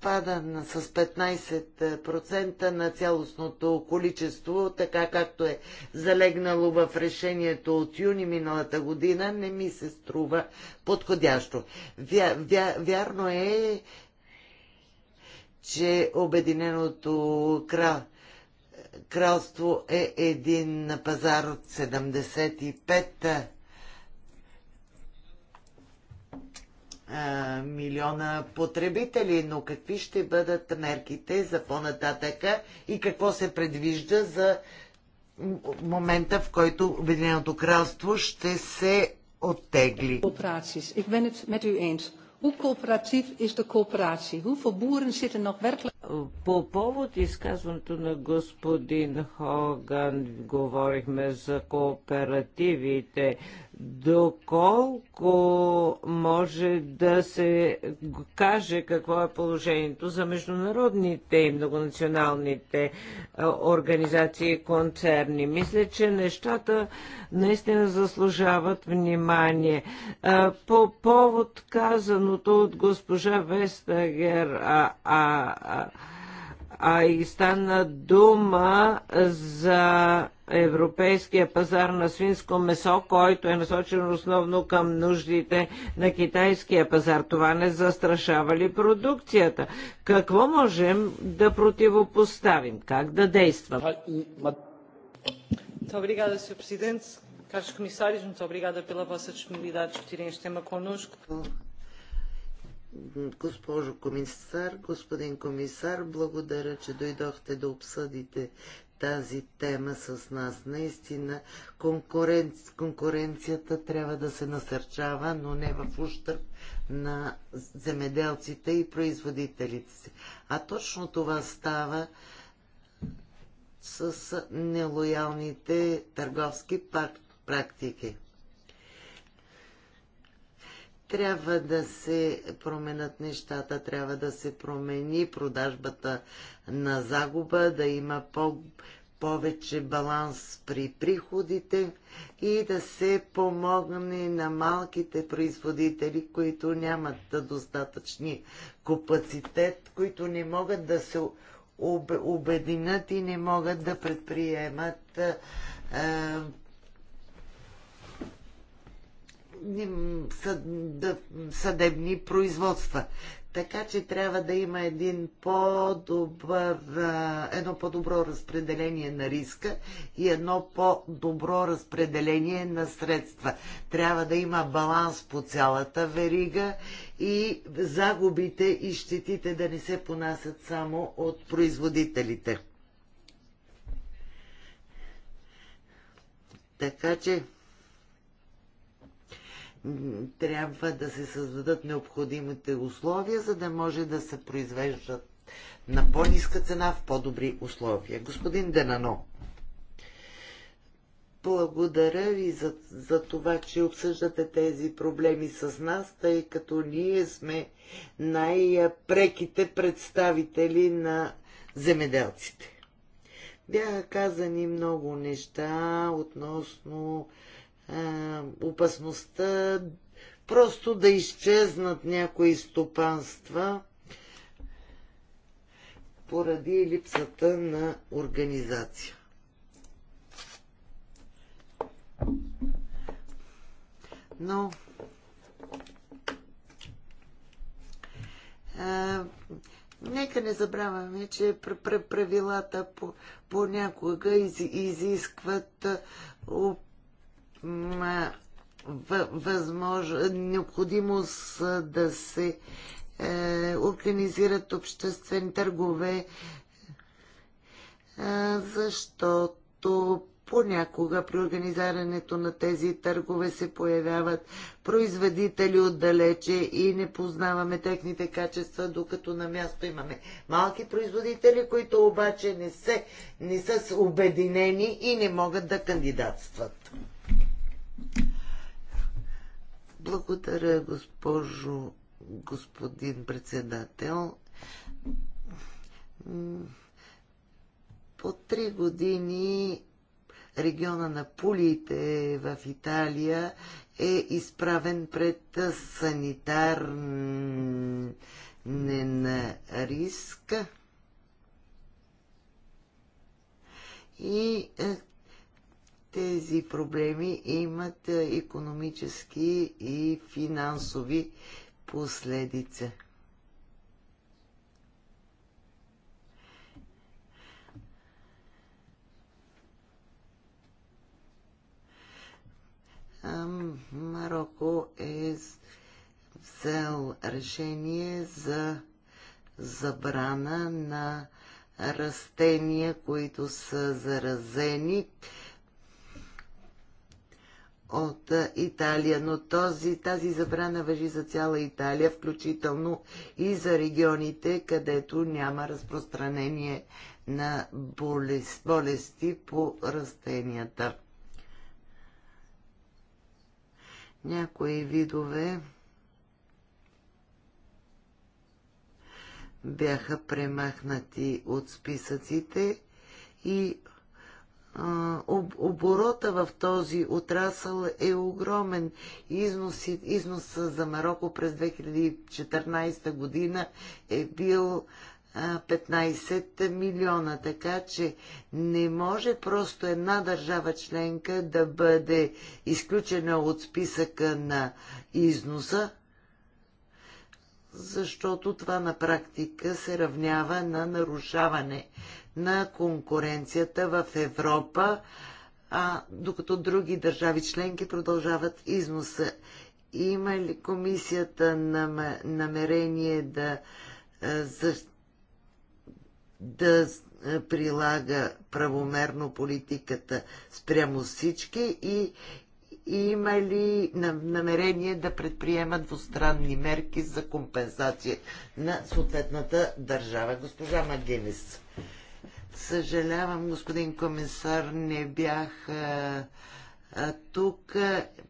спада на, с 15% на цялостното количество, така както е залегнало в решението от юни миналата година, не ми се струва подходящо. Вя, вя, вярно е, че Обединеното крал, кралство е един пазар от 75 милиона потребители, но какви ще бъдат мерките за по-нататъка и какво се предвижда за момента, в който Обединеното кралство ще се оттегли. Ik ben het met u eens. Hoe coöperatief is de coöperatie? Hoeveel boeren zitten nog werkelijk... По повод изказването на господин Хоган говорихме за кооперативите доколко може да се каже какво е положението за международните и многонационалните организации и концерни. Мисля, че нещата наистина заслужават внимание. По повод казаното от госпожа Вестагер, а, а, а а и стана дума за европейския пазар на свинско месо, който е насочен основно към нуждите на китайския пазар. Това не застрашава ли продукцията? Какво можем да противопоставим? Как да действаме? Caros comissários, muito госпожо комисар, господин комисар, благодаря, че дойдохте да обсъдите тази тема с нас. Наистина конкуренци... конкуренцията трябва да се насърчава, но не в ущърп на земеделците и производителите си. А точно това става с нелоялните търговски практики трябва да се променят нещата, трябва да се промени продажбата на загуба, да има по- повече баланс при приходите и да се помогне на малките производители, които нямат достатъчни капацитет, които не могат да се обединят и не могат да предприемат е, съдебни производства. Така че трябва да има един по-добър, едно по-добро разпределение на риска и едно по-добро разпределение на средства. Трябва да има баланс по цялата верига и загубите и щетите да не се понасят само от производителите. Така че трябва да се създадат необходимите условия, за да може да се произвеждат на по-ниска цена в по-добри условия. Господин Денано, благодаря ви за, за това, че обсъждате тези проблеми с нас, тъй като ние сме най-преките представители на земеделците. Бяха казани много неща относно опасността просто да изчезнат някои стопанства поради липсата на организация. Но а, нека не забравяме, че правилата понякога из, изискват възмож... необходимост да се е, организират обществени търгове, е, защото понякога при организирането на тези търгове се появяват производители отдалече и не познаваме техните качества, докато на място имаме малки производители, които обаче не, се, не са обединени и не могат да кандидатстват. Благодаря, госпожо, господин председател. По три години региона на Пулиите в Италия е изправен пред санитарен риск. И е, тези проблеми имат економически и финансови последици. Марокко е взел решение за забрана на растения, които са заразени от Италия, но този, тази забрана въжи за цяла Италия, включително и за регионите, където няма разпространение на болест, болести по растенията. Някои видове бяха премахнати от списъците и оборота в този отрасъл е огромен. Износ, износ за Марокко през 2014 година е бил 15 милиона, така че не може просто една държава членка да бъде изключена от списъка на износа, защото това на практика се равнява на нарушаване на конкуренцията в Европа, а, докато други държави членки продължават износа. Има ли комисията нам, намерение да, за, да прилага правомерно политиката спрямо всички и има ли намерение да предприема двустранни мерки за компенсация на съответната държава? Госпожа Магинис? Съжалявам, господин комисар, не бях а, а, тук.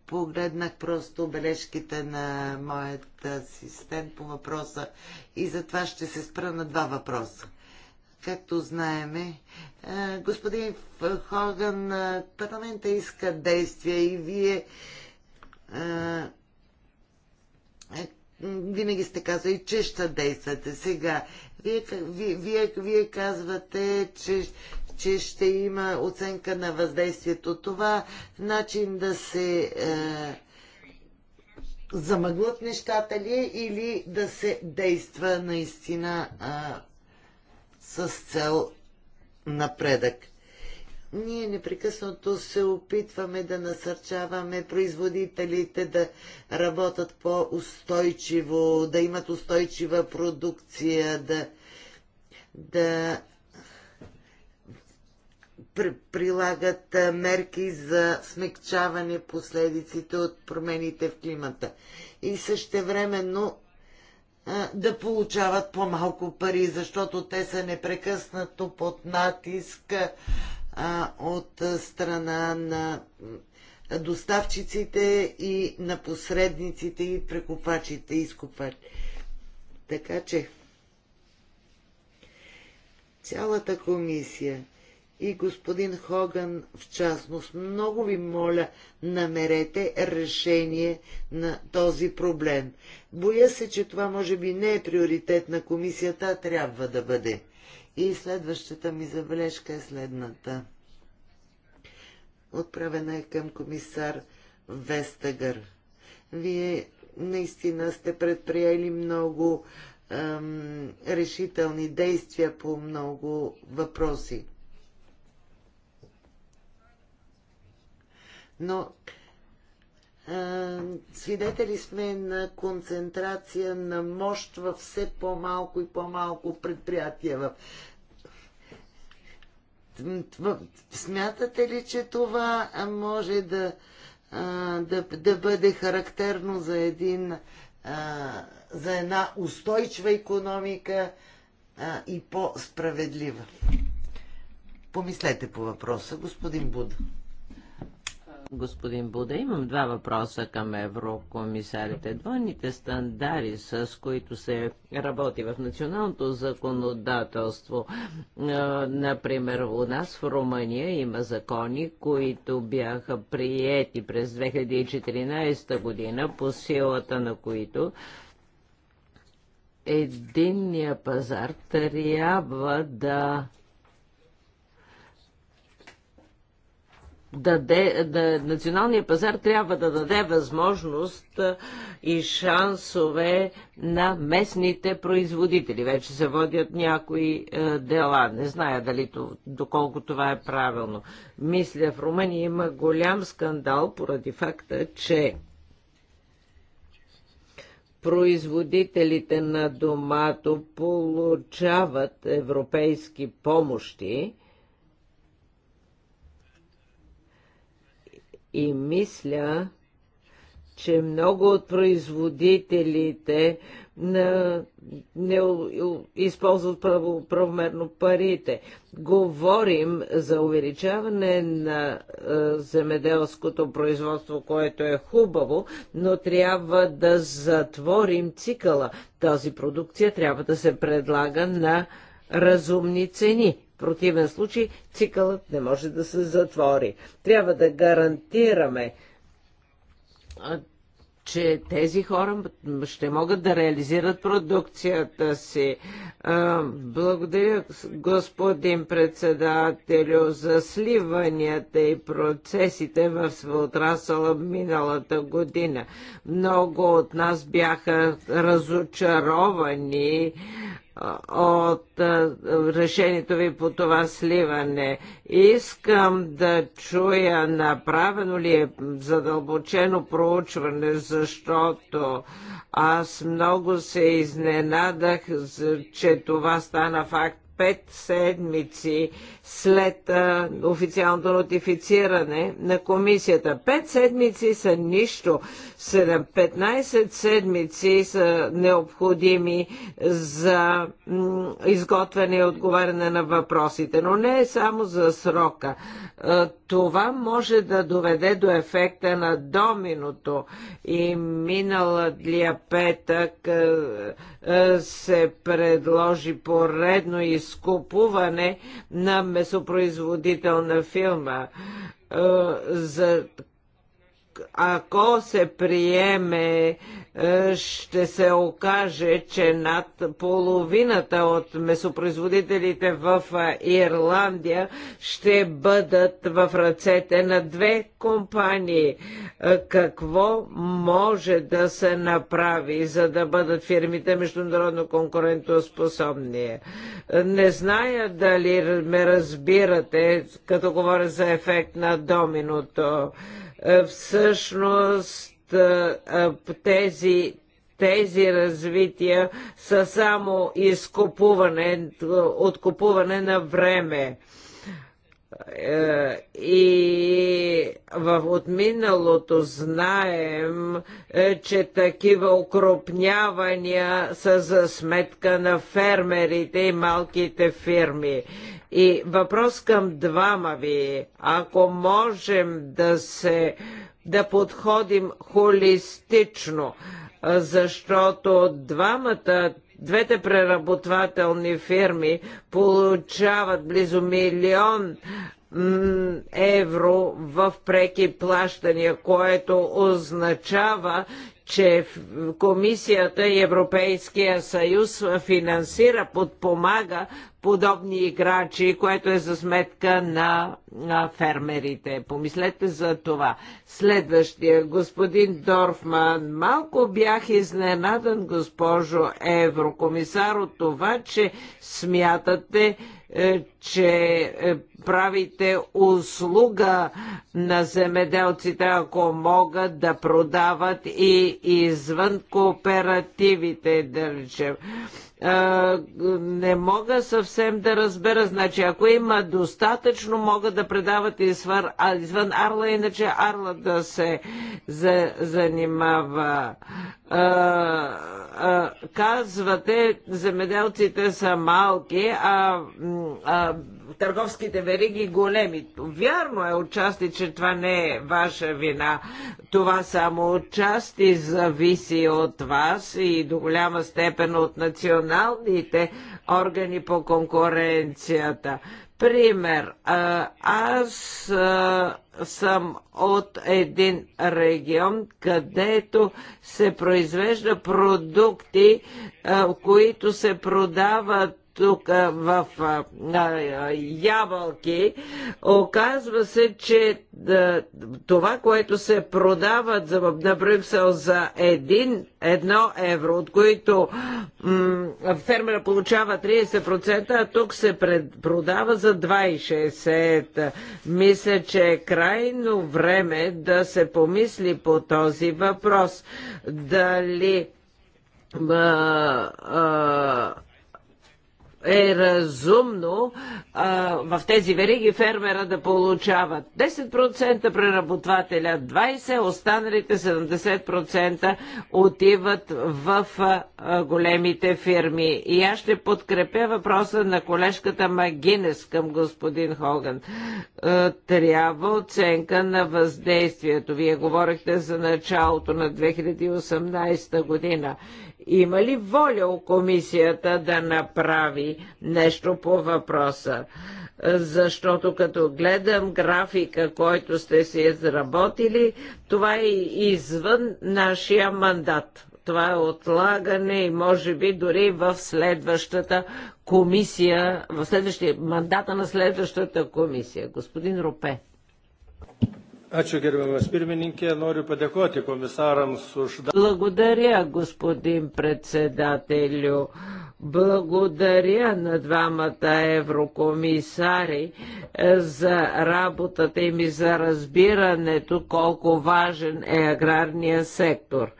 Погледнах просто бележките на моят асистент по въпроса и затова ще се спра на два въпроса. Както знаеме, а, господин Хоган, а, парламента иска действия и вие а, е, винаги сте казали, че ще действате. Сега вие, вие, вие, казвате, че, че ще има оценка на въздействието. Това начин да се е, замъглят нещата ли или да се действа наистина е, с цел напредък. Ние непрекъснато се опитваме да насърчаваме производителите да работят по-устойчиво, да имат устойчива продукция, да, да прилагат мерки за смягчаване последиците от промените в климата и същевременно да получават по-малко пари, защото те са непрекъснато под натиск от страна на доставчиците и на посредниците и прекупачите и изкупачите. Така че цялата комисия и господин Хоган в частност, много ви моля, намерете решение на този проблем. Боя се, че това може би не е приоритет на комисията, а трябва да бъде. И следващата ми забележка е следната. Отправена е към комисар Вестегър. Вие наистина сте предприели много ем, решителни действия по много въпроси. Но свидетели сме на концентрация на мощ във все по-малко и по-малко предприятия в Смятате ли, че това може да, да, да бъде характерно за, един, за една устойчива економика и по-справедлива? Помислете по въпроса, господин Буда. Господин Буда, имам два въпроса към еврокомисарите. Двойните стандари, с които се работи в националното законодателство, например у нас в Румъния има закони, които бяха приети през 2014 година, по силата на които единния пазар трябва да даде, да, националния пазар трябва да даде възможност и шансове на местните производители. Вече се водят някои е, дела. Не зная дали то, доколко това е правилно. Мисля, в Румъния има голям скандал поради факта, че производителите на домато получават европейски помощи, И мисля, че много от производителите не, не използват право, правомерно парите. Говорим за увеличаване на е, земеделското производство, което е хубаво, но трябва да затворим цикъла. Тази продукция трябва да се предлага на разумни цени. В противен случай цикълът не може да се затвори. Трябва да гарантираме, че тези хора ще могат да реализират продукцията си. Благодаря, господин председателю, за сливанията и процесите в отрасъла миналата година. Много от нас бяха разочаровани от решението ви по това сливане. Искам да чуя направено ли е задълбочено проучване, защото аз много се изненадах, че това стана факт пет седмици след а, официалното нотифициране на комисията. Пет седмици са нищо. 15 седмици са необходими за изготвяне и отговаряне на въпросите, но не е само за срока. А, това може да доведе до ефекта на доминото. И миналия петък а, се предложи поредно изкупуване на месопроизводител на филма за ако се приеме, е, ще се окаже, че над половината от месопроизводителите в е, Ирландия ще бъдат в ръцете на две компании. Е, какво може да се направи, за да бъдат фирмите международно конкурентоспособни? Не зная дали ме разбирате, като говоря за ефект на доминото. Е, всъщност е, е, тези тези развития са само изкупуване, откупуване на време. И в, от миналото знаем, че такива укропнявания са за сметка на фермерите и малките фирми. И въпрос към двама ви. Ако можем да се да подходим холистично, защото двамата Двете преработвателни фирми получават близо милион евро в преки плащания, което означава, че Комисията и Европейския съюз финансира, подпомага подобни играчи, което е за сметка на, на фермерите. Помислете за това. Следващия, господин Дорфман. Малко бях изненадан, госпожо Еврокомисар, от това, че смятате, е, че е, правите услуга на земеделците, ако могат да продават и извън кооперативите, да речем. Е, не мога съвсем да разбера. Значи, ако има достатъчно, могат да предават извън, извън Арла, иначе Арла да се за, занимава казвате, земеделците са малки, а, а търговските вериги големи. Вярно е отчасти, че това не е ваша вина. Това само отчасти зависи от вас и до голяма степен от националните органи по конкуренцията. Пример, аз съм от един регион, където се произвежда продукти, които се продават тук в а, а, ябълки, оказва се, че да, това, което се продават за, на Брюксел за един, едно евро, от които фермера получава 30%, а тук се пред, продава за 2,60. Мисля, че е крайно време да се помисли по този въпрос. Дали а, а, е разумно а, в тези вериги фермера да получават 10% преработвателя, 20%, останалите 70% отиват в а, големите фирми. И аз ще подкрепя въпроса на колежката Магинес към господин Хоган. А, трябва оценка на въздействието. Вие говорихте за началото на 2018 година. Има ли воля у комисията да направи нещо по въпроса? Защото като гледам графика, който сте си изработили, това е извън нашия мандат. Това е отлагане и може би дори в следващата комисия, в следващия мандата на следващата комисия. Господин Рупе, Ačiū gerbiamas pirmininkė, noriu padėkoti komisarams už. Благодаря, господин председателю. Благодаря на двамата еврокомисари е, за работата им и за разбирането колко важен е аграрния сектор.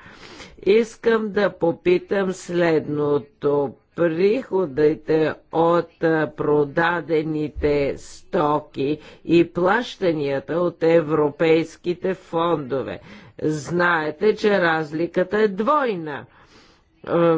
Искам да попитам следното приходите от продадените стоки и плащанията от европейските фондове. Знаете, че разликата е двойна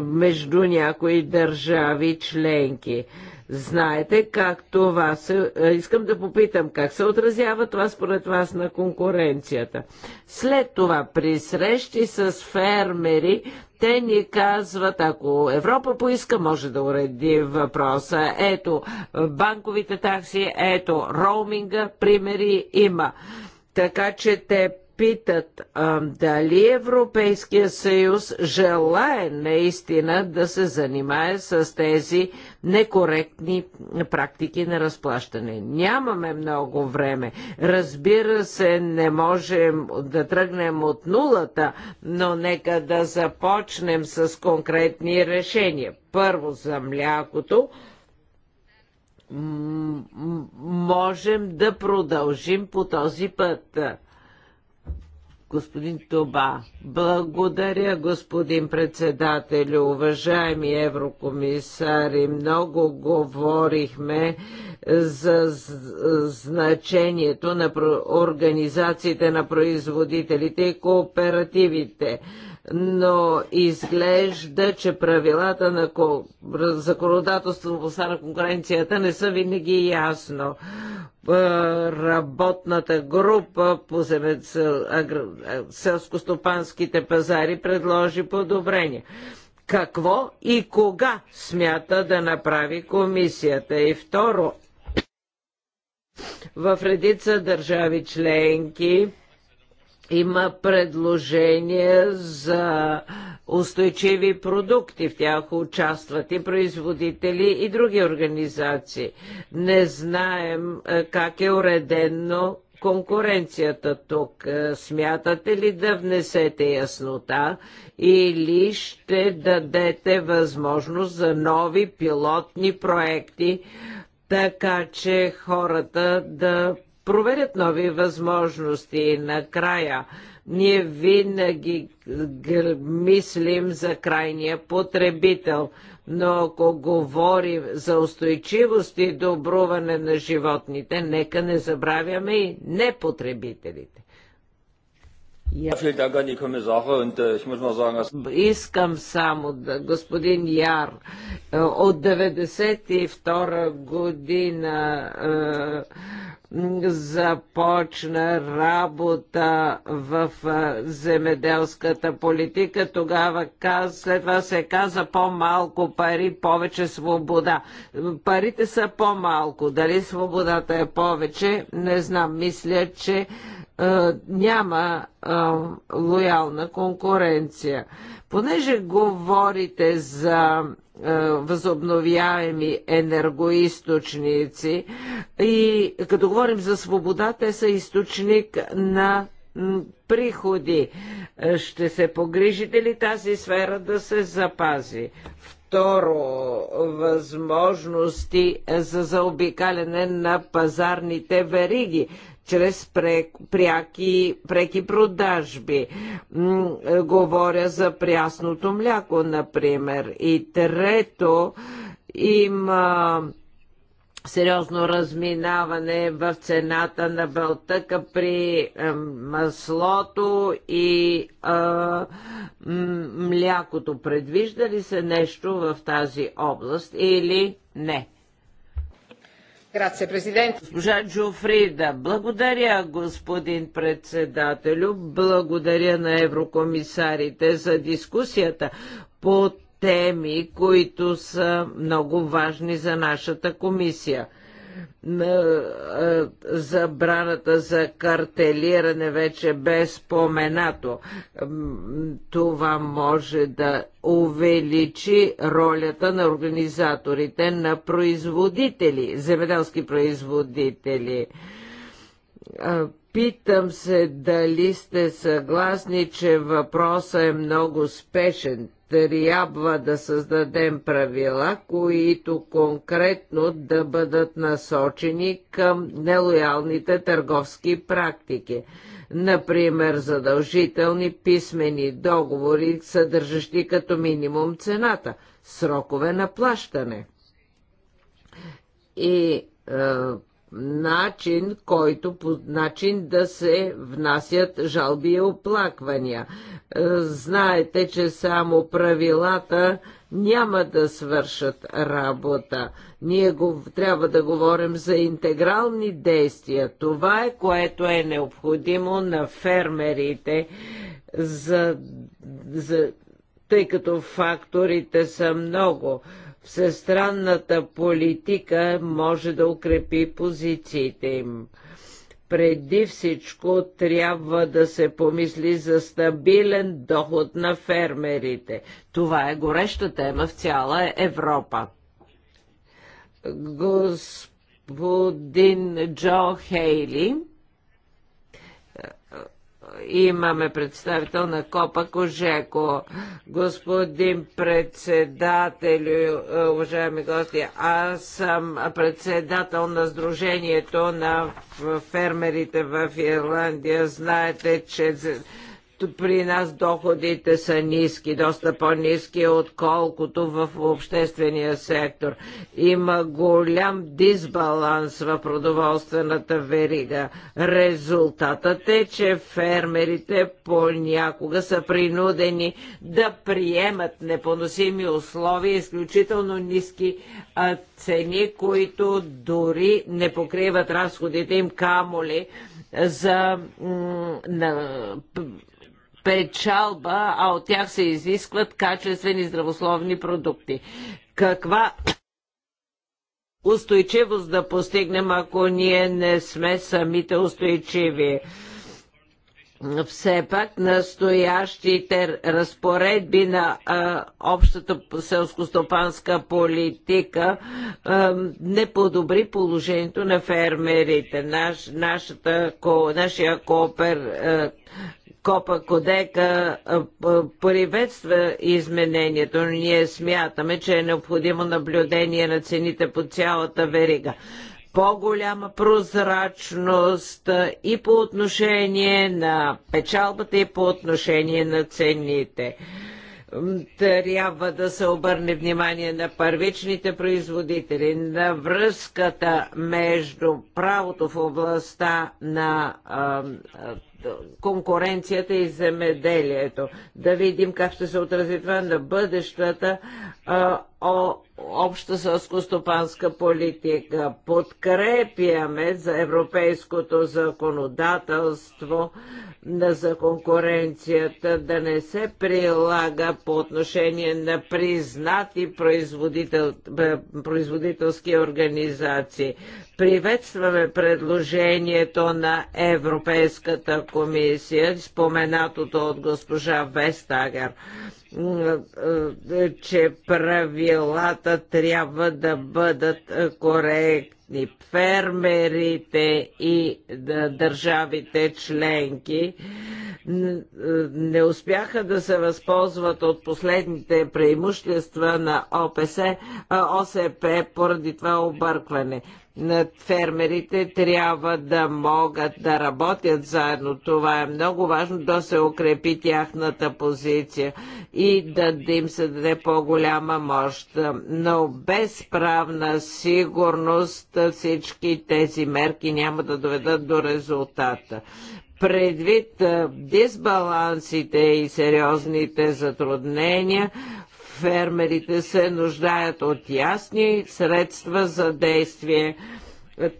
между някои държави членки. Знаете как това се... Искам да попитам как се отразява това според вас на конкуренцията. След това при срещи с фермери те ни казват, ако Европа поиска, може да уреди въпроса. Ето, банковите такси, ето, роуминга, примери има. Така че те питат а, дали Европейския съюз желае наистина да се занимае с тези некоректни практики на разплащане. Нямаме много време. Разбира се, не можем да тръгнем от нулата, но нека да започнем с конкретни решения. Първо за млякото, можем да продължим по този път. Господин Тоба, благодаря, господин председателю, уважаеми еврокомисари. Много говорихме за значението на организациите на производителите и кооперативите но изглежда, че правилата на законодателство в на конкуренцията не са винаги ясно. Е, работната група по е, селско-стопанските пазари предложи подобрение какво и кога смята да направи комисията. И второ, в редица държави членки има предложения за устойчиви продукти. В тях участват и производители и други организации. Не знаем е, как е уредено конкуренцията тук. Е, смятате ли да внесете яснота или ще дадете възможност за нови пилотни проекти, така че хората да проверят нови възможности. И накрая ние винаги мислим за крайния потребител. Но ако говорим за устойчивост и добруване на животните, нека не забравяме и непотребителите. Äh, Искам само да, господин Яр, е, от 92 година е, започна работа в земеделската политика. Тогава каз, след това се каза по-малко пари, повече свобода. Парите са по-малко. Дали свободата е повече? Не знам. Мисля, че няма а, лоялна конкуренция. Понеже говорите за а, възобновяеми енергоисточници и като говорим за свобода, те са източник на приходи. Ще се погрижите ли тази сфера да се запази? Второ, възможности за заобикаляне на пазарните вериги чрез пряки, преки продажби. Е, говоря за прясното мляко, например. И трето, има сериозно разминаване в цената на бълтъка при е, маслото и а, млякото. Предвижда ли се нещо в тази област или не? Грация, президент. Госпожа Джофрида, благодаря, господин председателю. Благодаря на еврокомисарите за дискусията по теми, които са много важни за нашата комисия – забраната за картелиране вече бе споменато. Това може да увеличи ролята на организаторите на производители, земеделски производители. Питам се дали сте съгласни, че въпросът е много спешен трябва да създадем правила, които конкретно да бъдат насочени към нелоялните търговски практики. Например, задължителни писмени договори, съдържащи като минимум цената, срокове на плащане. И е, начин, който по начин да се внасят жалби и оплаквания. Е, знаете, че само правилата няма да свършат работа. Ние го, трябва да говорим за интегрални действия. Това е което е необходимо на фермерите, за, за, тъй като факторите са много Всестранната политика може да укрепи позициите им. Преди всичко трябва да се помисли за стабилен доход на фермерите. Това е гореща тема в цяла Европа. Господин Джо Хейли имаме представител на Копа Кожеко. Господин председател, е, уважаеми гости, аз съм председател на Сдружението на фермерите в Ирландия. Знаете, че при нас доходите са ниски, доста по-ниски, отколкото в обществения сектор. Има голям дисбаланс в продоволствената верига. Резултатът е, че фермерите понякога са принудени да приемат непоносими условия, изключително ниски цени, които дори не покриват разходите им, камоли за на, печалба, а от тях се изискват качествени здравословни продукти. Каква устойчивост да постигнем, ако ние не сме самите устойчиви? все пак настоящите разпоредби на а, общата селскостопанска политика а, не подобри положението на фермерите. Наш, нашата, ко, нашия коопер Копа Кодека приветства изменението, но ние смятаме, че е необходимо наблюдение на цените по цялата верига по-голяма прозрачност и по отношение на печалбата и по отношение на цените. Трябва да се обърне внимание на първичните производители, на връзката между правото в областта на а, конкуренцията и земеделието. Да видим как ще се отрази това на бъдещата а, о, обща сълско-стопанска политика. Подкрепяме за европейското законодателство за конкуренцията да не се прилага по отношение на признати производител, производителски организации. Приветстваме предложението на Европейската комисия, споменатото от госпожа Вестагер е, че правилата трябва да бъдат е, коректни. Фермерите и държавите членки е, не успяха да се възползват от последните преимущества на ОПС, ОСП поради това объркване фермерите трябва да могат да работят заедно. Това е много важно да се укрепи тяхната позиция и да, да им се даде по-голяма мощ. Но без правна сигурност всички тези мерки няма да доведат до резултата предвид дисбалансите и сериозните затруднения, фермерите се нуждаят от ясни средства за действие,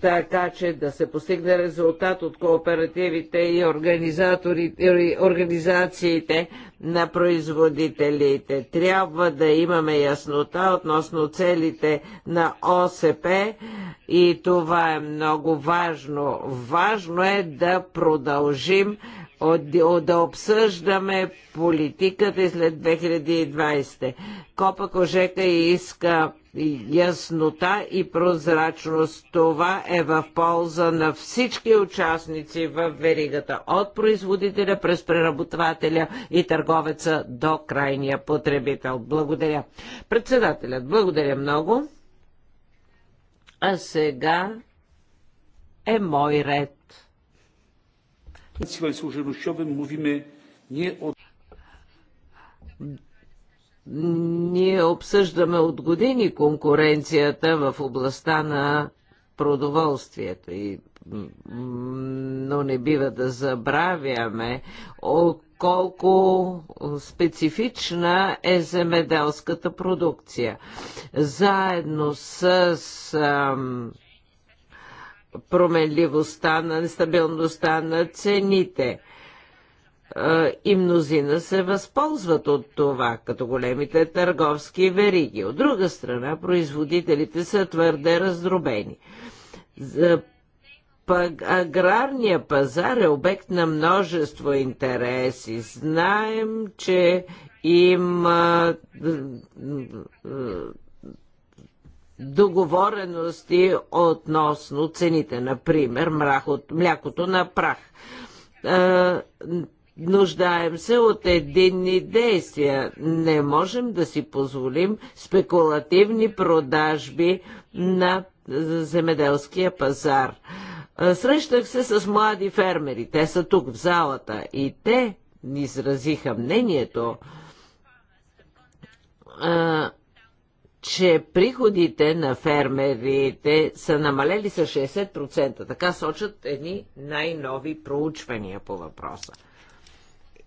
така че да се постигне резултат от кооперативите и организациите на производителите. Трябва да имаме яснота относно целите на ОСП и това е много важно. Важно е да продължим да обсъждаме политиката и след 2020. Копа Кожека иска яснота и прозрачност. Това е в полза на всички участници в веригата, от производителя през преработвателя и търговеца до крайния потребител. Благодаря. Председателят, благодаря много. А сега е мой ред. Ние обсъждаме от години конкуренцията в областта на продоволствието и но не бива да забравяме колко специфична е земеделската продукция. Заедно с ам, променливостта, на нестабилността на цените. И мнозина се възползват от това, като големите търговски вериги. От друга страна, производителите са твърде раздробени. За пък аграрния пазар е обект на множество интереси. Знаем, че има договорености относно цените, например, от млякото на прах. Нуждаем се от единни действия. Не можем да си позволим спекулативни продажби на земеделския пазар. Срещах се с млади фермери. Те са тук в залата и те изразиха мнението, че приходите на фермерите са намалели с 60%. Така сочат едни най-нови проучвания по въпроса.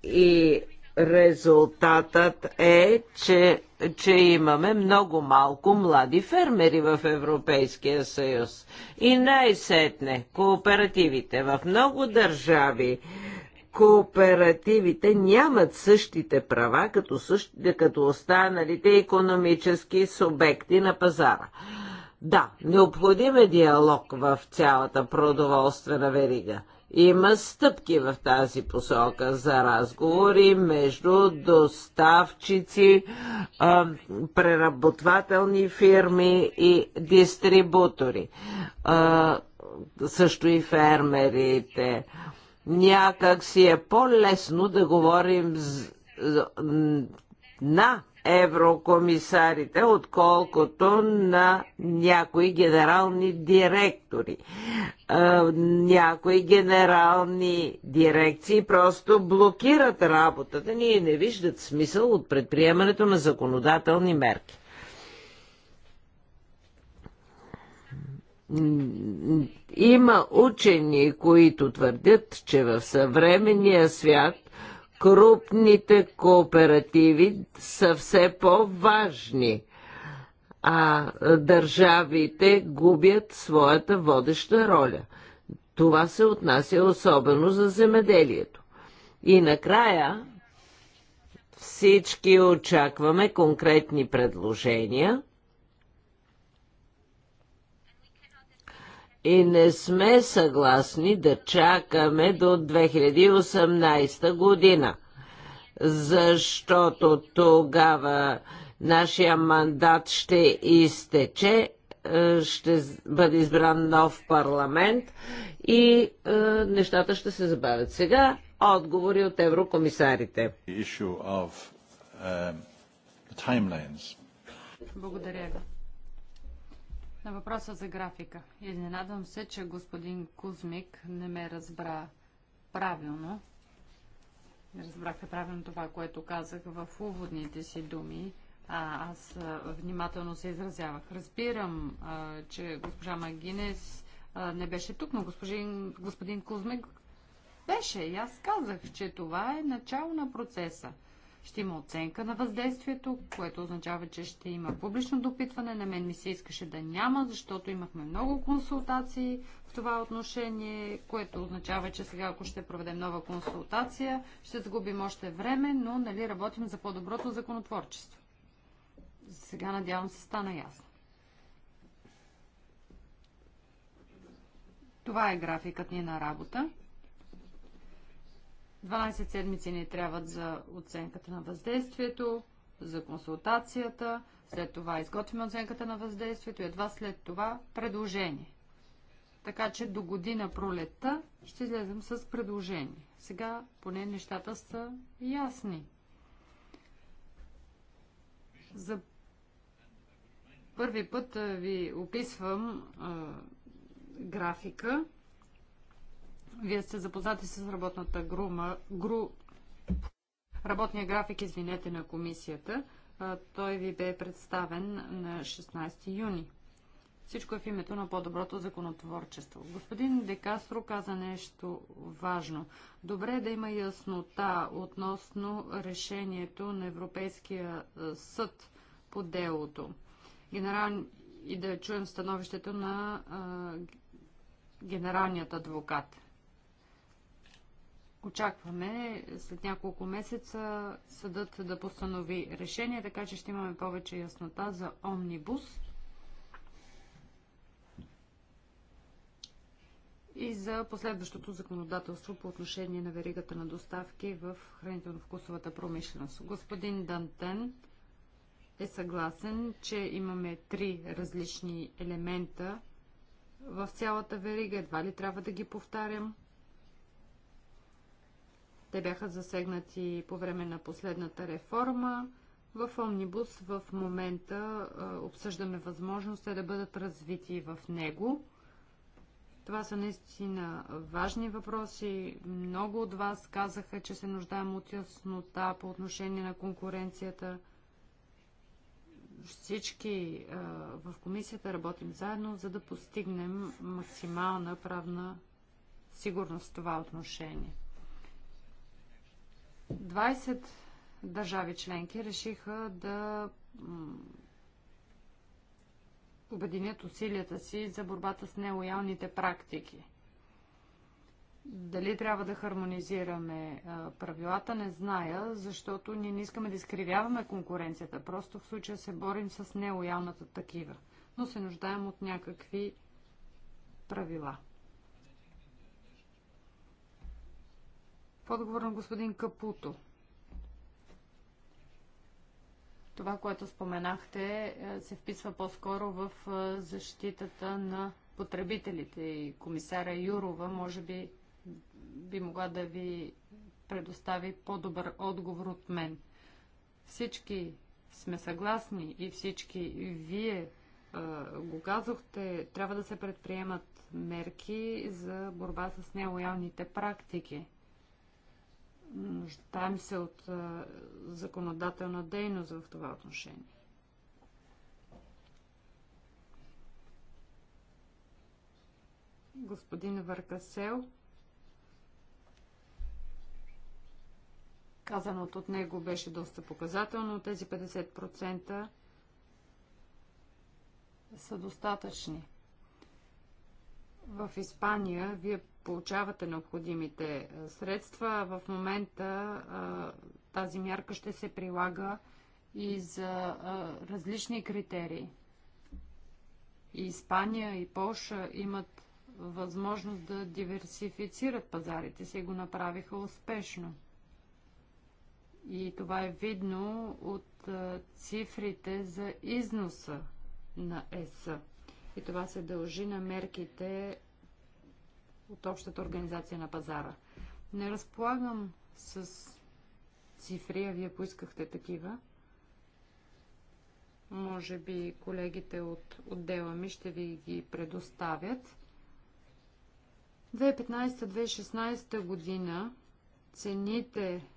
И резултатът е, че, че имаме много малко млади фермери в Европейския съюз. И най-сетне кооперативите в много държави кооперативите нямат същите права като, същите, като останалите економически субекти на пазара. Да, необходим е диалог в цялата продоволствена верига. Има стъпки в тази посока за разговори между доставчици, преработвателни фирми и дистрибутори. също и фермерите някак си е по-лесно да говорим на еврокомисарите, отколкото на някои генерални директори. Някои генерални дирекции просто блокират работата ни и не виждат смисъл от предприемането на законодателни мерки. Има учени, които твърдят, че в съвременния свят крупните кооперативи са все по-важни, а държавите губят своята водеща роля. Това се отнася особено за земеделието. И накрая всички очакваме конкретни предложения – и не сме съгласни да чакаме до 2018 година, защото тогава нашия мандат ще изтече, е, ще бъде избран нов парламент и е, нещата ще се забавят. Сега отговори от еврокомисарите. Um, Благодаря ви. На въпроса за графика. Изненадвам се, че господин Кузмик не ме разбра правилно. Не разбрахте правилно това, което казах в уводните си думи. А, аз внимателно се изразявах. Разбирам, а, че госпожа Магинес а, не беше тук, но господин, господин Кузмик беше. И аз казах, че това е начало на процеса. Ще има оценка на въздействието, което означава, че ще има публично допитване. На мен ми се искаше да няма, защото имахме много консултации в това отношение, което означава, че сега, ако ще проведем нова консултация, ще загубим още време, но нали, работим за по-доброто законотворчество. Сега, надявам се, стана ясно. Това е графикът ни на работа. 12 седмици ни трябват за оценката на въздействието, за консултацията, след това изготвяме оценката на въздействието и едва след това предложение. Така че до година пролетта ще излезем с предложение. Сега поне нещата са ясни. За първи път ви описвам а, графика вие сте запознати с работната грума, гру... работния график, извинете, на комисията. Той ви бе представен на 16 юни. Всичко е в името на по-доброто законотворчество. Господин Декастро каза нещо важно. Добре е да има яснота относно решението на Европейския съд по делото. Генерал... И да чуем становището на а, генералният адвокат очакваме след няколко месеца съдът да постанови решение, така че ще имаме повече яснота за омнибус и за последващото законодателство по отношение на веригата на доставки в хранително-вкусовата промишленост. Господин Дантен е съгласен, че имаме три различни елемента в цялата верига, едва ли трябва да ги повтарям – те бяха засегнати по време на последната реформа. В Омнибус в момента обсъждаме възможност те да бъдат развити в него. Това са наистина важни въпроси. Много от вас казаха, че се нуждаем от яснота по отношение на конкуренцията. Всички в комисията работим заедно, за да постигнем максимална правна сигурност в това отношение. 20 държави членки решиха да обединят усилията си за борбата с нелоялните практики. Дали трябва да хармонизираме правилата, не зная, защото ние не искаме да изкривяваме конкуренцията. Просто в случая се борим с нелоялната такива. Но се нуждаем от някакви правила. В отговор на господин Капуто. Това, което споменахте, е, се вписва по-скоро в е, защитата на потребителите и комисара Юрова може би би могла да ви предостави по-добър отговор от мен. Всички сме съгласни и всички вие е, го казахте, трябва да се предприемат мерки за борба с нелоялните практики. Нуждаем се от законодателна дейност в това отношение. Господин Варкасел, казаното от него беше доста показателно. Тези 50% са достатъчни. В Испания вие получавате необходимите е, средства. В момента е, тази мярка ще се прилага и за е, различни критерии. И Испания, и Польша имат възможност да диверсифицират пазарите си и го направиха успешно. И това е видно от цифрите за износа на ЕС. И това се дължи на мерките от общата организация на пазара. Не разполагам с цифри, а вие поискахте такива. Може би колегите от отдела ми ще ви ги предоставят. 2015-2016 година цените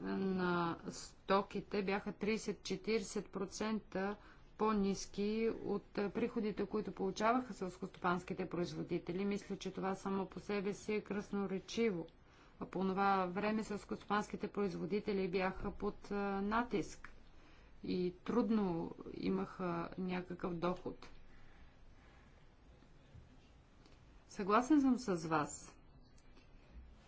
на стоките бяха 30-40% по-низки от приходите, които получаваха селскостопанските производители. Мисля, че това само по себе си е красноречиво. А по това време селскостопанските производители бяха под натиск и трудно имаха някакъв доход. Съгласен съм с вас.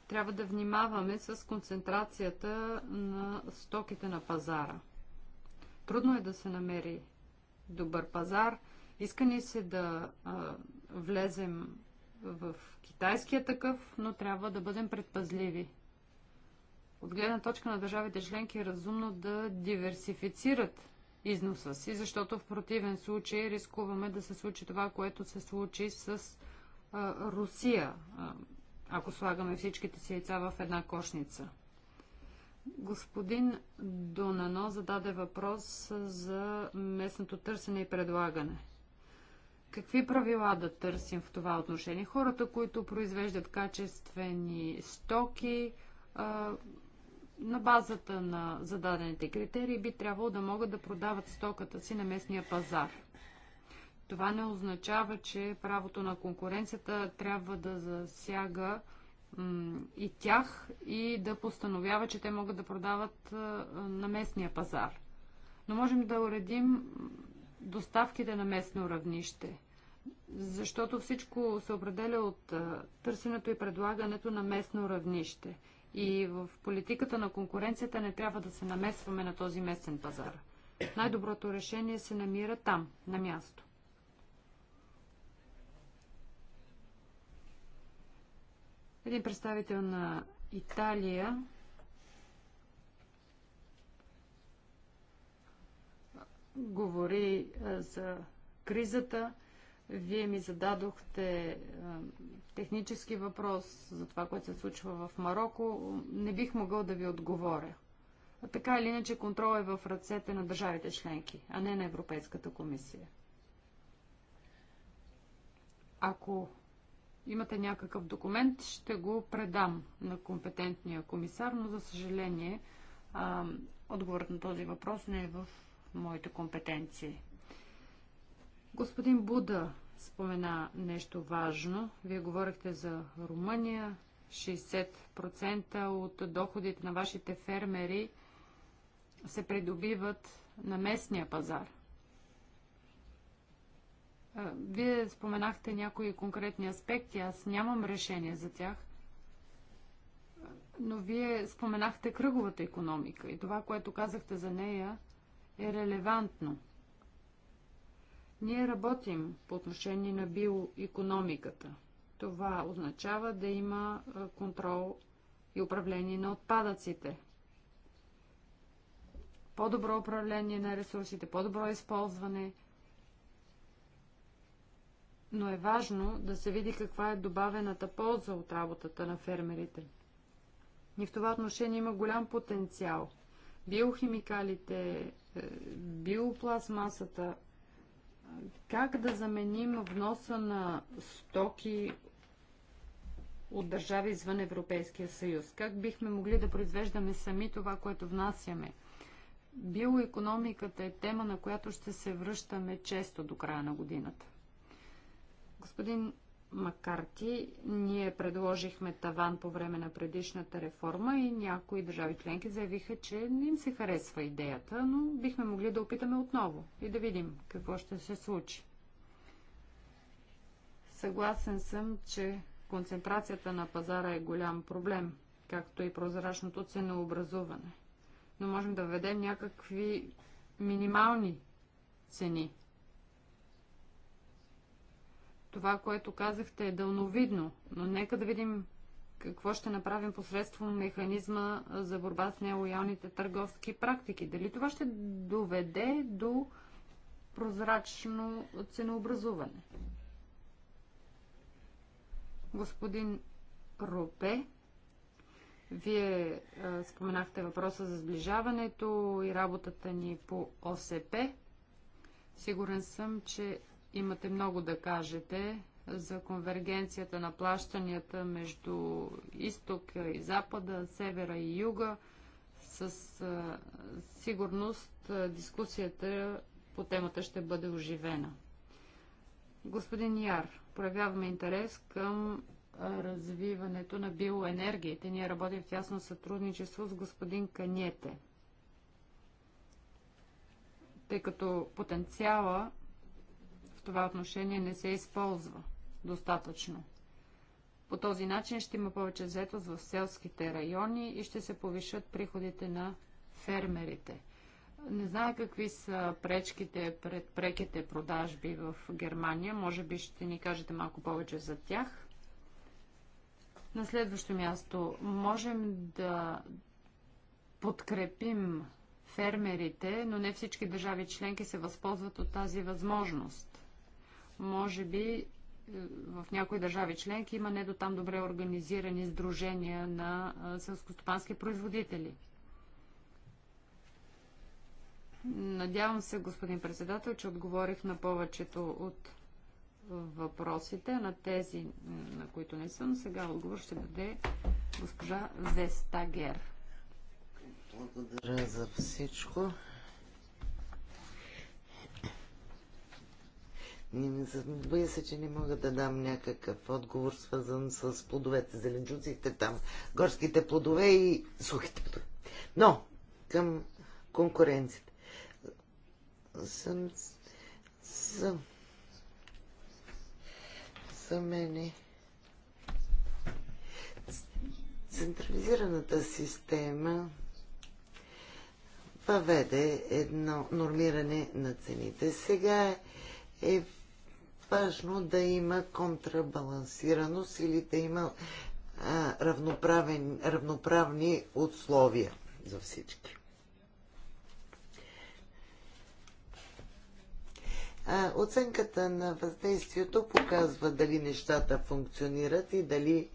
Трябва да внимаваме с концентрацията на стоките на пазара. Трудно е да се намери добър пазар. Иска ни се да а, влезем в китайския такъв, но трябва да бъдем предпазливи. От гледна точка на държавите членки е разумно да диверсифицират износа си, защото в противен случай рискуваме да се случи това, което се случи с а, Русия, а, ако слагаме всичките си яйца в една кошница. Господин Донано зададе въпрос за местното търсене и предлагане. Какви правила да търсим в това отношение? Хората, които произвеждат качествени стоки, на базата на зададените критерии би трябвало да могат да продават стоката си на местния пазар. Това не означава, че правото на конкуренцията трябва да засяга и тях и да постановява, че те могат да продават на местния пазар. Но можем да уредим доставките на местно равнище, защото всичко се определя от търсенето и предлагането на местно равнище. И в политиката на конкуренцията не трябва да се намесваме на този местен пазар. Най-доброто решение се намира там, на място. Един представител на Италия говори е, за кризата. Вие ми зададохте е, технически въпрос за това, което се случва в Марокко. Не бих могъл да ви отговоря. А така или иначе контрол е в ръцете на държавите членки, а не на Европейската комисия. Ако имате някакъв документ, ще го предам на компетентния комисар, но за съжаление а, отговорът на този въпрос не е в моите компетенции. Господин Буда спомена нещо важно. Вие говорихте за Румъния. 60% от доходите на вашите фермери се придобиват на местния пазар. Вие споменахте някои конкретни аспекти, аз нямам решение за тях, но вие споменахте кръговата економика и това, което казахте за нея, е релевантно. Ние работим по отношение на биоекономиката. Това означава да има контрол и управление на отпадъците. По-добро управление на ресурсите, по-добро използване – но е важно да се види каква е добавената полза от работата на фермерите. И в това отношение има голям потенциал. Биохимикалите, е, биопластмасата, е, как да заменим вноса на стоки от държави извън Европейския съюз? Как бихме могли да произвеждаме сами това, което внасяме? Биоекономиката е тема, на която ще се връщаме често до края на годината. Господин Макарти, ние предложихме таван по време на предишната реформа и някои държави членки заявиха, че не им се харесва идеята, но бихме могли да опитаме отново и да видим какво ще се случи. Съгласен съм, че концентрацията на пазара е голям проблем, както и прозрачното ценообразуване. Но можем да введем някакви минимални цени – това, което казахте е дълновидно, но нека да видим какво ще направим посредством механизма за борба с нелоялните търговски практики. Дали това ще доведе до прозрачно ценообразуване? Господин Ропе, вие а, е, споменахте въпроса за сближаването и работата ни по ОСП. Сигурен съм, че имате много да кажете за конвергенцията на плащанията между изток и запада, севера и юга. с сигурност дискусията по темата ще бъде оживена. Господин Яр, проявяваме интерес към развиването на биоенергиите. Ние работим в тясно сътрудничество с господин Каньете. Тъй като потенциала това отношение не се използва достатъчно. По този начин ще има повече заетост в селските райони и ще се повишат приходите на фермерите. Не знае какви са пречките пред преките продажби в Германия. Може би ще ни кажете малко повече за тях. На следващо място, можем да подкрепим фермерите, но не всички държави членки се възползват от тази възможност. Може би е, в някои държави членки има не до там добре организирани сдружения на е, селскостопански производители. Надявам се, господин председател, че отговорих на повечето от въпросите, на тези, е, на които не съм. Сега отговор ще даде госпожа Вестагер. Благодаря за всичко. боя се, че не мога да дам някакъв отговор, свързан с плодовете, зеленчуците там, горските плодове и сухите плодове. Но, към конкуренцията. Съм... Съм... За мене централизираната система въведе едно нормиране на цените. Сега е важно да има контрабалансираност или да има а, равноправни условия за всички. А, оценката на въздействието показва дали нещата функционират и дали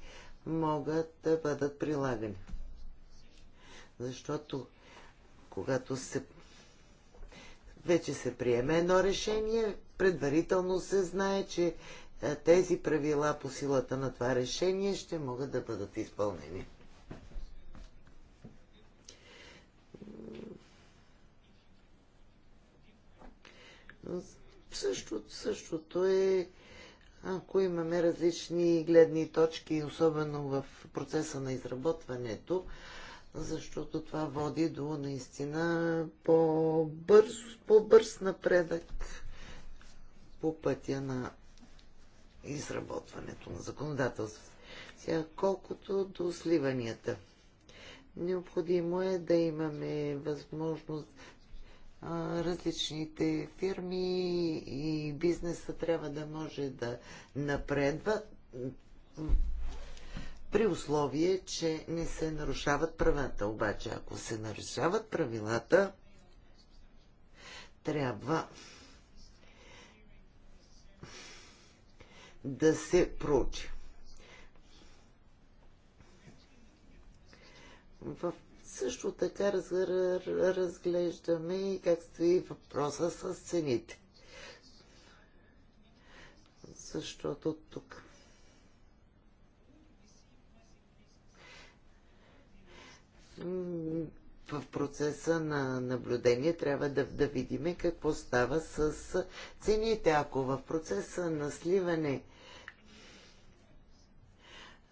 могат да бъдат прилагани. Защото когато се вече се приеме едно решение, предварително се знае, че е, тези правила по силата на това решение ще могат да бъдат изпълнени. Същото, същото е, ако имаме различни гледни точки, особено в процеса на изработването, защото това води до наистина по-бърз, по-бърз напредък по пътя на изработването на законодателството. Сега, колкото до сливанията, необходимо е да имаме възможност различните фирми и бизнеса трябва да може да напредва при условие, че не се нарушават правата. Обаче, ако се нарушават правилата, трябва да се проучи. В също така разглеждаме и как стои въпроса с цените. Защото тук в процеса на наблюдение трябва да, да видим какво става с цените. Ако в процеса на сливане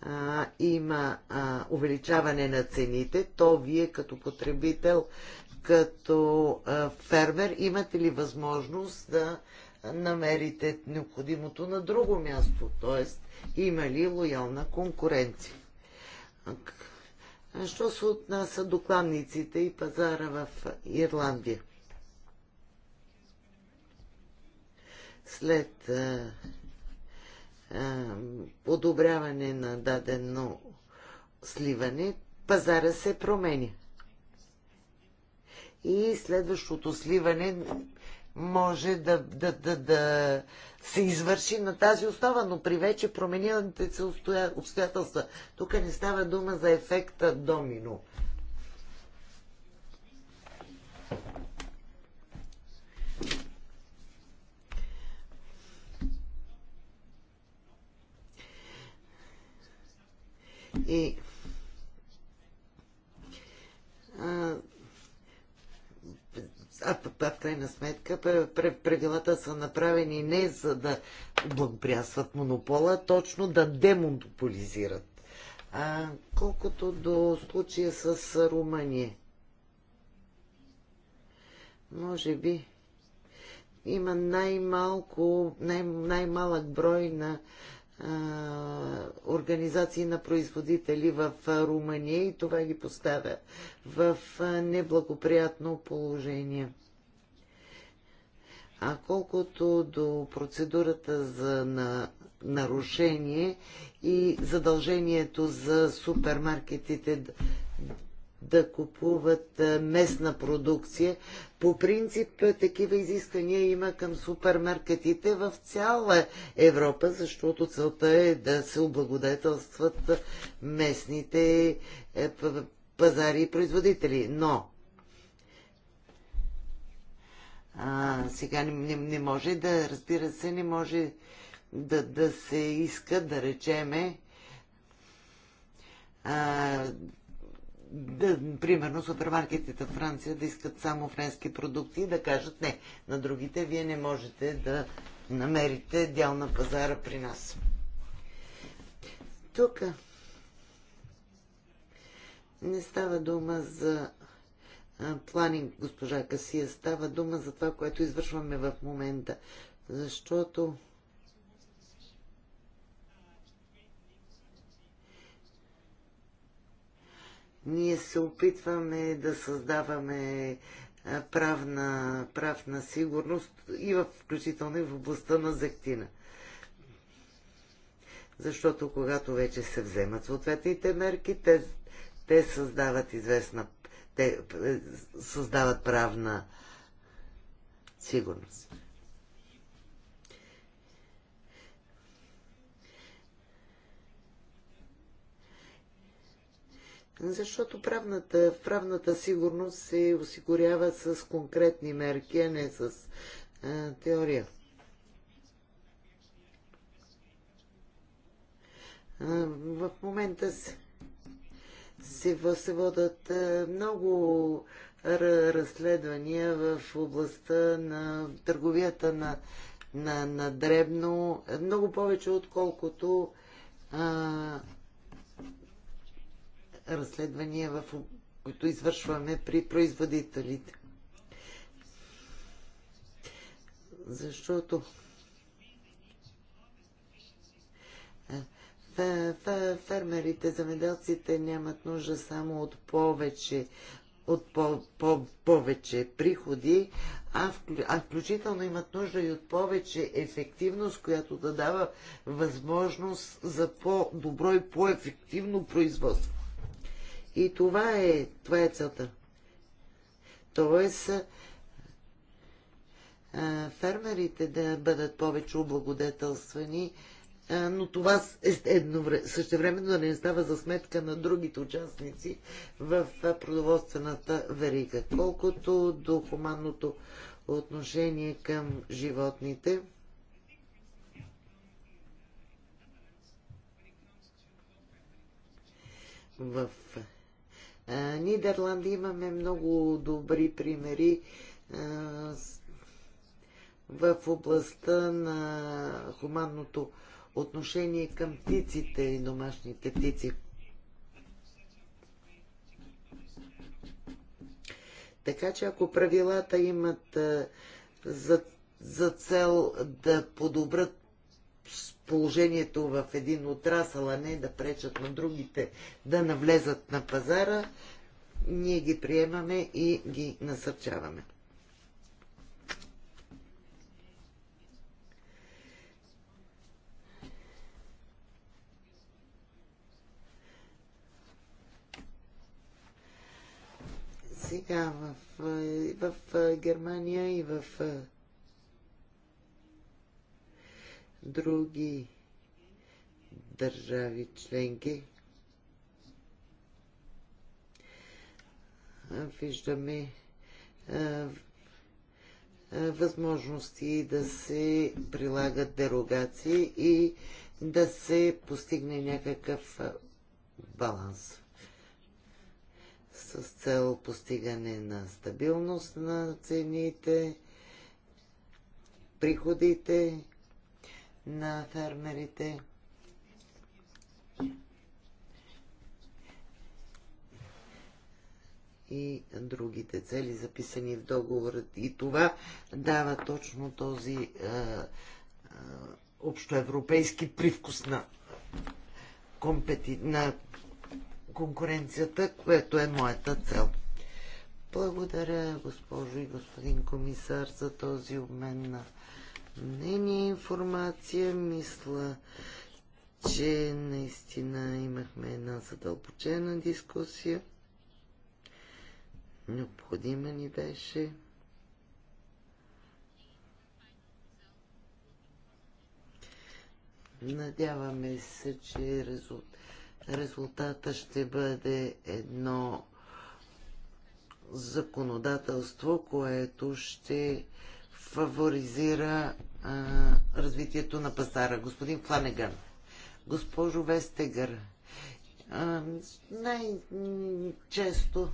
а, има а, увеличаване на цените, то вие като потребител, като а, фермер, имате ли възможност да намерите необходимото на друго място? Тоест, има ли лоялна конкуренция? Що се отнася до кланниците и пазара в Ирландия? След подобряване на дадено сливане, пазара се променя. И следващото сливане може да, да, да, да се извърши на тази основа, но при вече променилите се обстоятелства. Тук не става дума за ефекта домино. и а, а, а в крайна сметка правилата са направени не за да благоприятстват монопола, точно да демонополизират. А, колкото до случая с Румъния, може би има най-малко, най- най-малък брой на организации на производители в Румъния и това ги поставя в неблагоприятно положение. А колкото до процедурата за на, нарушение и задължението за супермаркетите да купуват местна продукция. По принцип такива изисквания има към супермаркетите в цяла Европа, защото целта е да се облагодетелстват местните е, пазари и производители. Но а, сега не, не, не може да, разбира се, не може да, да се иска, да речеме, а, да, примерно супермаркетите в Франция да искат само френски продукти и да кажат не, на другите вие не можете да намерите дял на пазара при нас. Тук не става дума за планинг, госпожа Касия, става дума за това, което извършваме в момента. Защото Ние се опитваме да създаваме правна, правна сигурност и в, включително и в областта на зектина. Защото когато вече се вземат съответните мерки, те, те създават известна, те е, създават правна сигурност. Защото правната, правната сигурност се осигурява с конкретни мерки, а не с а, теория. А, в момента се, се, се водат а, много разследвания в областта на търговията на, на, на дребно, много повече отколкото а, разследвания, в, които извършваме при производителите. Защото фермерите, замеделците нямат нужда само от повече от по, по, повече приходи, а, вклю, а включително имат нужда и от повече ефективност, която да дава възможност за по-добро и по-ефективно производство. И това е, това е целта. Тоест, фермерите да бъдат повече облагодетелствани, но това е, същевременно да не става за сметка на другите участници в продоволствената верига. Колкото до хуманното отношение към животните, в Нидерланди имаме много добри примери в областта на хуманното отношение към птиците и домашните птици. Така че ако правилата имат за, за цел да подобрат положението в един отрасъл, а не да пречат на другите да навлезат на пазара, ние ги приемаме и ги насърчаваме. Сега в, в Германия и в други държави членки. Виждаме възможности да се прилагат дерогации и да се постигне някакъв баланс с цел постигане на стабилност на цените, приходите на фермерите. и другите цели, записани в договора. И това дава точно този е, е, общоевропейски привкус на, компети... на конкуренцията, което е моята цел. Благодаря, госпожо и господин комисар, за този обмен на мнение, информация. Мисля, че наистина имахме една задълбочена дискусия. Необходима ни беше. Надяваме се, че резултата ще бъде едно законодателство, което ще фаворизира а, развитието на пазара. Господин Фланеган, госпожо Вестегър, най-често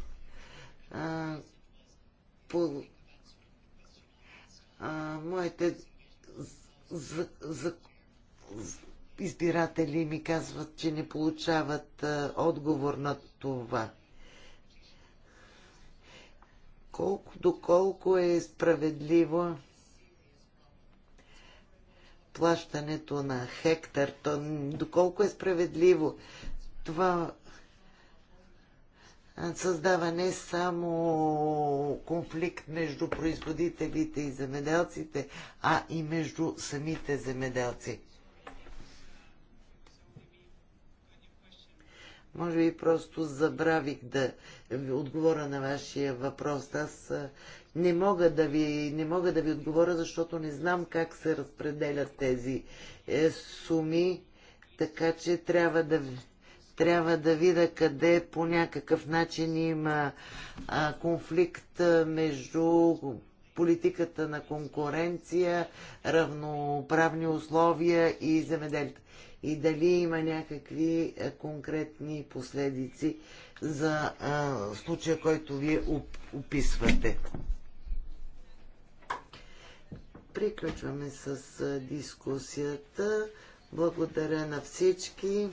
по а, моите за, за, избиратели ми казват, че не получават а, отговор на това. Колко доколко е справедливо плащането на хектар, то доколко е справедливо. Това създава не е само конфликт между производителите и земеделците, а и между самите земеделци. Може би просто забравих да ви отговоря на вашия въпрос. Аз не мога да ви, не мога да ви отговоря, защото не знам как се разпределят тези е, суми, така че трябва да, трябва да видя къде по някакъв начин има а, конфликт между политиката на конкуренция, равноправни условия и земеделите и дали има някакви е, конкретни последици за е, случая, който вие описвате. Приключваме с е, дискусията. Благодаря на всички.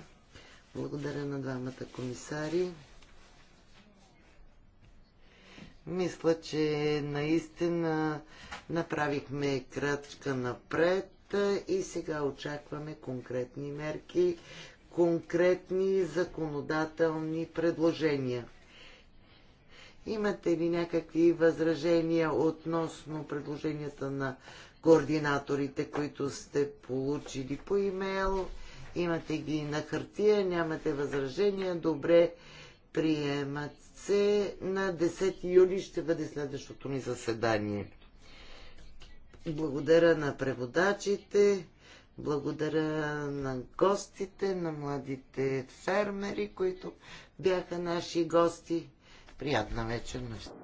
Благодаря на двамата комисари. Мисля, че наистина направихме крачка напред работа и сега очакваме конкретни мерки, конкретни законодателни предложения. Имате ли някакви възражения относно предложенията на координаторите, които сте получили по имейл? Имате ги на хартия, нямате възражения, добре приемат се. На 10 юли ще бъде следващото ни заседание. Благодаря на преводачите, благодаря на гостите, на младите фермери, които бяха наши гости. Приятна вечер на всички.